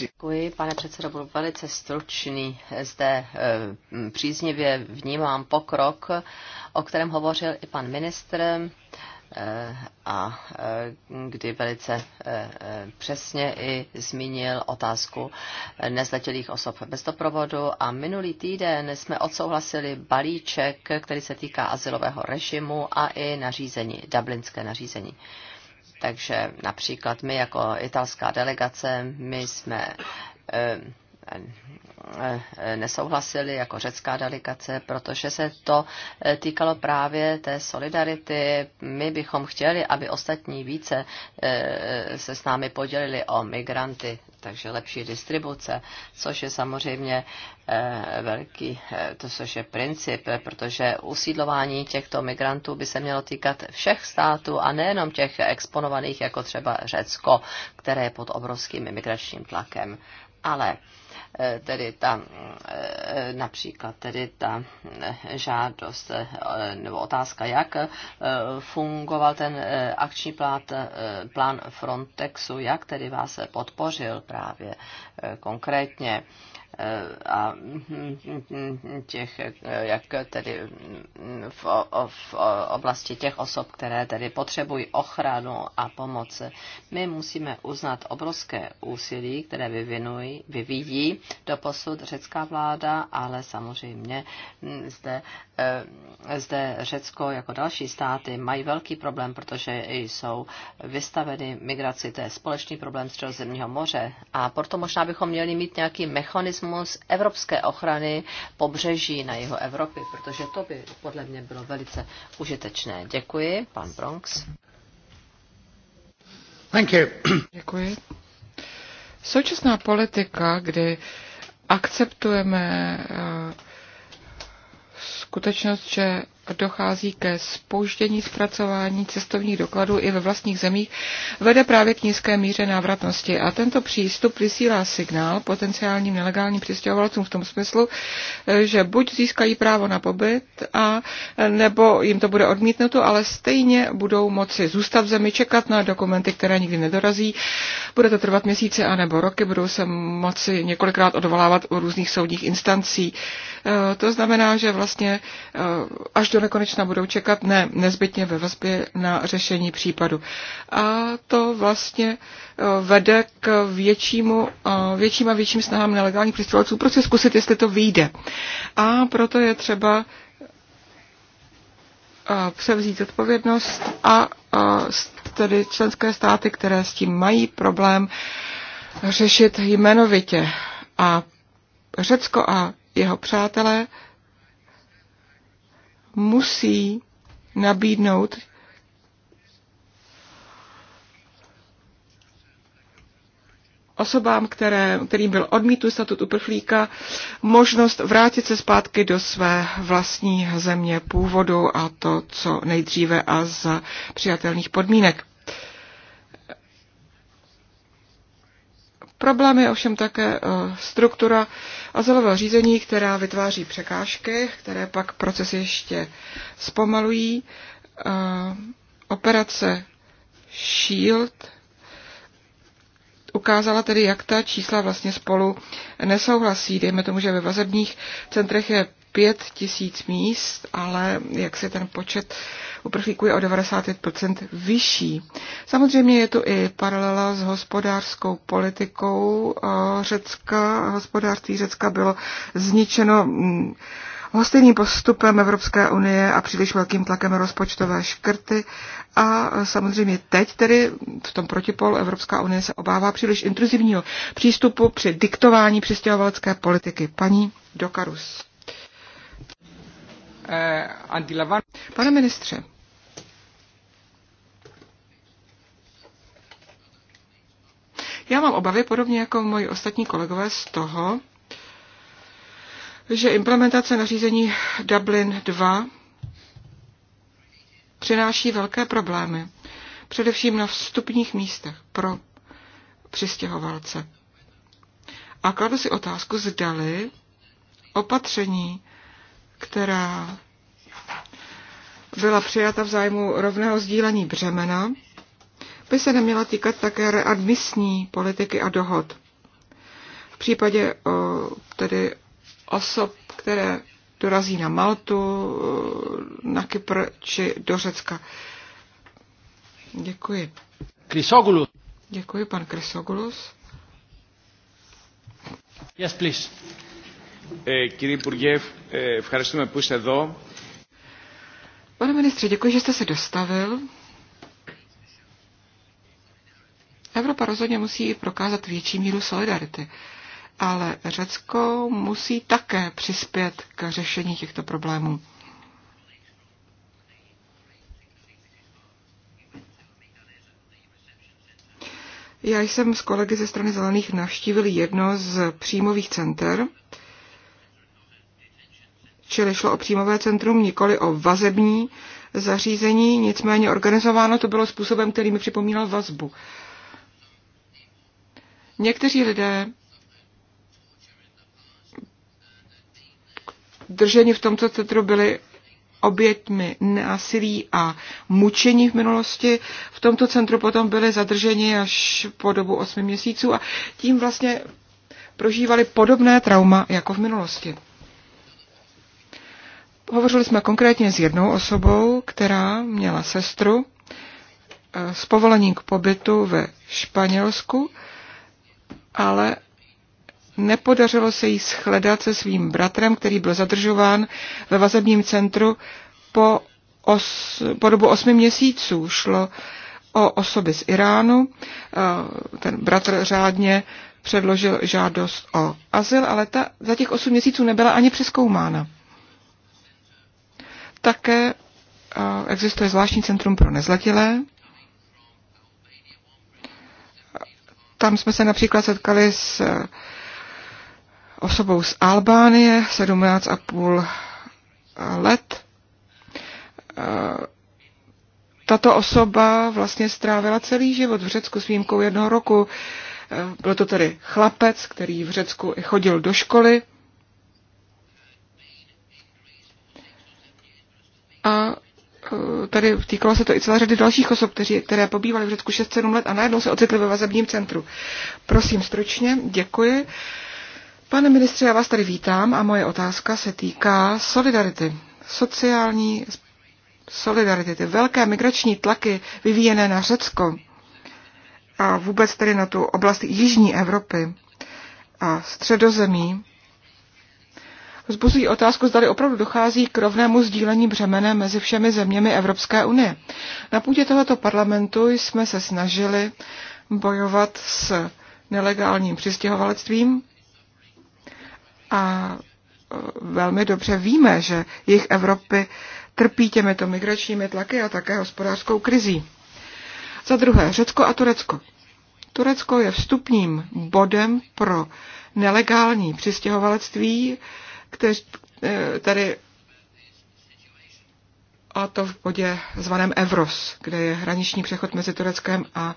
Děkuji, pane předsedo, budu velice stručný. Zde e, příznivě vnímám pokrok, o kterém hovořil i pan ministr Eh, a eh, kdy velice eh, přesně i zmínil otázku nezletělých osob bez doprovodu. A minulý týden jsme odsouhlasili balíček, který se týká asilového režimu a i nařízení, dublinské nařízení. Takže například my jako italská delegace, my jsme nesouhlasili jako řecká delegace, protože se to eh, týkalo právě té solidarity. My bychom chtěli, aby ostatní více eh, se s námi podělili o migranty, takže lepší distribuce, což je samozřejmě eh, velký, to což je princip, protože usídlování těchto migrantů by se mělo týkat všech států a nejenom těch exponovaných, jako třeba Řecko, které je pod obrovským migračním tlakem. Ale Eh, tedy ta, eh, například tedy ta eh, žádost nebo otázka, jak fungoval ten akční plát, plán Frontexu, jak tedy vás podpořil právě konkrétně a těch, jak tedy v, v oblasti těch osob, které tedy potřebují ochranu a pomoc. My musíme uznat obrovské úsilí, které vyvinují, vyvíjí posud. řecká vláda, ale samozřejmě hm, zde, eh, zde Řecko jako další státy mají velký problém, protože jsou vystaveny migraci, to je společný problém Středozemního moře a proto možná bychom měli mít nějaký mechanismus, mechanismus evropské ochrany pobřeží na jeho Evropy, protože to by podle mě bylo velice užitečné. Děkuji, pan Bronx. Thank you. Děkuji. Současná politika, kdy akceptujeme eh, skutečnost, že dochází ke spoždění zpracování cestovních dokladů i ve vlastních zemích, vede právě k nízké míře návratnosti. A tento přístup vysílá signál potenciálním nelegálním přistěhovalcům v tom smyslu, že buď získají právo na pobyt, a, nebo jim to bude odmítnuto, ale stejně budou moci zůstat v zemi, čekat na dokumenty, které nikdy nedorazí. Bude to trvat měsíce a nebo roky, budou se moci několikrát odvolávat u různých soudních instancí. E, to znamená, že vlastně e, až do nekonečna budou čekat, ne, nezbytně ve vazbě na řešení případu. A to vlastně eh, vede k většímu, eh, větším a větším snahám nelegálních přistěhovalců prostě zkusit, jestli to vyjde. A proto je třeba eh, převzít odpovědnost a tedy členské státy, které s tím mají problém, řešit jmenovitě. A Řecko a jeho přátelé musí nabídnout osobám, které, kterým byl odmítnut statut uprchlíka, možnost vrátit se zpátky do své vlastní země původu a to co nejdříve a za přijatelných podmínek. Problém je ovšem také eh, struktura azylového řízení, která vytváří překážky, které pak proces ještě zpomalují. Eh, operace SHIELD ukázala tedy, jak ta čísla vlastně spolu nesouhlasí. Dejme tomu, že ve vazebních centrech je 5 tisíc míst, ale jak se ten počet uprchlíků je o 95% vyšší. Samozřejmě je tu i paralela s hospodářskou politikou eh, Řecka. Hospodářství Řecka bylo zničeno mm, hostejným postupem Evropské unie a příliš velkým tlakem rozpočtové škrty. A samozřejmě teď tedy v tom protipolu Evropská unie se obává příliš intruzivního přístupu při diktování přistěhovalecké politiky. Paní Dokarus. Eh, Pane ministře, já mám obavy, podobně jako moji ostatní kolegové, z toho, že implementace nařízení Dublin 2 přináší velké problémy, především na vstupních místech pro přistěhovalce. A kladu si otázku, zdali opatření která byla přijata v zájmu rovného sdílení břemena, by se neměla týkat také readmisní politiky a dohod. V případě tedy osob, které dorazí na Maltu, na Kypr či do Řecka. Děkuji. Chrysogulus. Děkuji, pan Chrysogulus. Yes, please. Kyrie eh, Υπουργέ, jste Pane ministře, děkuji, že jste se dostavil. Evropa rozhodně musí prokázat větší míru solidarity, ale Řecko musí také přispět k řešení těchto problémů. Já jsem s kolegy ze strany Zelených navštívil jedno z příjmových center čili šlo o příjmové centrum, nikoli o vazební zařízení, nicméně organizováno to bylo způsobem, který mi připomínal vazbu. Někteří lidé drženi v tomto centru byli oběťmi násilí a mučení v minulosti. V tomto centru potom byli zadrženi až po dobu 8 měsíců a tím vlastně prožívali podobné trauma jako v minulosti. Hovořili jsme konkrétně s jednou osobou, která měla sestru eh, s povolením k pobytu ve Španělsku, ale nepodařilo se jí shledat se svým bratrem, který byl zadržován ve vazebním centru po, os, po dobu osmi měsíců. Šlo o osoby z Iránu. Eh, ten bratr řádně předložil žádost o azyl, ale ta za těch osm měsíců nebyla ani přeskoumána. Také existuje zvláštní centrum pro nezletilé. Tam jsme se například setkali s e, osobou z Albánie, 17,5 e, let. E, tato osoba vlastně strávila celý život v Řecku s výjimkou jednoho roku. Byl to tedy chlapec, který v Řecku i chodil do školy A e, tady týkalo se to i celé řady dalších osob, kteří, které pobývaly v Řecku 6-7 let a najednou se ocitly ve vazebním centru. Prosím stručně, děkuji. Pane ministře, já vás tady vítám a moje otázka se týká solidarity. Sociální solidarity, ty velké migrační tlaky vyvíjené na Řecko a vůbec tedy na tu oblast Jižní Evropy a středozemí, vzbuzují otázku, zda opravdu dochází k rovnému sdílení břemene mezi všemi zeměmi Evropské unie. Na půdě tohoto parlamentu jsme se snažili bojovat s nelegálním přistěhovalectvím a e, velmi dobře víme, že jejich Evropy trpí těmito migračními tlaky a také hospodářskou krizí. Za druhé, Řecko a Turecko. Turecko je vstupním bodem pro nelegální přistěhovalectví kteří eh, tady a to v bodě zvaném Evros, kde je hraniční přechod mezi Tureckem a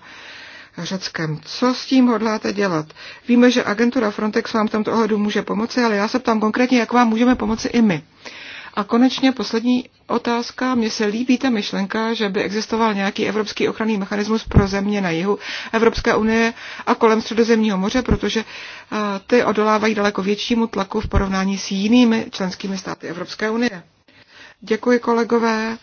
Řeckem. Co s tím hodláte dělat? Víme, že agentura Frontex vám v tomto ohledu může pomoci, ale já se ptám konkrétně, jak vám můžeme pomoci i my. Uh, a konečně poslední otázka. Mně se líbí ta myšlenka, že by existoval nějaký evropský ochranný mechanismus pro země na jihu Evropské unie a kolem Středozemního moře, protože ty odolávají daleko většímu tlaku v porovnání s jinými členskými státy Evropské unie. Děkuji kolegové.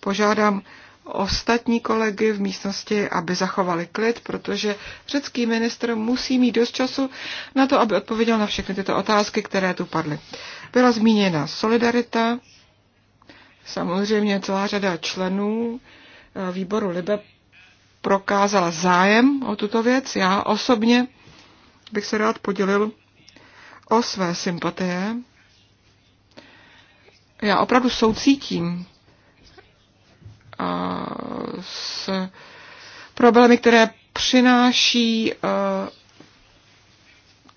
Požádám ostatní kolegy v místnosti, aby zachovali klid, protože řecký ministr musí mít dost času na to, aby odpověděl na všechny tyto otázky, které tu padly. Byla zmíněna solidarita, samozřejmě celá řada členů eh, výboru Libe prokázala zájem o tuto věc. Já osobně bych se rád podělil o své sympatie. Já opravdu soucítím eh, s problémy, které přináší eh,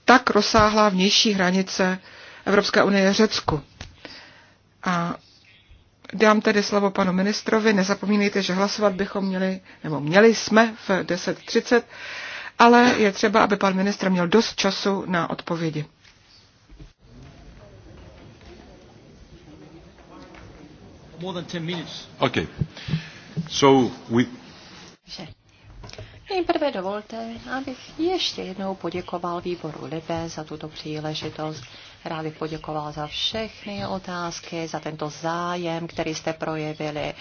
tak rozsáhlá vnější hranice Evropské unie Řecku. A dám tedy slovo panu ministrovi. Nezapomínejte, že hlasovat bychom měli, nebo měli jsme v 10.30, ale je třeba, aby pan ministr měl dost času na odpovědi. more than 10 minutes. Okay. So we... Nejprve dovolte, abych ještě jednou poděkoval výboru Libe za tuto příležitost Rád bych poděkoval za všechny otázky, za tento zájem, který jste projevili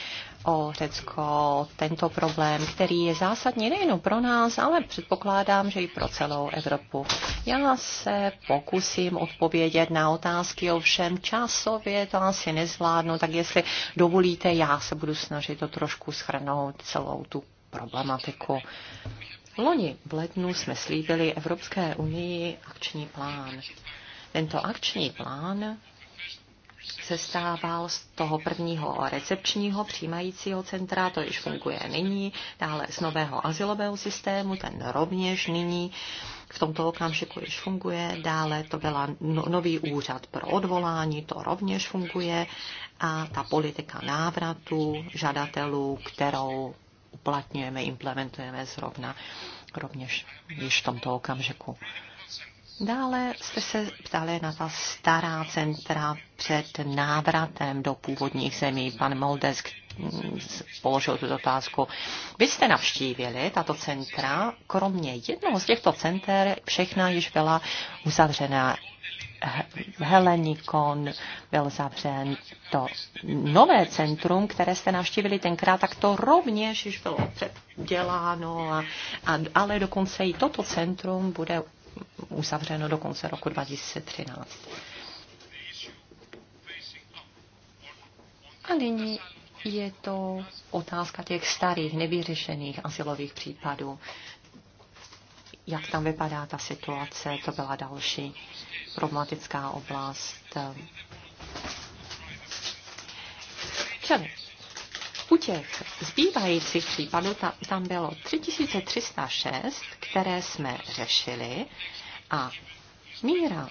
o Řecko, tento problém, který je zásadní nejen pro nás, ale předpokládám, že i pro celou Evropu. Já se pokusím odpovědět na otázky, ovšem časově to asi nezvládnu, tak jestli dovolíte, já se budu snažit to trošku schrnout celou tu problematiku. Loni v lednu jsme slíbili Evropské unii akční plán. Tento akční plán se stával z toho prvního recepčního přijímajícího centra, to již funguje nyní, dále z nového asilového systému, ten rovněž nyní v tomto okamžiku již funguje, dále to byla no, nový úřad pro odvolání, to rovněž funguje a ta politika návratu žadatelů, kterou uplatňujeme, implementujeme zrovna rovněž již v tomto okamžiku. Dále jste se ptali na ta stará centra před návratem do původních zemí. Pan Moldesk položil tuto otázku. Vy jste navštívili tato centra, kromě jednoho z těchto center všechna již byla uzavřena. Helenikon byl zavřen. To nové centrum, které jste navštívili tenkrát, tak to rovněž již bylo předděláno, a, a, ale dokonce i toto centrum bude uzavřeno do konce roku 2013. A nyní je to otázka těch starých, nevyřešených asilových případů. Jak tam vypadá ta situace, to byla další problematická oblast. Čili u těch zbývajících případů tam, tam bylo 3306, které jsme řešili a míra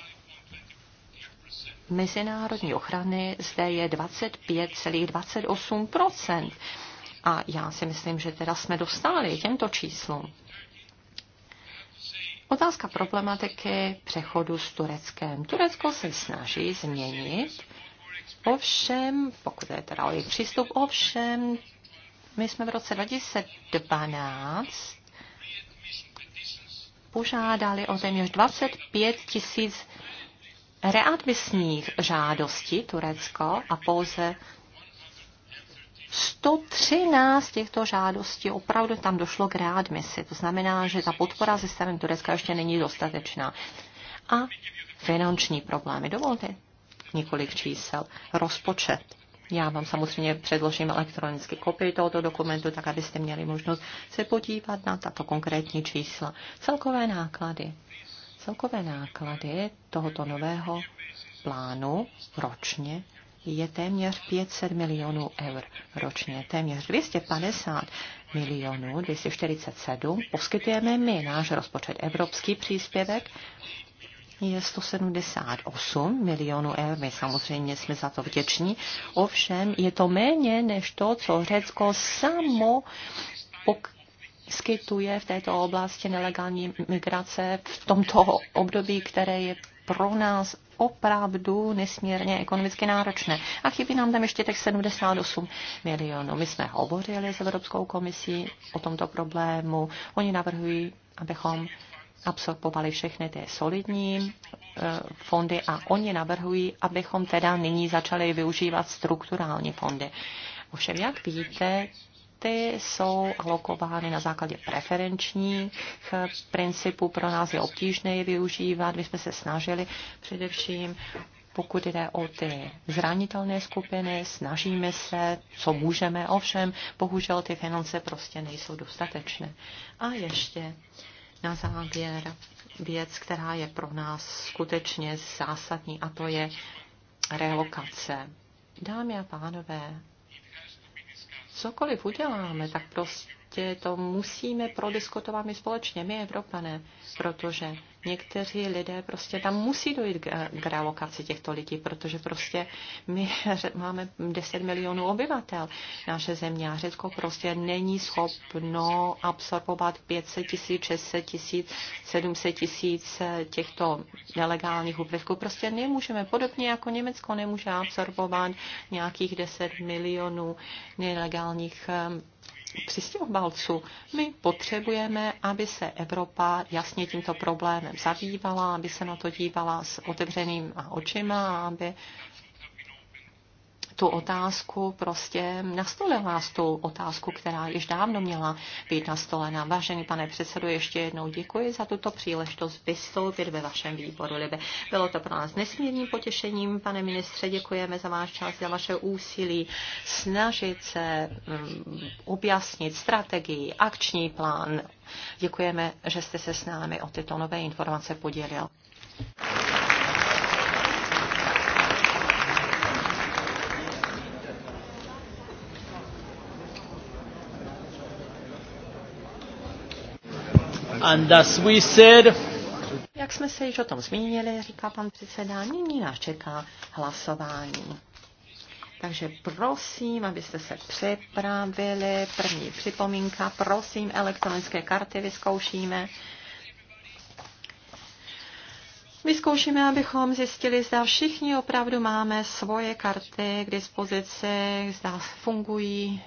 mezinárodní ochrany zde je 25,28%. A já si myslím, že teda jsme dostali těmto číslům. Otázka problematiky přechodu s Tureckem. Turecko se snaží změnit Ovšem, pokud je teda o jejich přístup, ovšem, my jsme v roce 2012 požádali o téměř 25 tisíc readmisních žádostí Turecko a pouze 113 těchto žádostí opravdu tam došlo k readmisi. To znamená, že ta podpora ze strany Turecka ještě není dostatečná. A finanční problémy. Dovolte několik čísel. Rozpočet. Já vám samozřejmě předložím elektronicky kopii tohoto dokumentu, tak abyste měli možnost se podívat na tato konkrétní čísla. Celkové náklady. Celkové náklady tohoto nového plánu ročně je téměř 500 milionů eur ročně. Téměř 250 milionů, 247 poskytujeme my, náš rozpočet, evropský příspěvek je 178 milionů eur. My samozřejmě jsme za to vděční. Ovšem je to méně než to, co Řecko samo skytuje v této oblasti nelegální migrace v tomto období, které je pro nás opravdu nesmírně ekonomicky náročné. A chybí nám tam ještě těch 78 milionů. My jsme hovořili s Evropskou komisí o tomto problému. Oni navrhují, abychom Absorbovali všechny ty solidní e, fondy a oni navrhují, abychom teda nyní začali využívat strukturální fondy. Ovšem, jak víte, ty jsou alokovány na základě preferenčních e, principů. Pro nás je obtížné je využívat. My jsme se snažili především pokud jde o ty zranitelné skupiny, snažíme se, co můžeme, ovšem bohužel ty finance prostě nejsou dostatečné. A ještě na závěr věc, která je pro nás skutečně zásadní, a to je relokace. Dámy a pánové, cokoliv uděláme, tak prostě to musíme prodiskutovat my společně, my Evropané, protože Někteří lidé prostě tam musí dojít k, k relokaci těchto lidí, protože prostě my [laughs] máme 10 milionů obyvatel naše země a Řecko prostě není schopno absorbovat 500 tisíc, 600 tisíc, 700 tisíc těchto nelegálních uprchlíků. Prostě nemůžeme, podobně jako Německo nemůže absorbovat nějakých 10 milionů nelegálních přistěhovalců. My potřebujeme, aby se Evropa jasně tímto problémem zabývala, aby se na to dívala s otevřeným očima, aby tu otázku prostě nastolila, tu otázku, která již dávno měla být nastolena. Vážený pane předsedu, ještě jednou děkuji za tuto příležitost vystoupit ve vašem výboru. Libe. Bylo to pro nás nesmírným potěšením, pane ministře, děkujeme za váš čas, za vaše úsilí, snažit se mm, objasnit strategii, akční plán. Děkujeme, že jste se s námi o tyto nové informace podělil. And as we said, jak jsme se již o tom zmínili, říká pan předseda, nyní nás čeká hlasování. Takže prosím, abyste se připravili. První připomínka, prosím, elektronické karty vyzkoušíme. Vyzkoušíme, abychom zjistili, zda všichni opravdu máme svoje karty k dispozici, zda fungují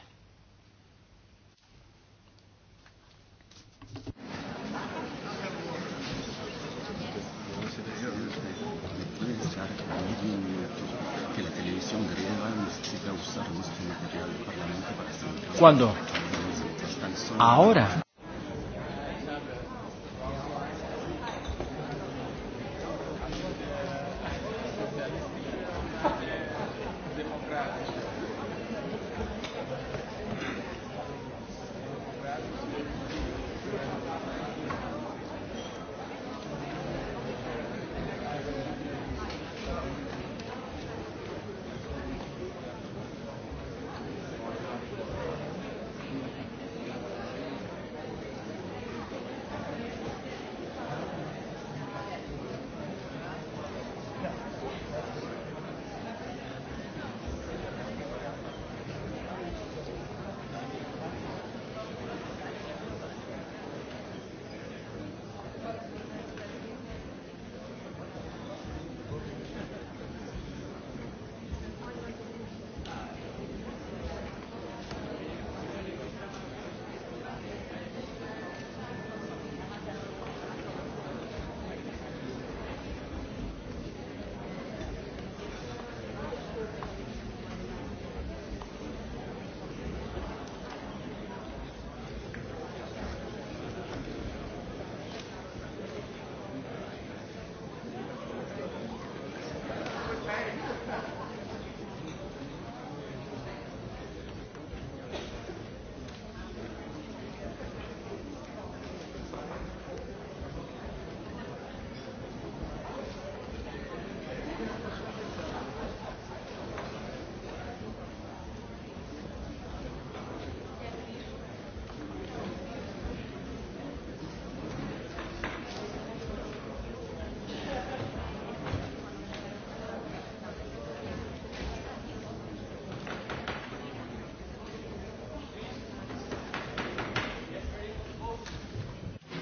comisión griega necesita usar nuestro material de parlamento para ¿Cuándo? Ahora.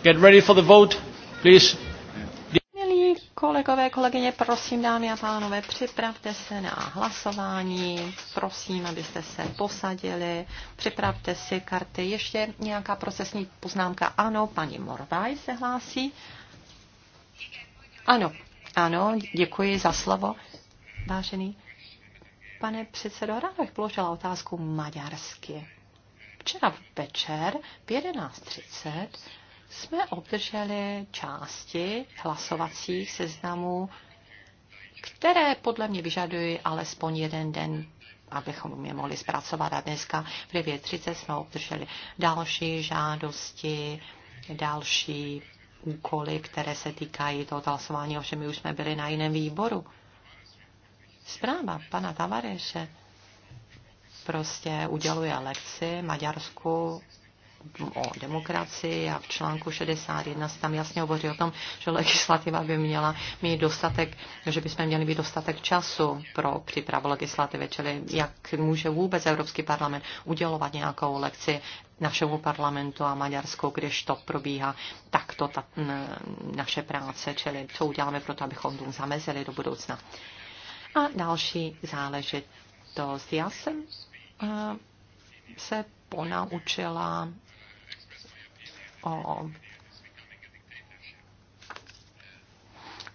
Get ready for the vote, please. Milí kolegové, kolegyně, prosím, dámy a pánové, připravte se na hlasování. Prosím, abyste se posadili. Připravte si karty. Ještě nějaká procesní poznámka? Ano, paní Morvaj se hlásí. Ano, ano, děkuji za slovo. Vážený pane předsedo, rád bych položila otázku maďarsky. Včera večer v 11.30 jsme obdrželi části hlasovacích seznamů, které podle mě vyžadují alespoň jeden den abychom je mohli zpracovat. A dneska v 9.30 jsme obdrželi další žádosti, další úkoly, které se týkají toho hlasování, ovšem my už jsme byli na jiném výboru. Zpráva pana Tavareše prostě uděluje lekci Maďarsku o demokracii a v článku 61 se tam jasně hovoří o tom, že legislativa by měla mít dostatek, že bychom měli mít dostatek času pro přípravu legislativy, čili jak může vůbec Evropský parlament udělovat nějakou lekci našemu parlamentu a Maďarsku, když to probíhá takto ta, naše práce, čili co uděláme pro to, abychom tomu zamezili do budoucna. A další záležitost. Já jsem se ponaučila o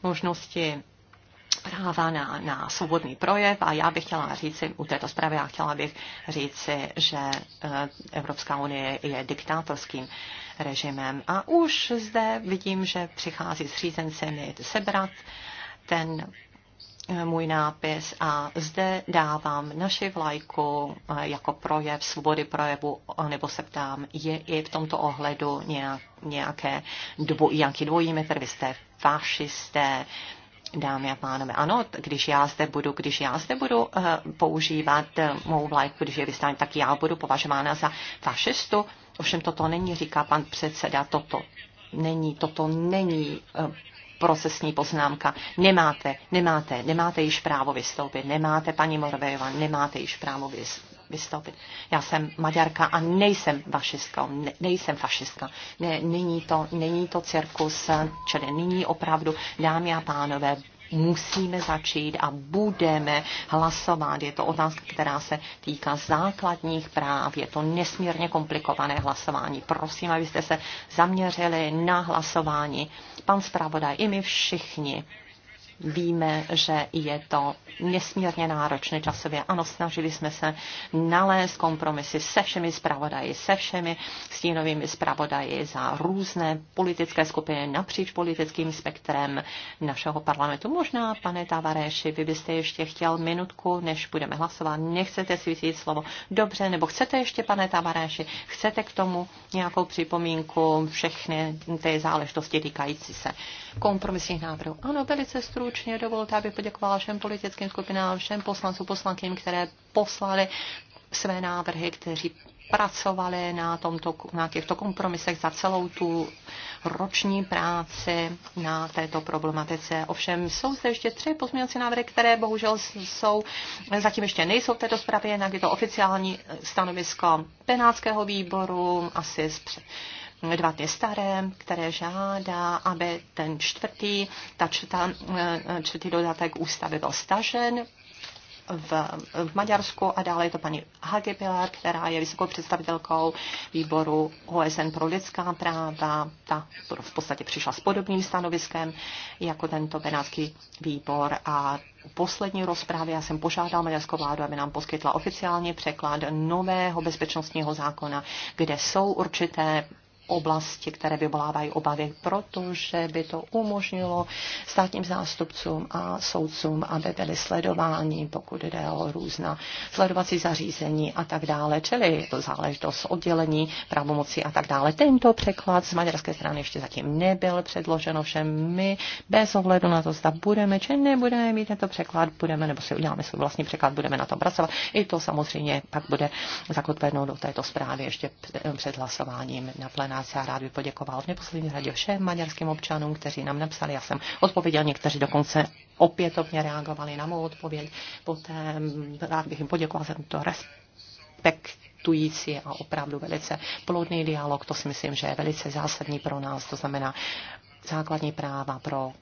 možnosti práva na, na svobodný projev a já bych chtěla říci, u této zprávy já chtěla bych říci, že eh, Evropská unie je diktátorským režimem a už zde vidím, že přichází s řízencemi sebrat ten Eh, můj nápis a zde dávám naši vlajku eh, jako projev svobody projevu, nebo se ptám, je i v tomto ohledu nějak, nějaké dvo, nějaký dvojí metr, vy jste fašisté, dámy a pánové. Ano, když já zde budu, když já zde budu uh, používat uh, mou vlajku, když je vystavím, tak já budu považována za fašistu. Ovšem toto není, říká pan předseda, toto není, toto není uh, procesní poznámka. Nemáte, nemáte, nemáte již právo vystoupit. Nemáte, paní Morvejová, nemáte již právo vystoupit. Já jsem Maďarka a nejsem fašistka, ne, nejsem fašistka. Ne, není, to, není to cirkus, eh, čili nyní opravdu, dámy a pánové, musíme začít a budeme hlasovat. Je to otázka, která se týká základních práv. Je to nesmírně komplikované hlasování. Prosím, abyste se zaměřili na hlasování. Pan zpravodaj i my všichni Víme, že je to nesmírně náročné časově. Ano, snažili jsme se nalézt kompromisy se všemi zpravodaji, se všemi stínovými zpravodaji za různé politické skupiny napříč politickým spektrem našeho parlamentu. Možná, pane Tavareši, vy byste ještě chtěl minutku, než budeme hlasovat. Nechcete si vzít slovo. Dobře, nebo chcete ještě, pane Tavareši, chcete k tomu nějakou připomínku všechny ty záležitosti týkající se kompromisních návrhů? Ano, velice stručně stručně dovolte, abych poděkovala všem politickým skupinám, všem poslancům, poslankyním, které poslali své návrhy, kteří pracovali na, tomto, na těchto kompromisech za celou tu roční práci na této problematice. Ovšem jsou zde ještě tři pozměňovací návrhy, které bohužel jsou, zatím ještě nejsou v této zprávě, jinak je to oficiální stanovisko penátského výboru, asi z dva ty staré, které žádá, aby ten čtvrtý, ta čtvrtá, eh, čtvrtý dodatek ústavy byl stažen v, v Maďarsku a dále je to paní Hagebiler, která je vysokou představitelkou výboru OSN pro lidská práva. Ta v podstatě přišla s podobným stanoviskem jako tento benátský výbor a poslední rozprávy já jsem požádal maďarskou vládu, aby nám poskytla oficiálně překlad nového bezpečnostního zákona, kde jsou určité oblasti, které vyvolávají obavy, protože by to umožnilo státním zástupcům a soudcům, aby byly sledováni, pokud jde o různá sledovací zařízení a tak dále, čili je to záležitost oddělení pravomocí a tak dále. Tento překlad z maďarské strany ještě zatím nebyl předložen, ovšem my bez ohledu na to, zda budeme či nebudeme mít tento překlad, budeme nebo si uděláme svůj vlastní překlad, budeme na tom pracovat. I to samozřejmě pak bude zakotveno do této zprávy ještě před hlasováním na plenu nás. Já rád bych poděkoval v neposlední řadě všem maďarským občanům, kteří nám napsali. Já jsem odpověděl, někteří dokonce opětovně reagovali na mou odpověď. Poté rád bych jim poděkoval za to respekt a opravdu velice plodný dialog. To si myslím, že je velice zásadní pro nás, to znamená základní práva pro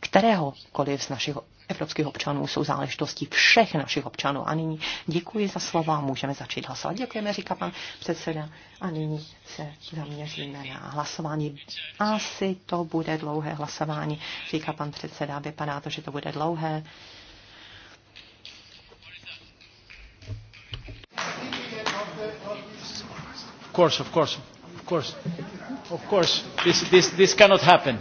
kteréhokoliv z našich evropských občanů jsou záležitostí všech našich občanů. A nyní děkuji za slova, můžeme začít hlasovat. Děkujeme, říká pan předseda. A nyní se zaměříme na hlasování. Asi to bude dlouhé hlasování, říká pan předseda. Vypadá to, že to bude dlouhé. Of course, of course, of course, of course. This, this, this cannot happen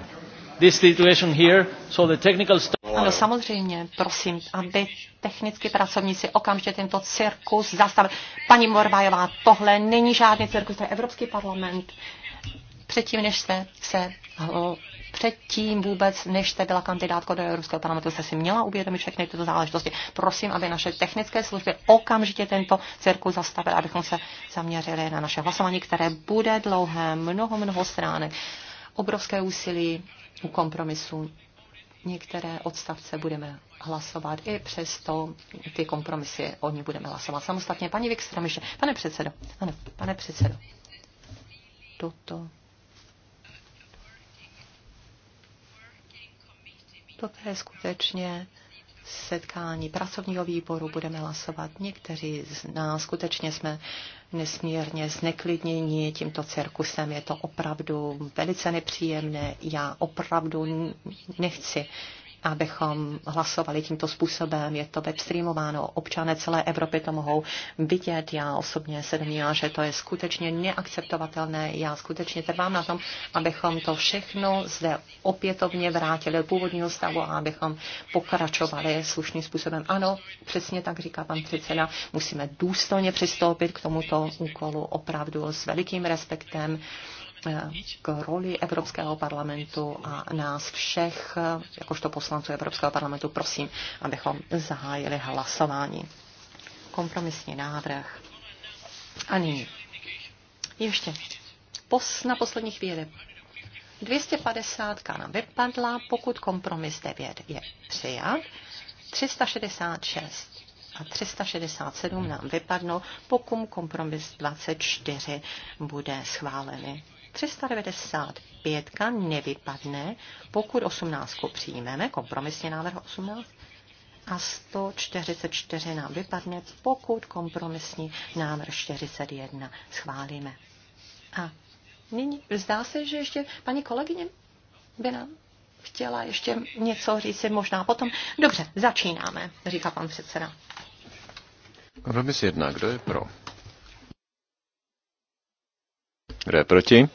this situation here, so the technical staff... Ano, samozřejmě, prosím, aby technicky pracovníci okamžitě tento cirkus zastavili. Paní Morvajová, tohle není žádný cirkus, to je Evropský parlament. Předtím, než jste se eh, předtím vůbec, než jste byla kandidátko do Evropského parlamentu, jste si měla uvědomit všechny tyto záležitosti. Prosím, aby naše technické služby okamžitě tento cirkus zastavily, abychom se zaměřili na naše hlasování, které bude dlouhé, mnoho, mnoho stránek obrovské úsilí u kompromisu. Některé odstavce budeme hlasovat i přesto ty kompromisy o ní budeme hlasovat samostatně. Paní Vikstra myšle. Pane předsedo. Ano, pane předsedo. Toto. Toto je skutečně setkání pracovního výboru budeme hlasovat. Někteří z nás skutečně jsme nesmírně zneklidnění tímto cirkusem. Je to opravdu velice nepříjemné. Já opravdu nechci abychom hlasovali tímto způsobem. Je to webstreamováno, občané celé Evropy to mohou vidět. Já osobně se domnívám, že to je skutečně neakceptovatelné. Já skutečně trvám na tom, abychom to všechno zde opětovně vrátili do původního stavu a abychom pokračovali slušným způsobem. Ano, přesně tak říká pan předseda, musíme důstojně přistoupit k tomuto úkolu opravdu s velikým respektem k roli Evropského parlamentu a nás všech, jakožto poslanců Evropského parlamentu, prosím, abychom zahájili hlasování. Kompromisní návrh. A nyní. Ještě. Pos, na poslední chvíli. 250 nám vypadla, pokud kompromis 9 je přijat. 366 a 367 nám vypadnou, pokud kompromis 24 bude schválený. 395 nevypadne, pokud 18 přijmeme, kompromisně návrh 18, a 144 nám vypadne, pokud kompromisní návrh 41 schválíme. A nyní zdá se, že ještě paní kolegyně by nám chtěla ještě něco říct si možná potom. Dobře, začínáme, říká pan předseda. Kompromis 1, kdo je pro? Kdo je proti?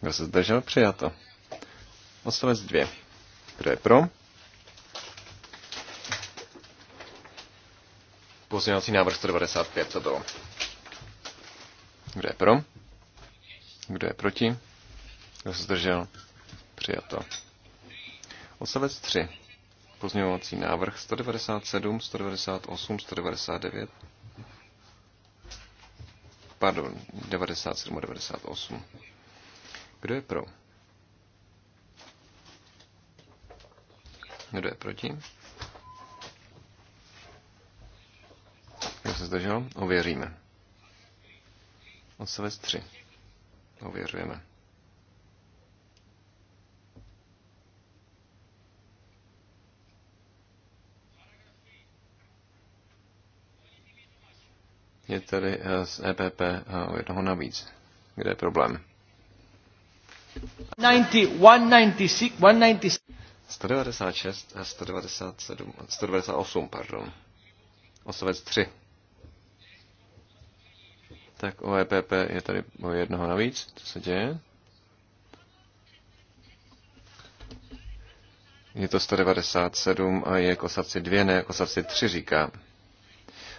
Kdo se zdržel? Přijato. Odstavec 2. Kdo je pro? Pozměňovací návrh 195 to bylo. Kdo je pro? Kdo je proti? Kdo se zdržel? Přijato. Odstavec 3. Pozměňovací návrh 197, 198, 199. Pardon, 97 a 98. Kdo je pro? Kdo je proti? Kdo se zdržel? Ověříme. Odstavec 3. Ověřujeme. Je tady eh, z EPP eh, o jednoho navíc. Kde je problém? 196, 196. 196 a 197, 198, pardon. Osovec 3. Tak o EPP je tady o jednoho navíc. Co se děje? Je to 197 a je k osavci 2, ne k osavci 3, říká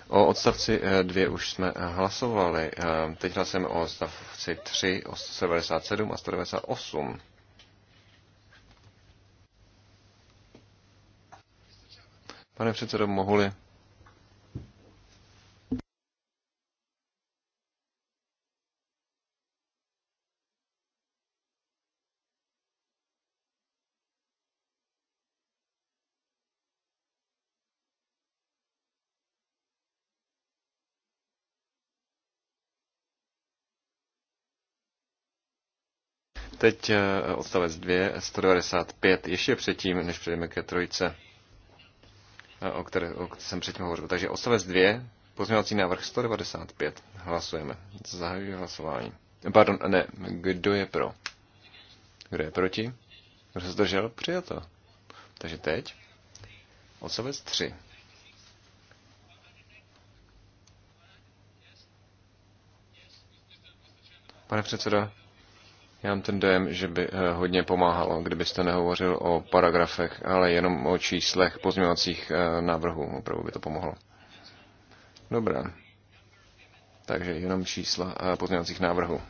O odstavci 2 eh, už jsme eh, hlasovali. Eh, teď hlasujeme o odstavci 3, o 197 a 198. Pane předsedo, mohu-li Teď eh, odstavec 2, 195, ještě předtím, než přejdeme ke trojce, eh, o které o které jsem předtím hovořil. Takže odstavec 2, pozměňovací návrh 195. Hlasujeme. Zahajuji hlasování. Pardon, ne, kdo je pro? Kdo je proti? Kdo se zdržel? Přijato. Takže teď odstavec 3. Pane předsedo, já mám ten dojem, že by eh, hodně pomáhalo, kdybyste nehovořil o paragrafech, ale jenom o číslech pozměňovacích eh, návrhů. Opravdu by to pomohlo. Dobrá. Takže jenom čísla eh, pozměňovacích návrhů.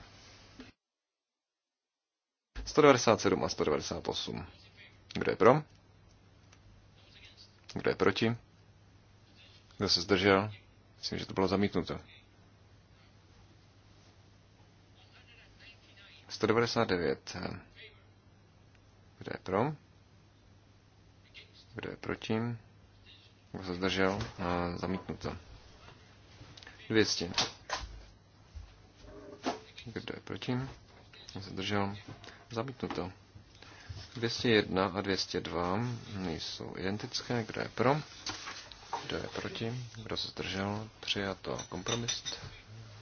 197 a 198. Kdo je pro? Kdo je proti? Kdo se zdržel? Myslím, že to bylo zamítnuto. 199. Kdo je pro? Kdo je proti? Kdo se zdržel? A zamítnuto. 200. Kdo je proti? Kdo se zdržel? Zamítnuto. 201 a 202 nejsou identické. Kdo je pro? Kdo je proti? Kdo se zdržel? Přijato kompromis.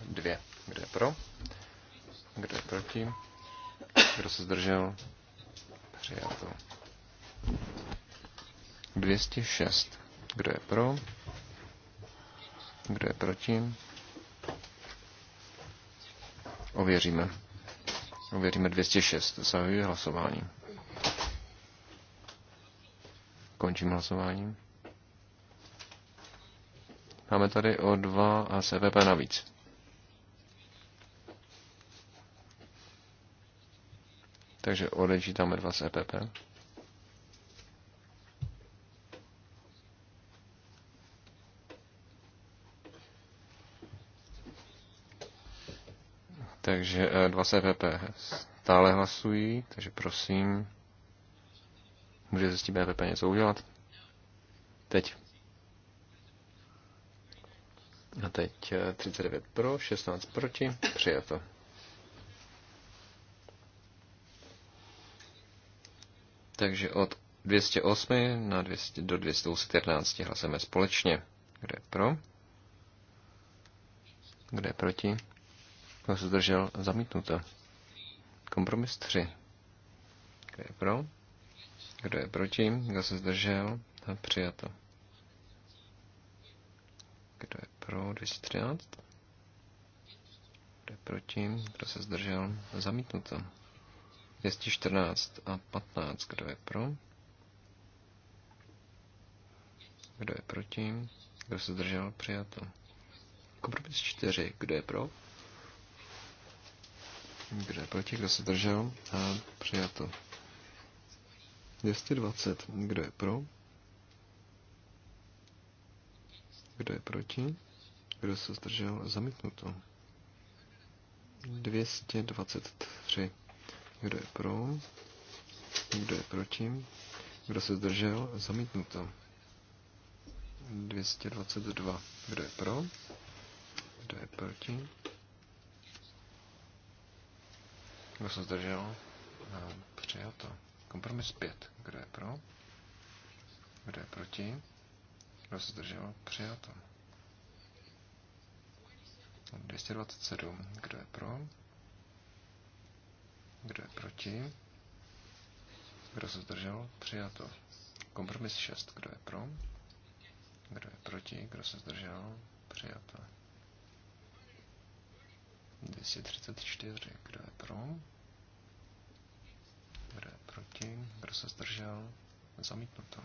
2. Kdo je pro? Kdo je proti? Kdo se zdržel? Přijato. 206. Kdo je pro? Kdo je proti? Ověříme. Ověříme 206. Zahajuji hlasování. Končím hlasování. Máme tady o dva a CVP e navíc. Takže odečítáme dva z EPP. Takže e, dva z EPP stále hlasují, takže prosím, můžete s tím EPP něco udělat. Teď. A teď 39 e, pro, 16 proti, přijato. Takže od 208 na 200, do 214 hlasujeme společně. Kde je pro? Kde je proti? Kdo se zdržel? Zamítnuto. Kompromis 3. Kdo je pro? Kdo je proti? Kdo se zdržel? A přijato. Kdo je pro 213? Kdo je proti? Kdo se zdržel? Zamítnuto. 214 a 15. Kdo je pro? Kdo je proti? Kdo se zdržel? Přijato. Kompromis 4. Kdo je pro? Kdo je proti? Kdo se zdržel? A přijato. 220. Kdo je pro? Kdo je proti? Kdo se zdržel? Zamítnuto. 223. Kdo je pro? Kdo je proti? Kdo se zdržel? Zamítnuto. 222. No, Kdo je pro? Kdo je proti? Kdo se zdržel? Přijato. Kompromis 5. Kdo je pro? Kdo je proti? Kdo se zdržel? Přijato. 227. Kdo je pro? Kdo je proti? Kdo se zdržel? Přijato. Kompromis 6. Kdo je pro? Kdo je proti? Kdo se zdržel? Přijato. 234. Kdo je pro? Kdo je proti? Kdo se zdržel? Zamítnuto.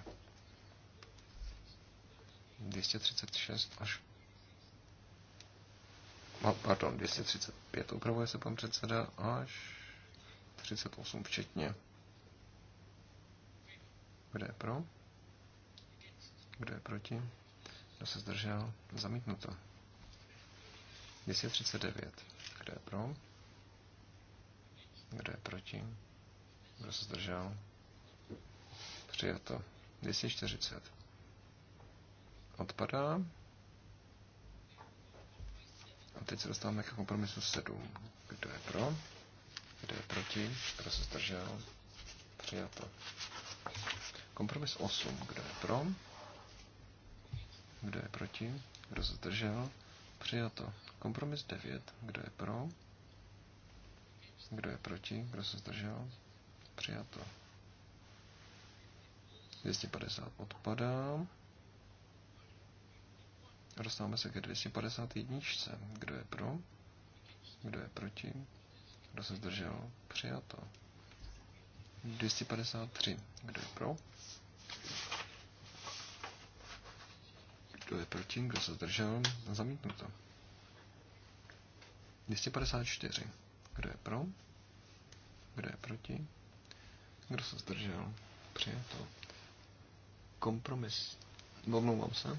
236 až no, pardon, 235 upravuje se pan předseda až 38 včetně. Kdo je pro? Kdo je proti? Kdo se zdržel? Zamítnuto. 239. Kdo je pro? Kdo je proti? Kdo se zdržel? Přijato. 240. Odpadá. A teď se dostáváme k kompromisu 7. Kdo je pro? Kdo je proti? Kdo se zdržel? Přijato. Kompromis 8. Kdo je pro? Kdo je proti? Kdo se zdržel? Přijato. Kompromis 9. Kdo je pro? Kdo je proti? Kdo se zdržel? Přijato. 250 odpadá. Dostáváme se ke 251. Kdo je pro? Kdo je proti? Kdo se zdržel? Přijato. 253. Kdo je pro? Kdo je proti? Kdo se zdržel? Zamítnuto. 254. Kdo je pro? Kdo je proti? Kdo se zdržel? Přijato. Kompromis. Omlouvám se.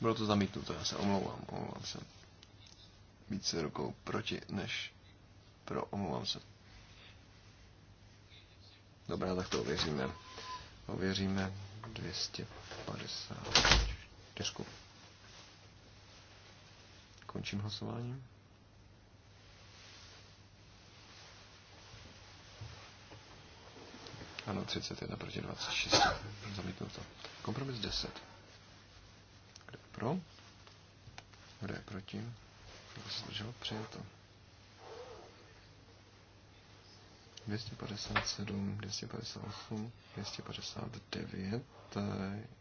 Bylo to zamítnuto, já se omlouvám, omlouvám se více rukou proti než pro, omlouvám se. Dobrá, tak to ověříme. Ověříme 254. Končím hlasování. Ano, 31 proti 26. to. Kompromis 10. Kdo je pro? Kdo je proti? kdo se zdržel, 257, 258, 259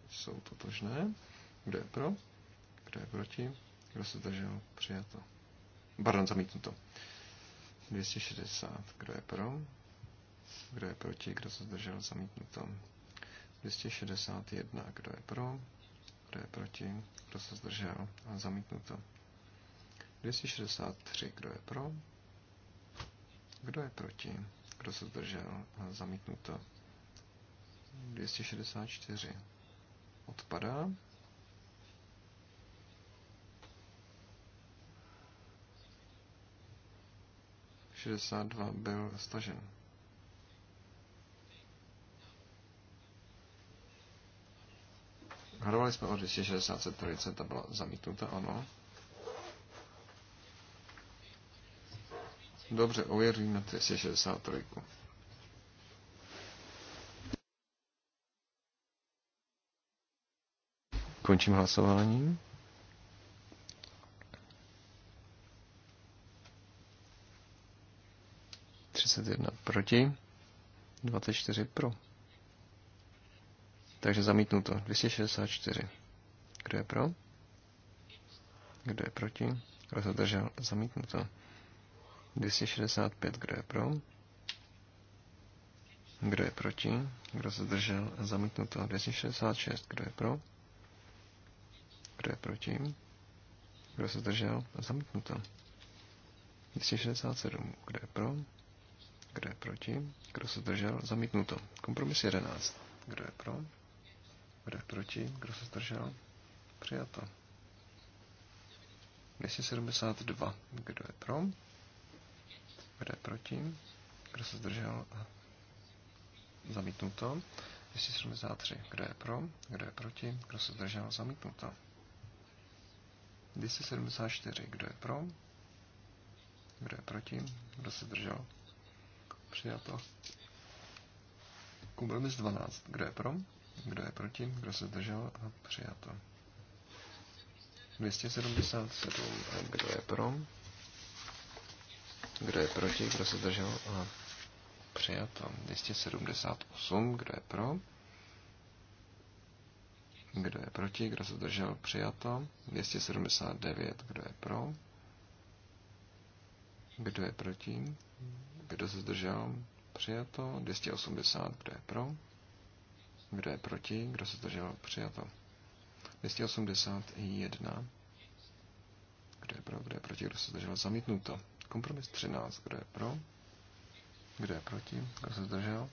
jsou totožné. Kdo je pro? Kdo je proti? Kdo se zdržel? Přijato. Pardon, zamítnuto. 260. Kdo je pro? Kdo je proti? Kdo se zdržel? Zamítnuto. 261. Kdo je pro? Kdo je proti? Kdo se zdržel? Zamítnuto. 263. Kdo je pro? Kdo je proti? Kdo se zdržel? Zamítnuto. 264. Odpadá. Šedesát dva byl stažen. Hrovali jsme o 260 a byla zamítnuta, ano. Dobře, ověřím na 263. Končím hlasování. jedna proti, 24 pro. Takže zamítnuto. 264. Kdo je pro? Kdo je proti? Kdo se držel? Zamítnuto. 265, kdo je pro? Kdo je proti? Kdo se zdržel? Zamítnuto. 266. Kdo je pro? Kdo je proti? Kdo se zdržel? Zamítnuto. 267. Kdo je pro? Kdo je proti? Kdo se zdržel? Zamítnuto. Kompromis 11. Kdo je pro? Kdo je proti? Kdo se zdržel? Přijato. 272. Kdo je pro? Kdo je proti? Kdo se zdržel? Zamítnuto. 273. Kdo je pro? Kdo je proti? Kdo se zdržel? Zamítnuto. 274. Kdo je pro? Kdo je proti? Kdo se zdržel? Přijato. Kompromis 12. Kdo je pro? Kdo je proti? Kdo se zdržel? A přijato. 277. Kdo je pro? Kdo je proti? Kdo se zdržel? A přijato. 278. Kdo je pro? Kdo je proti? Kdo se zdržel? Přijato. 279. Kdo je pro? Kdo je proti? Kdo se zdržel? Přijato. 280. Kdo je pro? Kdo je proti? Kdo se zdržel? Přijato. 281. Kdo je pro? Kdo je proti? Kdo se zdržel? Zamítnuto. Kompromis 13. Kdo je pro? Kdo je proti? Kdo se zdržel?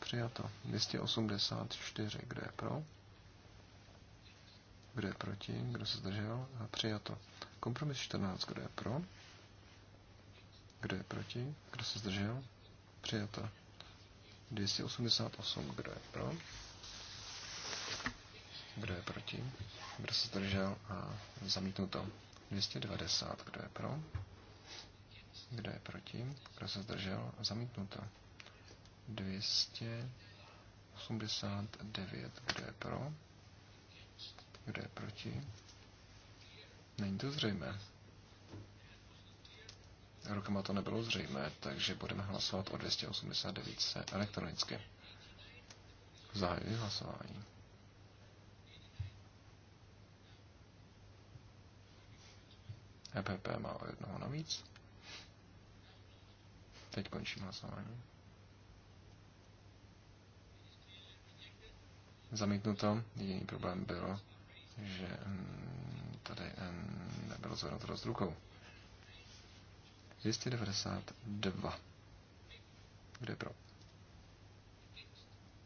Přijato. 284. Kdo je pro? Kdo je proti? Kdo se zdržel? A přijato. Kompromis 14. Kdo je pro? Kdo je proti? Kdo se zdržel? Přijato. 288. Kdo je pro? Kdo je proti? Kdo se zdržel? A zamítnuto. 290. Kdo je pro? Kdo je proti? Kdo se zdržel? Zamítnuto. 289. Kdo je pro? Kdo je proti? Není to zřejmé. Rukama to nebylo zřejmé, takže budeme hlasovat o 289 elektronicky. Zahajuji hlasování. EPP má o jednoho navíc. Teď končím hlasování. Zamítnuto. Jediný problém byl, že mm, tady mm, nebylo zvednuto dost rukou. 292. Kde pro?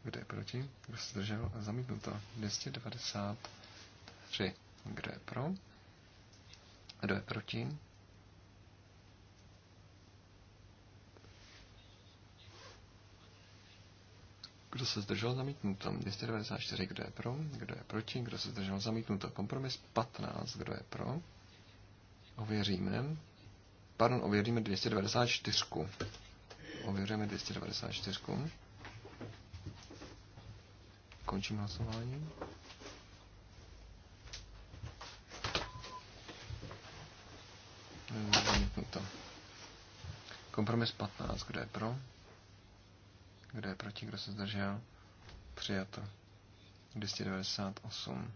Kde je proti? Kdo se zdržel? Zamítnuto. 293. Kde je pro? Kdo je proti? Kdo se zdržel zamítnuto? 294. Kdo je pro? Kdo je proti? Kdo se zdržel zamítnuto? Kompromis 15. Kdo je pro? Ověříme. Pardon, ověříme 294. Ověříme 294. Končím hlasování. Zamítnuto. Kompromis 15. Kdo je pro? Kdo je proti, kdo se zdržel? Přijato. 298.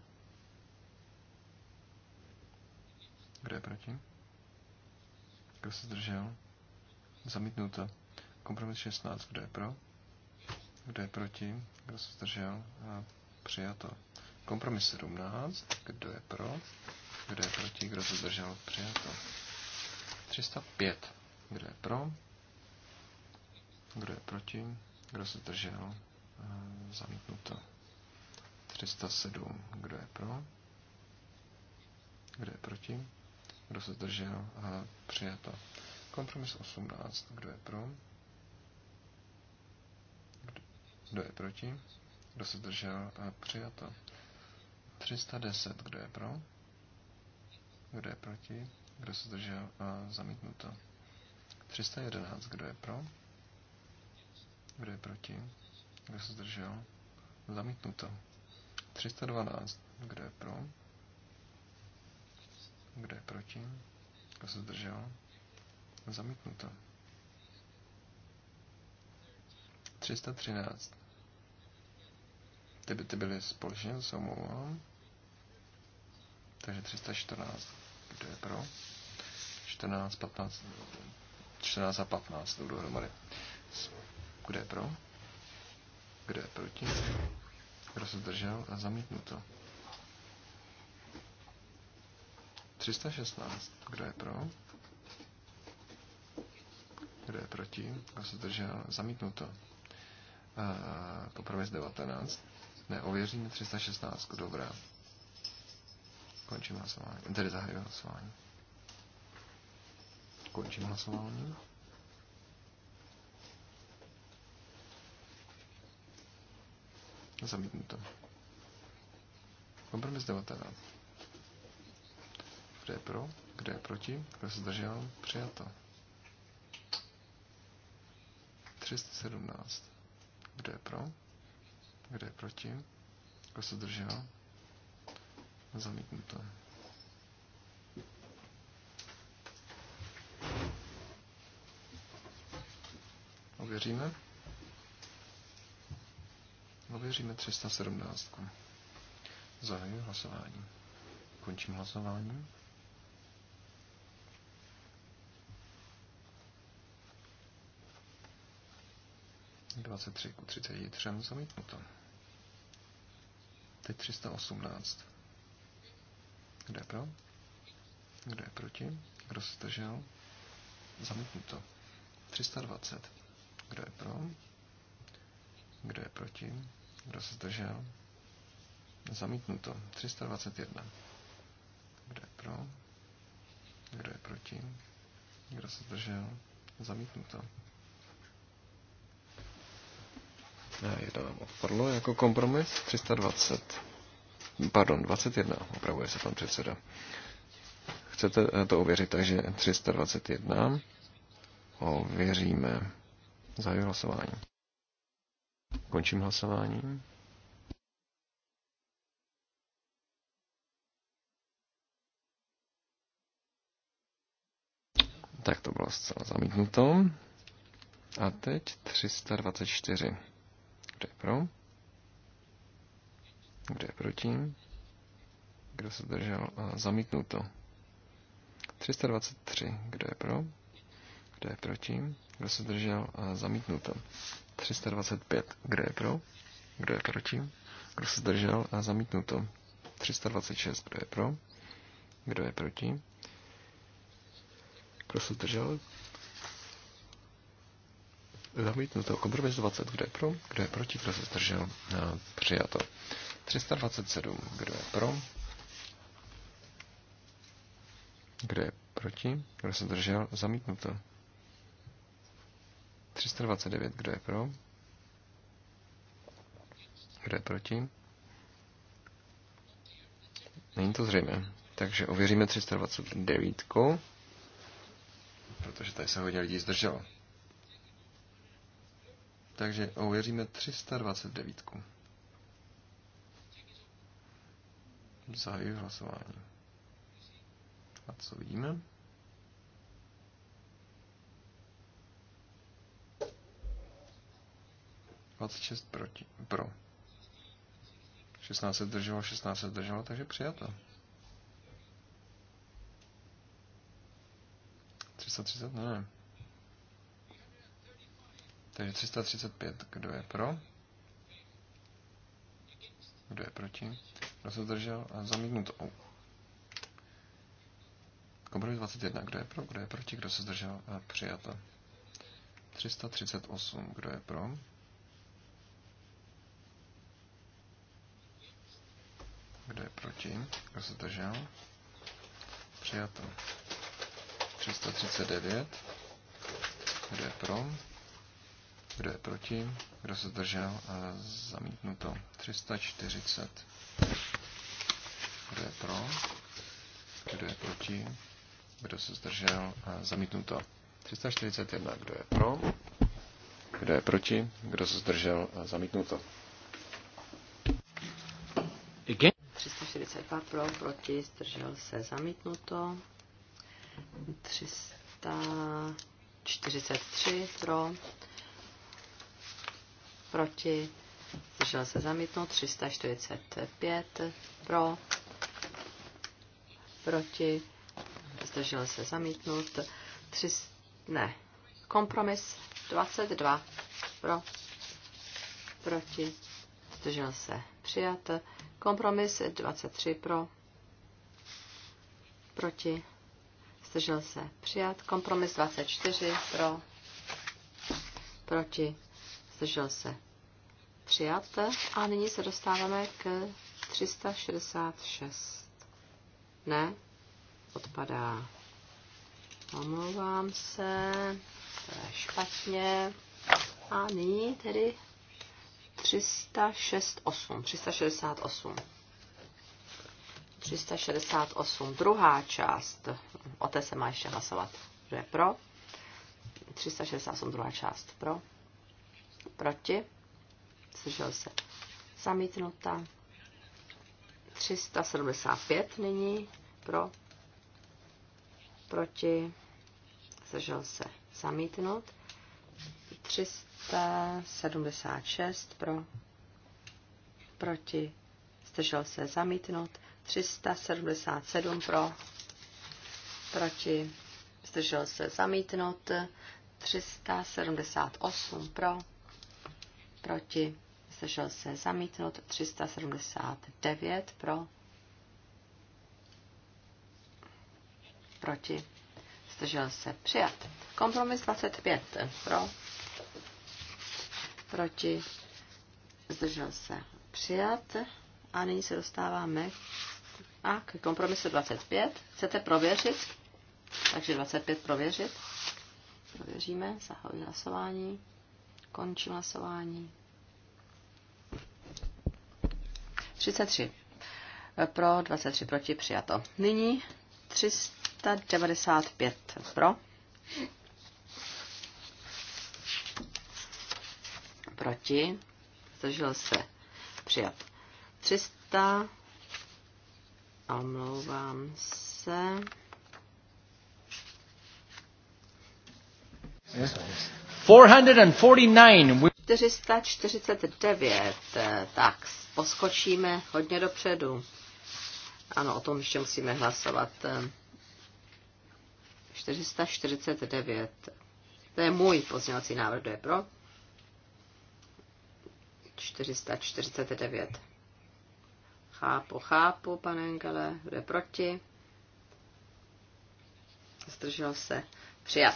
Kdo je proti? Kdo se zdržel? Zamítnuto. Kompromis 16. Kdo je pro? Kdo je proti? Kdo se zdržel? A přijato. Kompromis 17. Kdo je pro? Kdo je proti? Kdo se zdržel? Přijato. 305. Kdo je pro? Kdo je proti? Kdo se držel? Eh, zamítnuto. 307. Kdo je pro? Kdo je proti? Kdo se držel A eh, přijato. Kompromis 18. Kdo je pro? Kdo je proti? Kdo se držel A eh, přijato. 310. Kdo je pro? Kdo je proti? Kdo se držel A zamítnuto. 311. Kdo je pro? Kdo je proti? Kdo se zdržel? Zamítnuto. 312. Kdo je pro? Kdo je proti? Kdo se zdržel? Zamítnuto. 313. Ty, by, ty byly společně, se omlouvám. Takže 314. Kdo je pro? 14, 15, 14 a 15 jdou dohromady. Kdo je pro? Kdo je proti? Kdo se zdržel? A zamítnu to. 316. Kdo je pro? Kdo je proti? Kdo se zdržel? to. E, z 19. Ne, ověříme 316. Dobrá. Končím hlasování. Tedy zahajuji hlasování. Končím hlasování. Zamítnuto. Kompromis 19. Kdo je pro? Kdo je proti? Kdo se zdržel? Přijato. 317. Kdo je pro? Kdo je proti? Kdo se zdržel? Zamítnuto. Ověříme. Ověříme 317. Zahajuji hlasování. Končím hlasování. Dvacet tři ku třicet třem zamítnuto. Teď 318. Kdo je pro? Kdo je proti? Kdo se zdržel? Zamítnuto. 320. Kdo je pro? Kdo je proti? Kdo se zdržel? Zamítnuto. 321. Kdo je pro? Kdo je proti? Kdo se zdržel? Zamítnuto. Jedna nám odpadlo jako kompromis. 320. Pardon, 21. Opravuje se pan předseda. Chcete to ověřit, takže 321. Ověříme. Zahajuji hlasování. Končím hlasování. Tak to bylo zcela zamítnuto. A teď 324. Kdo je pro? Kdo je proti? Kdo se držel? A zamítnuto. 323. Kdo je pro? Kdo je proti? Kdo se držel? A zamítnuto. 325. Kdo je pro? Kdo je proti? Kdo se zdržel? A zamítnuto. 326. Kdo je pro? Kdo je proti? Kdo se zdržel? Zamítnuto. Kompromis 20. Kdo je pro? Kdo je proti? Kdo se zdržel? A přijato. 327. Kdo je pro? Kdo je proti? Kdo se zdržel? Zamítnuto. 329, kdo je pro? Kdo je proti? Není to zřejmé. Takže ověříme 329, protože tady se hodně lidí zdrželo. Takže ověříme 329. Zahajuji hlasování. A co vidíme? 26 proti, pro. 16 se 16 se takže přijato. 330, ne, ne. Takže 335, kdo je pro? Kdo je proti? Kdo se držel? A zamítnut. Oh. Kompromis 21. Kdo je pro? Kdo je proti? Kdo se zdržel? A přijato. 338. Kdo je pro? Kdo je proti? Kdo se držel? Přijato. 339. Kdo je pro? Kdo je proti? Kdo se držel A Zamítnuto. 340. Kdo je pro? Kdo je proti? Kdo se zdržel? Zamítnuto. 341. Kdo je pro? Kdo je proti? Kdo se zdržel? Zamítnuto. Again. 342 pro, proti, zdržel se, zamítnuto. 343 pro, proti, zdržel se, zamítnuto. 345 pro, proti, zdržel se, zamítnut. 3, ne, kompromis 22 pro, proti, zdržel se, přijat. Kompromis 23 pro, proti, zdržel se přijat. Kompromis 24 pro, proti, zdržel se přijat. A nyní se dostáváme k 366. Ne, odpadá. Omlouvám se, to je špatně. A nyní tedy 368, 368. 368, druhá část, o té se má ještě hlasovat, že je pro. 368, druhá část, pro. Proti. Slyšel se. Zamítnuta. 375 nyní, pro. Proti. Zdržel se. Zamítnut. 300 376 pro, proti, zdržel se zamítnut, 377 pro, proti, zdržel se zamítnut, 378 pro, proti, zdržel se zamítnut, 379 pro, proti, zdržel se přijat. Kompromis 25 pro, proti, zdržel se přijat. A nyní se dostáváme a k kompromisu 25. Chcete prověřit? Takže 25 prověřit. Prověříme, zahajuji hlasování, končím hlasování. 33. Pro, 23 proti, přijato. Nyní 395 pro, proti, zdržel se přijat. 300, a omlouvám se. Yeah. 449. 449, tak poskočíme hodně dopředu. Ano, o tom ještě musíme hlasovat. 449. Eh, to je můj pozměňovací návrh, kdo je pro? 449. Chápu, chápu, pane Engele, kdo je proti? Zdržel se. Přijat.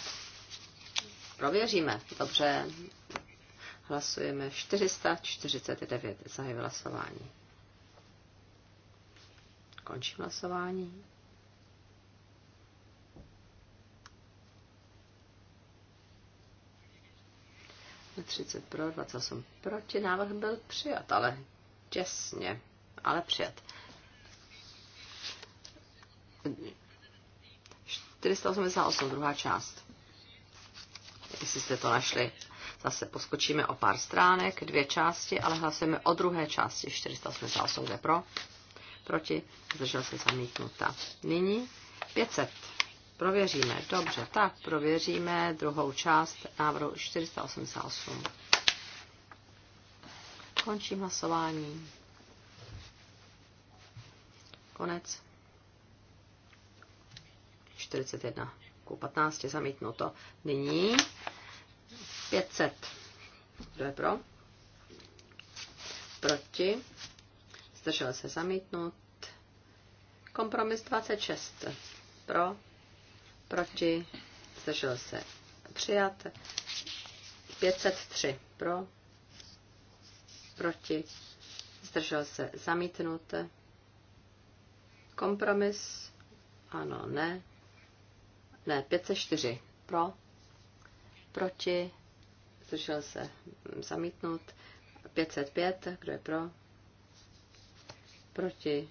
Prověříme. Dobře. Hlasujeme 449. Zahajuji hlasování. Končím hlasování. 30 pro, 28 proti. Návrh byl přijat, ale těsně, ale přijat. 488, druhá část. Jestli jste to našli, zase poskočíme o pár stránek, dvě části, ale hlasujeme o druhé části 488, jde pro, proti, zdržel se zamítnuta. Nyní 500. Prověříme. Dobře, tak prověříme druhou část návrhu 488. Končím hlasování. Konec. 41 ku 15 zamítnuto. Nyní 500. Kdo je pro? Proti. Zdržel se zamítnut. Kompromis 26. Pro proti, zdržel se přijat. 503 pro, proti, zdržel se zamítnut. Kompromis, ano, ne. Ne, 504 pro, proti, zdržel se zamítnut. 505, kdo je pro, proti,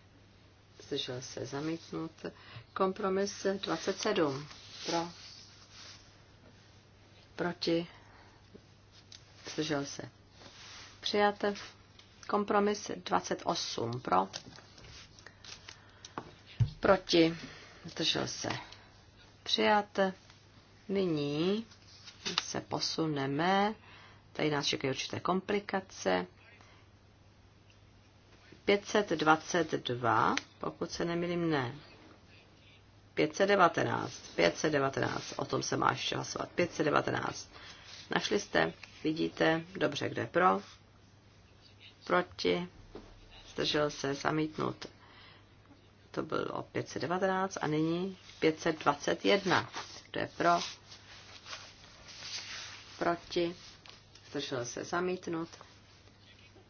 zdržel se zamítnut. Kompromis 27. Pro. Proti. Zdržel se. přijate Kompromis 28. Pro. Proti. Zdržel se. Přijat. Nyní se posuneme. Tady nás čekají určité komplikace. 522, pokud se nemýlím, ne. 519, 519, o tom se má ještě hlasovat, 519. Našli jste, vidíte, dobře, kde pro, proti, zdržel se, zamítnut. To bylo 519 a nyní 521. kde je pro, proti, zdržel se, zamítnut.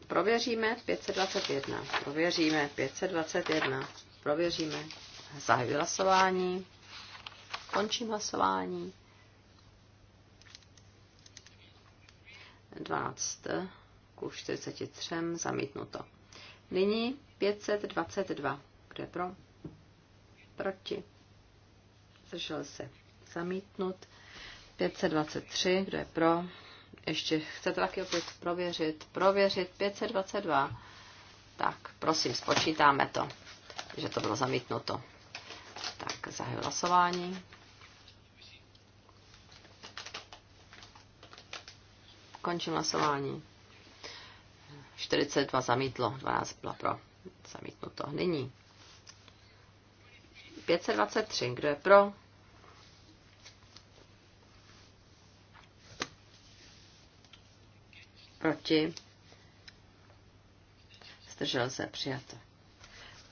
Prověříme 521, prověříme 521, prověříme Zahajuji hlasování. Končím hlasování. 12 ku 43 zamítnuto. Nyní 522. Kdo je pro? Proti. Zdržel se. Zamítnut. 523. Kdo je pro? Ještě chcete taky opět prověřit. Prověřit 522. Tak, prosím, spočítáme to, že to bylo zamítnuto zahajuji hlasování. Končím hlasování. 42 zamítlo, 12 byla pro. Zamítnuto. Nyní. 523. Kdo je pro? Proti? Zdržel se. Přijato.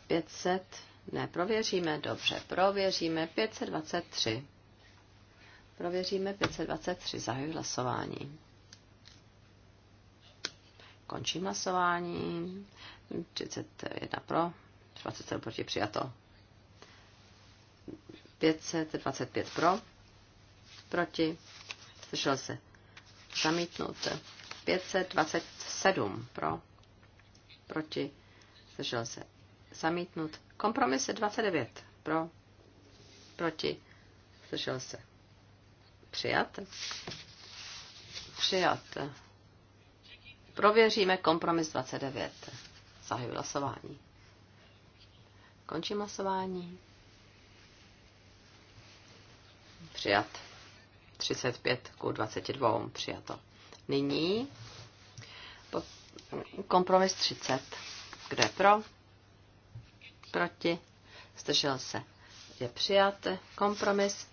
500. Ne, prověříme, dobře, prověříme 523. Prověříme 523, zahajuji hlasování. Končím hlasování. 31 pro, 27 proti přijato. 525 pro, proti, slyšel se zamítnout. 527 pro, proti, slyšel se zamítnut. Kompromis 29 pro, proti, zdržel se. Přijat. Přijat. Prověříme kompromis 29. Zahajuji hlasování. Končím hlasování. Přijat. 35 ku 22 přijato. Nyní kompromis 30. Kde pro? proti, zdržel se. Je přijat kompromis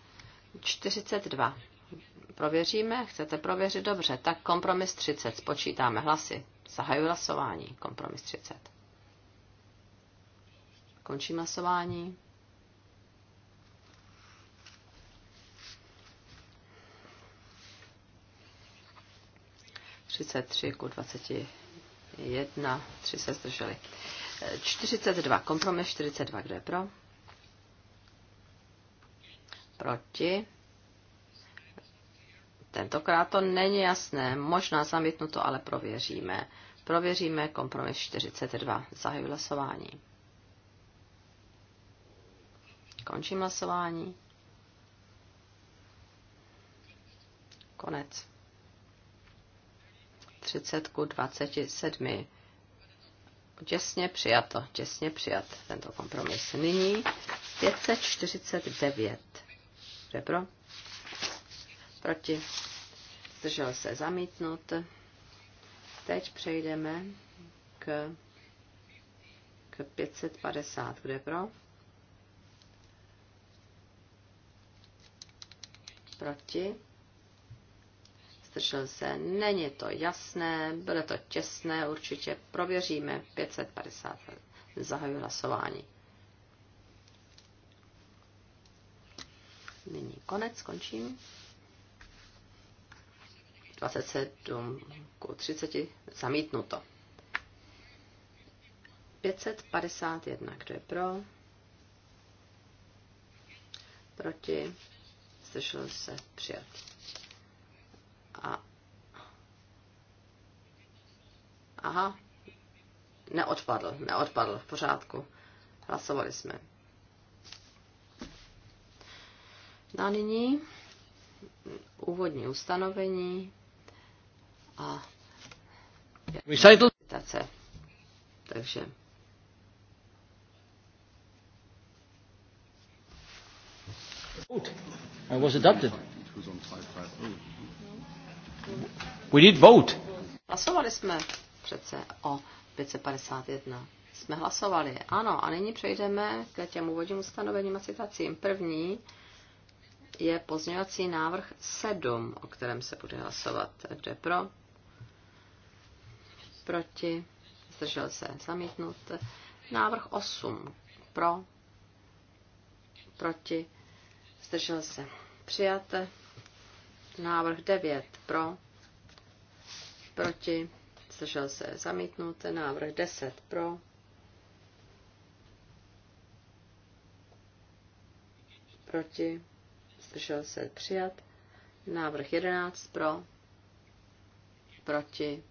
42. Prověříme, chcete prověřit dobře, tak kompromis 30, spočítáme hlasy. Zahajuji hlasování, kompromis 30. Končím hlasování. Třicet tři ku dvaceti jedna, tři se zdrželi. 42. Kompromis 42. Kdo je pro? Proti. Tentokrát to není jasné. Možná zamítnuto, ale prověříme. Prověříme kompromis 42. Zahajuji hlasování. Končím hlasování. Konec. 30 ku 27 Těsně přijato, těsně přijat tento kompromis. Nyní 549. Kdo pro? Proti? Zdržel se zamítnut. Teď přejdeme k, k 550. Kde pro? Proti? zdržel se, není to jasné, bude to těsné, určitě prověříme 550. Zahajuji hlasování. Nyní konec, končím. 27 k 30 zamítnuto. 551, kdo je pro? Proti? Zdržel se přijat. A... Aha, neodpadl, neodpadl, v pořádku. Hlasovali jsme. Na no nyní úvodní ustanovení a Recital. Takže vote I was adopted. It was on We did vote. Hlasovali jsme přece o 551. Jsme hlasovali, ano, a nyní přejdeme k těm úvodním ustanovením a citacím. První je pozměňovací návrh 7, o kterém se bude hlasovat. Kdo je pro? Proti? Zdržel se zamítnut. Návrh 8. Pro? Proti? Zdržel se přijat. Návrh 9 pro, proti, zdržel se zamítnut. Návrh 10 pro, proti, zdržel se přijat. Návrh 11 pro, proti,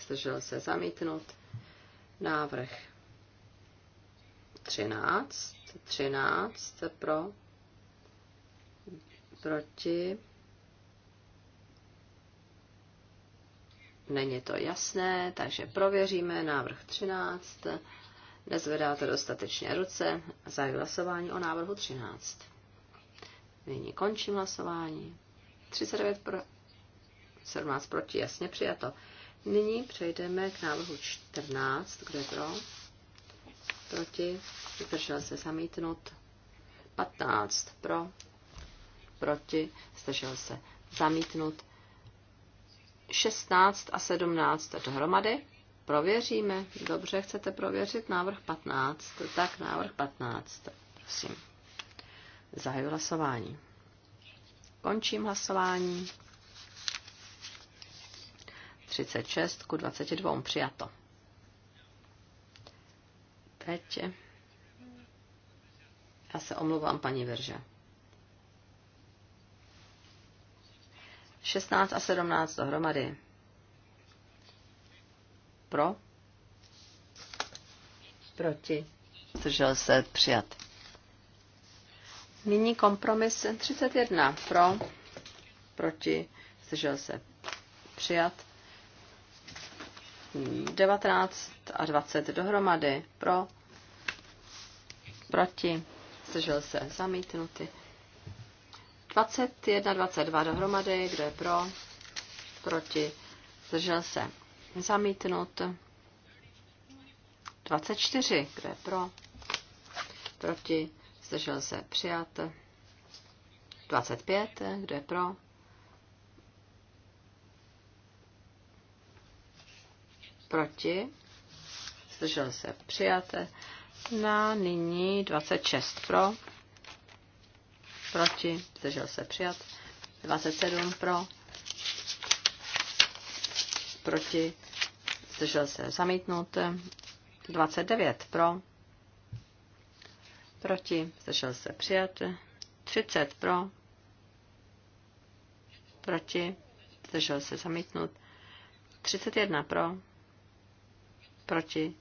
zdržel se zamítnut. Návrh 13, 13 pro, proti, Není to jasné, takže prověříme návrh 13. Nezvedáte dostatečně ruce za hlasování o návrhu 13. Nyní končím hlasování. 39 pro, 17 proti, jasně přijato. Nyní přejdeme k návrhu 14. Kdo je pro? Proti? Zdržel se zamítnut. 15 pro. Proti? Zdržel se zamítnut. 16 a 17 dohromady. Prověříme. Dobře, chcete prověřit návrh 15. Tak návrh 15. Prosím. Zahajuji hlasování. Končím hlasování. 36 ku 22 přijato. Teď já se omluvám paní Verže. 16 a 17 dohromady. Pro? Proti. Zdržel se přijat. Nyní kompromis 31. Pro? Proti. Zdržel se přijat. 19 a 20 dohromady. Pro? Proti. Zdržel se zamítnutý. 21, 22 dohromady, kdo je pro, proti, zdržel se, zamítnut. 24, kdo je pro, proti, zdržel se, přijat. 25, kdo je pro, proti, zdržel se, přijat. Na nyní 26 pro, proti, zdržel se přijat. 27 pro, proti, zdržel se zamítnout 29 pro, proti, zdržel se přijat. 30 pro, proti, zdržel se zamítnout 31 pro, proti,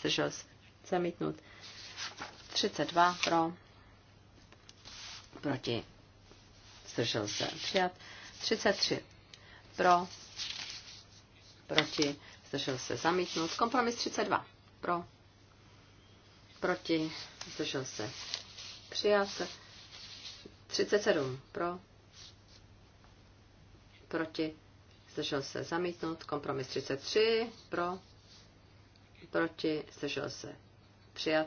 zdržel se zamítnout 32 pro, proti, zdržel se přijat. 33 pro, proti, zdržel se zamítnout. Kompromis 32 pro, proti, zdržel se přijat. 37 pro, proti, zdržel se zamítnout. Kompromis 33 pro, proti, zdržel se přijat.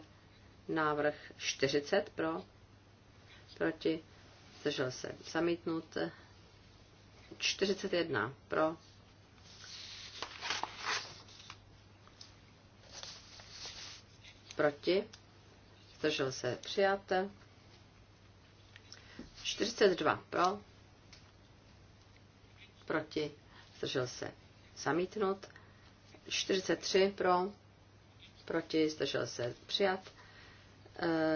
Návrh 40 pro, proti, zdržel se zamítnut, 41 pro, proti, zdržel se přijat, 42 pro, proti, zdržel se zamítnut, 43 pro, proti, zdržel se přijat,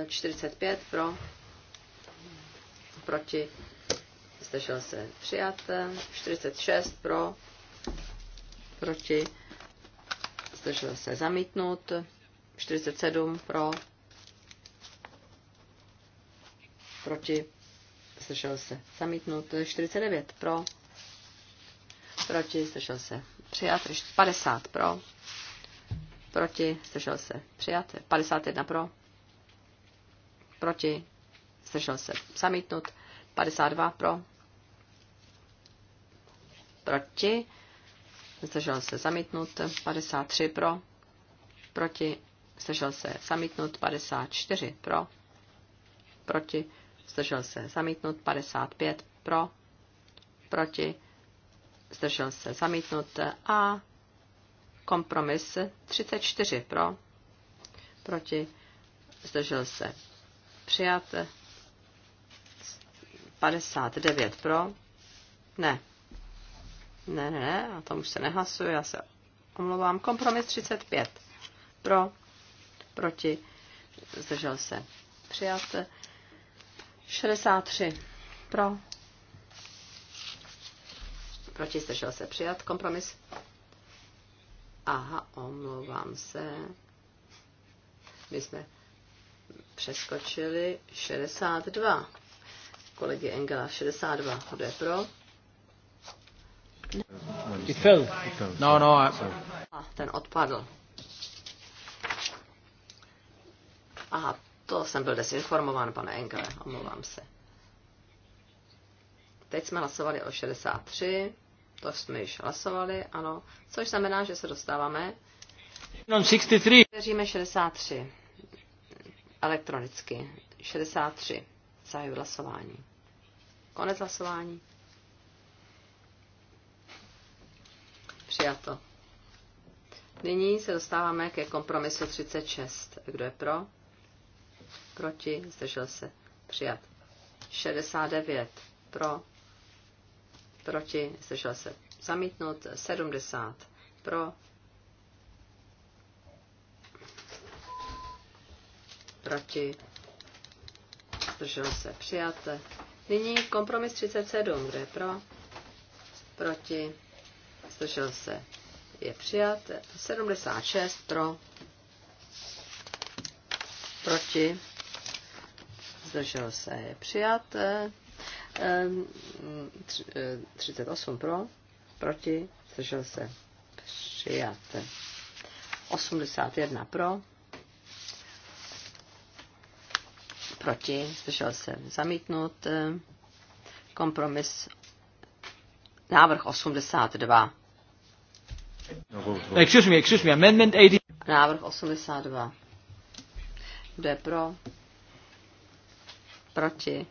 45 pro, proti, zdržel se přijat, 46 pro, proti, zdržel se zamítnut, 47 pro, proti, zdržel se zamítnut, 49 pro, proti, zdržel se přijat, 50 pro, proti, zdržel se přijat, 51 pro, proti, zdržel se zamítnut, 52 pro, proti, zdržel se zamítnut, 53 pro, proti, zdržel se zamítnut, 54 pro, proti, zdržel se zamítnut, 55 pro, proti, zdržel se zamítnut a kompromis 34 pro, proti, zdržel se přijat 59 pro. Ne. Ne, ne, ne, a tam už se nehlasuje, já se omlouvám. Kompromis 35 pro, proti, zdržel se. Přijat 63 pro, proti, zdržel se. Přijat kompromis. Aha, omlouvám se. My jsme přeskočili 62 kolegy Engela 62. Kdo je pro? It fell. No, no. I... A ten odpadl. Aha, to jsem byl desinformován, pane Engele, omlouvám se. Teď jsme hlasovali o 63, to jsme již hlasovali, ano, což znamená, že se dostáváme. Non 63. Věříme 63. Elektronicky. 63 zahaju hlasování. Konec hlasování. Přijato. Nyní se dostáváme ke kompromisu 36. Kdo je pro? Proti? Zdržel se? Přijat. 69. Pro? Proti? Zdržel se? Zamítnut. 70. Pro? Proti? zdržel se, přijate. Nyní kompromis 37, kdo je pro, proti, zdržel se, je přijat. 76 pro, proti, zdržel se, je přijat. 38 ehm, e, pro, proti, zdržel se, přijat. 81 pro, proti, zdržel se zamítnut, eh, kompromis, návrh 82. Excuse me, excuse me, amendment 80. Návrh 82. Kdo je pro? Proti?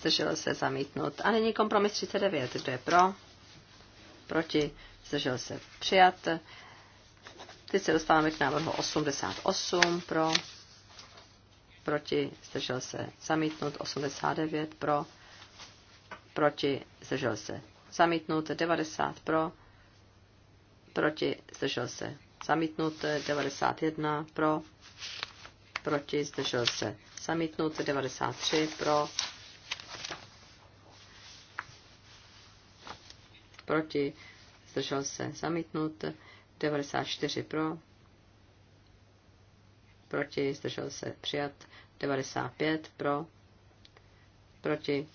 Zdržel se zamítnout. A nyní kompromis 39. Kdo je pro? Proti? Zdržel se přijat. Teď se dostáváme k návrhu 88. Pro? proti, zdržel se zamítnut, 89 pro, proti, zdržel se zamítnut, 90 pro, proti, zdržel se zamítnut, 91 pro, proti, zdržel se zamítnut, 93 pro, proti, zdržel se zamítnut, 94 pro, proti, zdržel se přijat, 95 pro, proti,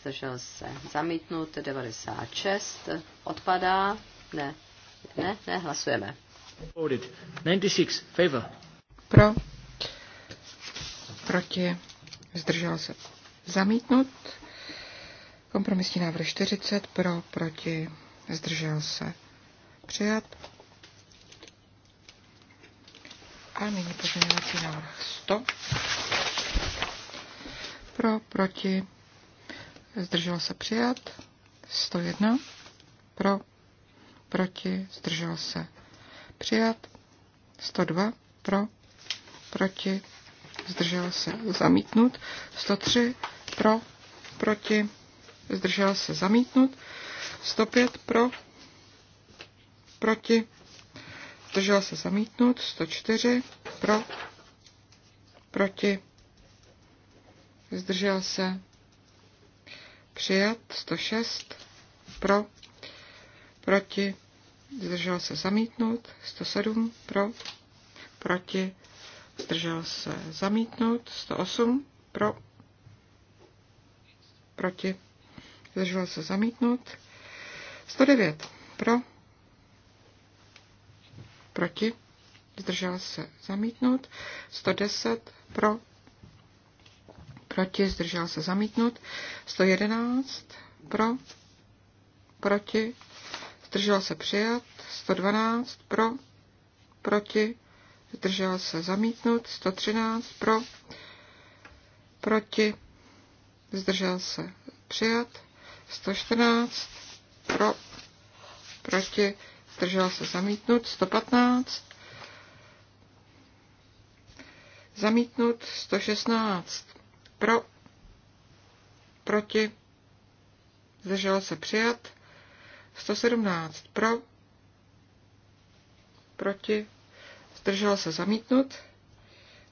zdržel se zamítnut, 96 odpadá, ne, ne, ne, hlasujeme. 96, favor. Pro, proti, zdržel se zamítnut, kompromisní návrh 40, pro, proti, zdržel se přijat. A nyní pozměňovací návrh 100. Pro, proti, zdrželo se přijat. 101. Pro, proti, zdrželo se přijat. 102. Pro, proti, zdrželo se zamítnut. 103. Pro, proti, zdrželo se zamítnut. 105. Pro, proti, zdržel se zamítnout 104 pro, proti, zdržel se přijat, 106 pro, proti, zdržel se zamítnout, 107 pro, proti, zdržel se zamítnout, 108 pro, proti, zdržel se zamítnout, 109 pro, proti, zdržel se zamítnout 110 pro, proti, zdržel se zamítnout 111 pro, proti, zdržel se přijat, 112 pro, proti, zdržel se zamítnout 113 pro, proti, zdržel se přijat, 114 pro, proti, zdržel se zamítnut, 115, zamítnut, 116, pro, proti, zdržel se přijat, 117, pro, proti, zdržel se zamítnut,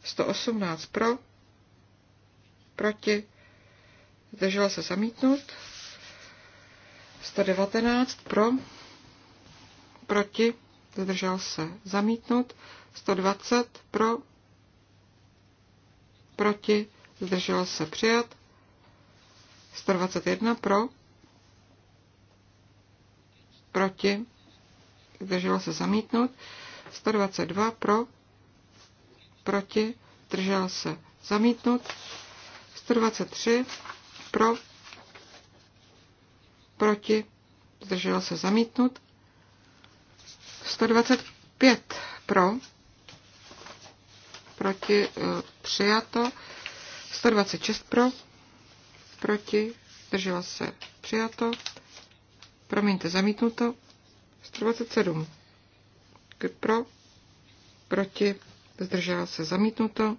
118 pro, proti, zdržel se zamítnut, 119 pro, proti, zdržel se zamítnut, 120 pro, proti, zdržel se přijat, 121 pro, proti, zdržel se zamítnut, 122 pro, proti, zdržel se zamítnut, 123 pro, proti, zdržel se zamítnut, 125 pro, proti eh, přijato, 126 pro, proti, držela se přijato, promiňte, zamítnuto, 127 pro, proti, zdržela se zamítnuto,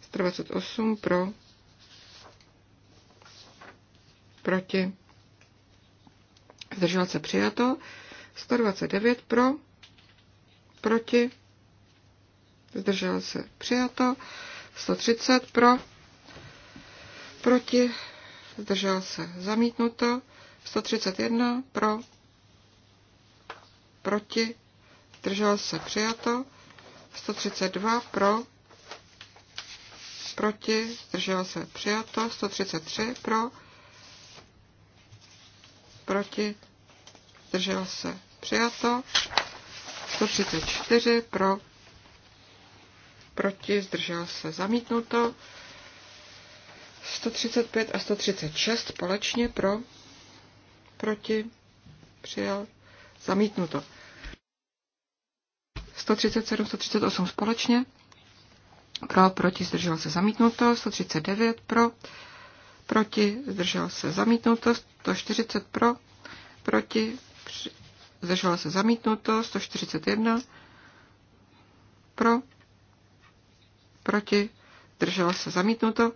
128 pro, proti, zdržela se přijato, 129 pro, proti, zdržel se přijato, 130 pro, proti, zdržel se zamítnuto, 131 pro, proti, zdržel se přijato, 132 pro, proti, zdržel se přijato, 133 pro, proti, zdržel se přijato. 134 pro, proti, zdržel se zamítnuto. 135 a 136 společně pro, proti, přijal, zamítnuto. 137, 138 společně, pro, proti, zdržel se zamítnuto, 139 pro, proti, zdržel se zamítnuto, 140 pro, proti, při, zdrželo se zamítnuto, 141 pro, proti, zdrželo se zamítnuto,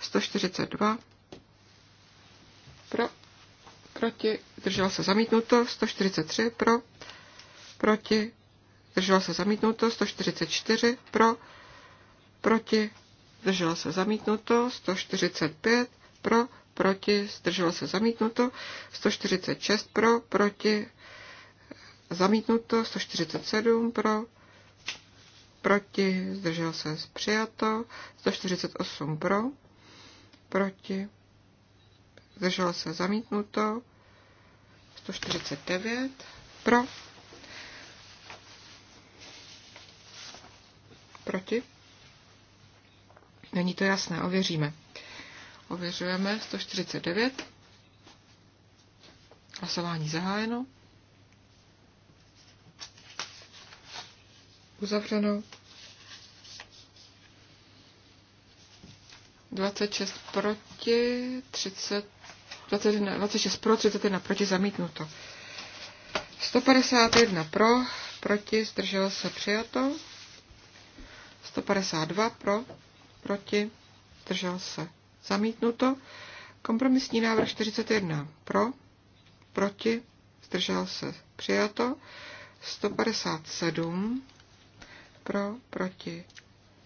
142 pro, proti, zdrželo se zamítnuto, 143 pro, proti, zdrželo se zamítnuto, 144 pro, proti, zdrželo se zamítnuto, 145 pro, proti, zdržela se zamítnuto, 146 pro, proti, zamítnuto, 147 pro, proti, zdržel se přijato, 148 pro, proti, zdržel se zamítnuto, 149 pro, proti. Není to jasné, ověříme. Ověřujeme 149. Hlasování zahájeno. Uzavřeno. 26 proti, 30, 21, 26 pro, 31 proti, zamítnuto. 151 pro, proti, zdrželo se přijato. 152 pro, proti, zdržel se zamítnuto. Kompromisní návrh 41 pro, proti, zdržel se přijato. 157 pro, proti,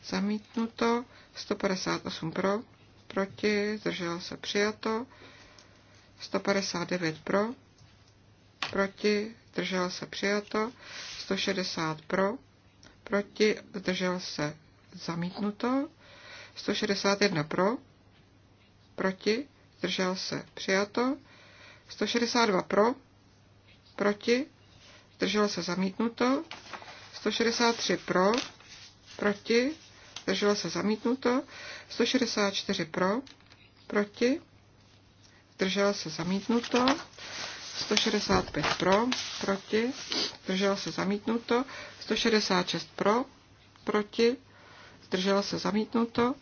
zamítnuto, 158 pro, proti, zdrželo se přijato, 159 pro, proti, zdrželo se přijato, 160 pro, proti, zdrželo se zamítnuto, 161 pro, proti, zdrželo se přijato, 162 pro, proti, zdrželo se zamítnuto, 163 pro, proti, zdrželo se zamítnuto, 164 pro, proti, zdrželo se zamítnuto, 165 pro, proti, zdrželo se zamítnuto, 166 pro, proti, zdrželo se zamítnuto,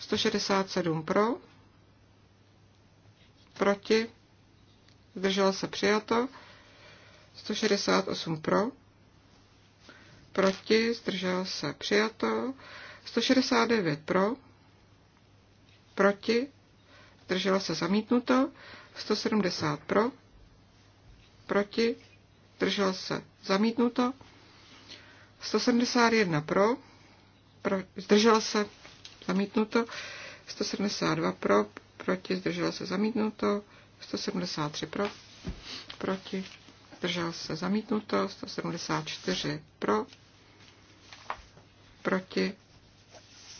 167 pro, proti, zdrželo se přijato, 168 pro, proti, zdržel se přijato, 169 pro, proti, zdrželo se zamítnuto, 170 pro, proti, zdrželo se zamítnuto, 171 pro, pro zdrželo se zamítnuto, 172 pro, proti, zdrželo se zamítnuto, 173 pro, proti, zdržel se zamítnuto, 174 pro, proti,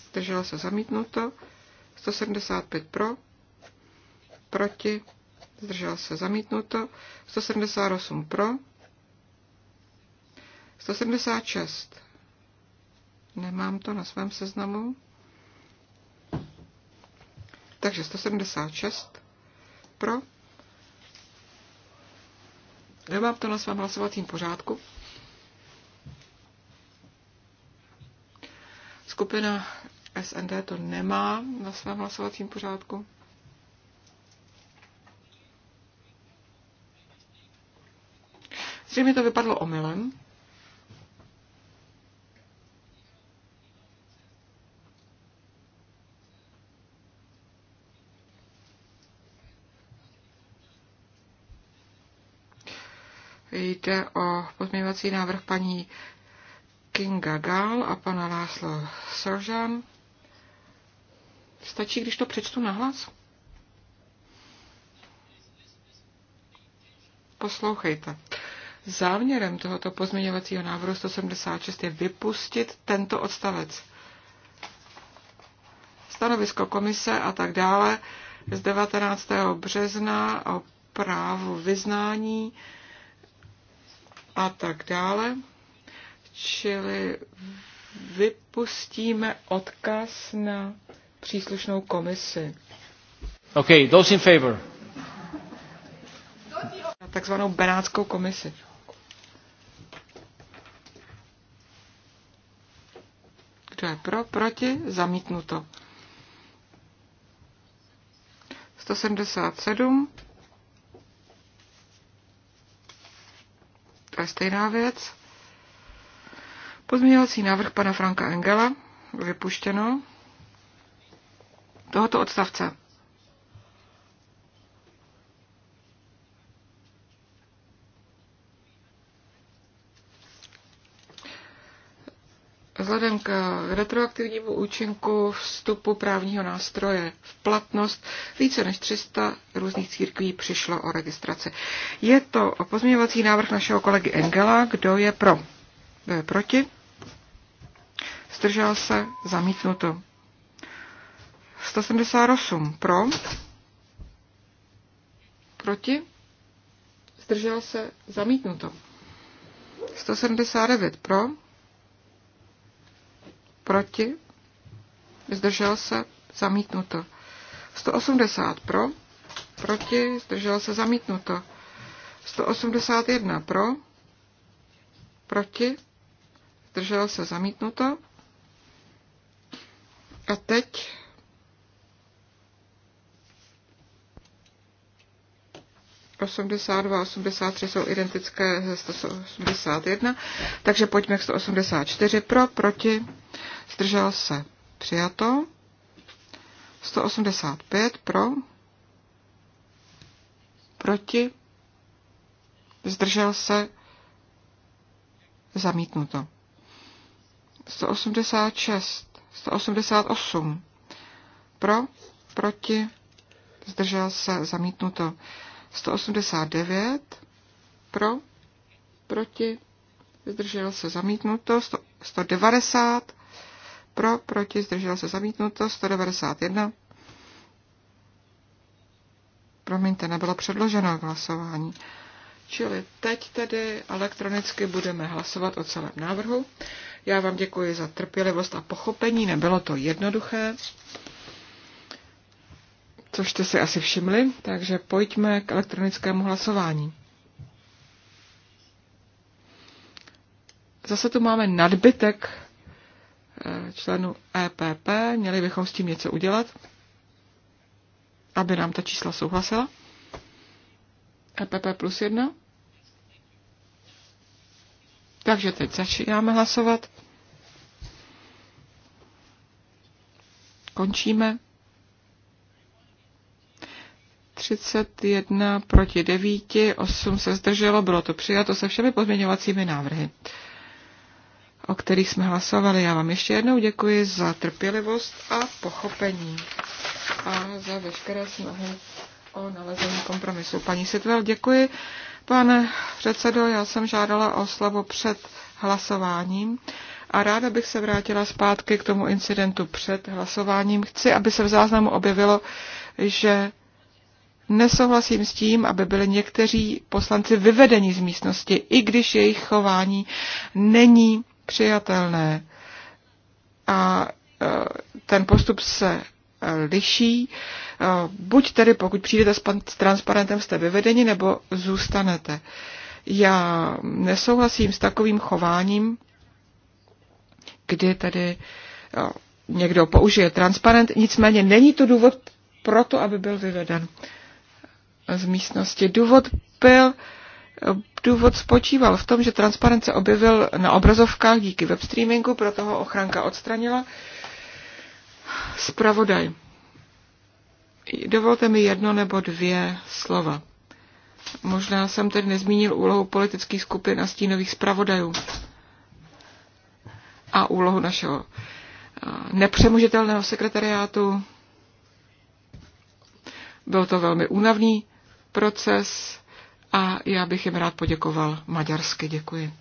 zdržela se zamítnuto, 175 pro, proti, zdržel se zamítnuto, 178 pro, 176. Nemám to na svém seznamu. Takže 176 pro. Nemám to na svém hlasovacím pořádku. Skupina SND to nemá na svém hlasovacím pořádku. Zřejmě to vypadlo omylem. Jde o pozměňovací návrh paní Kinga Gal a pana Lásla Sržan. Stačí, když to přečtu nahlas? Poslouchejte. Záměrem tohoto pozměňovacího návrhu 176 je vypustit tento odstavec. Stanovisko komise a tak dále z 19. března o právu vyznání a tak dále čili vypustíme odkaz na příslušnou komisi. OK, those in favor. Na takzvanou Benátskou komisi. Kdo je pro, proti, zamítnuto. 177. To je stejná věc. Pozměňovací návrh pana Franka Engela, vypuštěno, tohoto odstavce. Vzhledem k retroaktivnímu účinku vstupu právního nástroje v platnost více než 300 různých církví přišlo o registraci. Je to pozměňovací návrh našeho kolegy Engela. Kdo je pro? Kdo je proti? zdržel se, zamítnuto. 178 pro, proti, zdržel se, zamítnuto. 179 pro, proti, zdržel se, zamítnuto. 180 pro, proti, zdržel se, zamítnuto. 181 pro, proti, zdržel se, zamítnuto. A teď osmdesát dva, osmdesát tři jsou identické ze 181, takže pojďme k 184 pro, proti, zdržel se, přijato, 185 pro, proti, zdržel se, zamítnuto. 186 188. Pro, proti, zdržel se, zamítnuto. 189. Pro, proti, zdržel se, zamítnuto. 190. Pro, proti, zdržel se, zamítnuto. 191. Promiňte, nebylo předloženo k hlasování. Čili teď tedy elektronicky budeme hlasovat o celém návrhu. Já vám děkuji za trpělivost a pochopení, nebylo to jednoduché, což jste si asi všimli, takže pojďme k elektronickému hlasování. Zase tu máme nadbytek eh, členů EPP, měli bychom s tím něco udělat, aby nám ta čísla souhlasila. EPP plus jedna. Takže teď začínáme hlasovat. Končíme. 31 proti 9, 8 se zdrželo, bylo to přijato se všemi pozměňovacími návrhy, o kterých jsme hlasovali. Já vám ještě jednou děkuji za trpělivost a pochopení a za veškeré snahy o nalezení kompromisu. Paní Sitvel, děkuji. Pane předsedo, já jsem žádala o slovo před hlasováním a ráda bych se vrátila zpátky k tomu incidentu před hlasováním. Chci, aby se v záznamu objevilo, že nesouhlasím s tím, aby byli někteří poslanci vyvedeni z místnosti, i když jejich chování není přijatelné. A e, ten postup se liší. Buď tedy, pokud přijdete s transparentem, jste vyvedeni, nebo zůstanete. Já nesouhlasím s takovým chováním, kdy tedy někdo použije transparent, nicméně není to důvod pro to, aby byl vyveden z místnosti. Důvod byl, důvod spočíval v tom, že transparent se objevil na obrazovkách díky webstreamingu, proto ho ochranka odstranila Spravodaj. Dovolte mi jedno nebo dvě slova. Možná jsem tedy nezmínil úlohu politických skupin a stínových zpravodajů a úlohu našeho eh, nepřemožitelného sekretariátu. Byl to velmi únavný proces a já bych jim rád poděkoval maďarsky. Děkuji.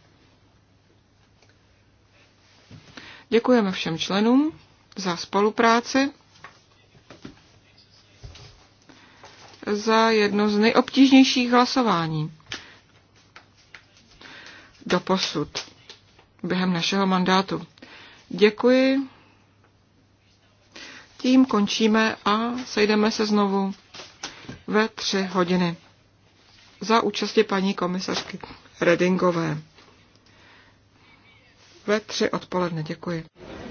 Děkujeme všem členům za spolupráci, za jedno z nejobtížnějších hlasování posud, během našeho mandátu. Děkuji. Tím končíme a sejdeme se znovu ve tři hodiny za účasti paní komisařky Redingové. Ve tři odpoledne děkuji.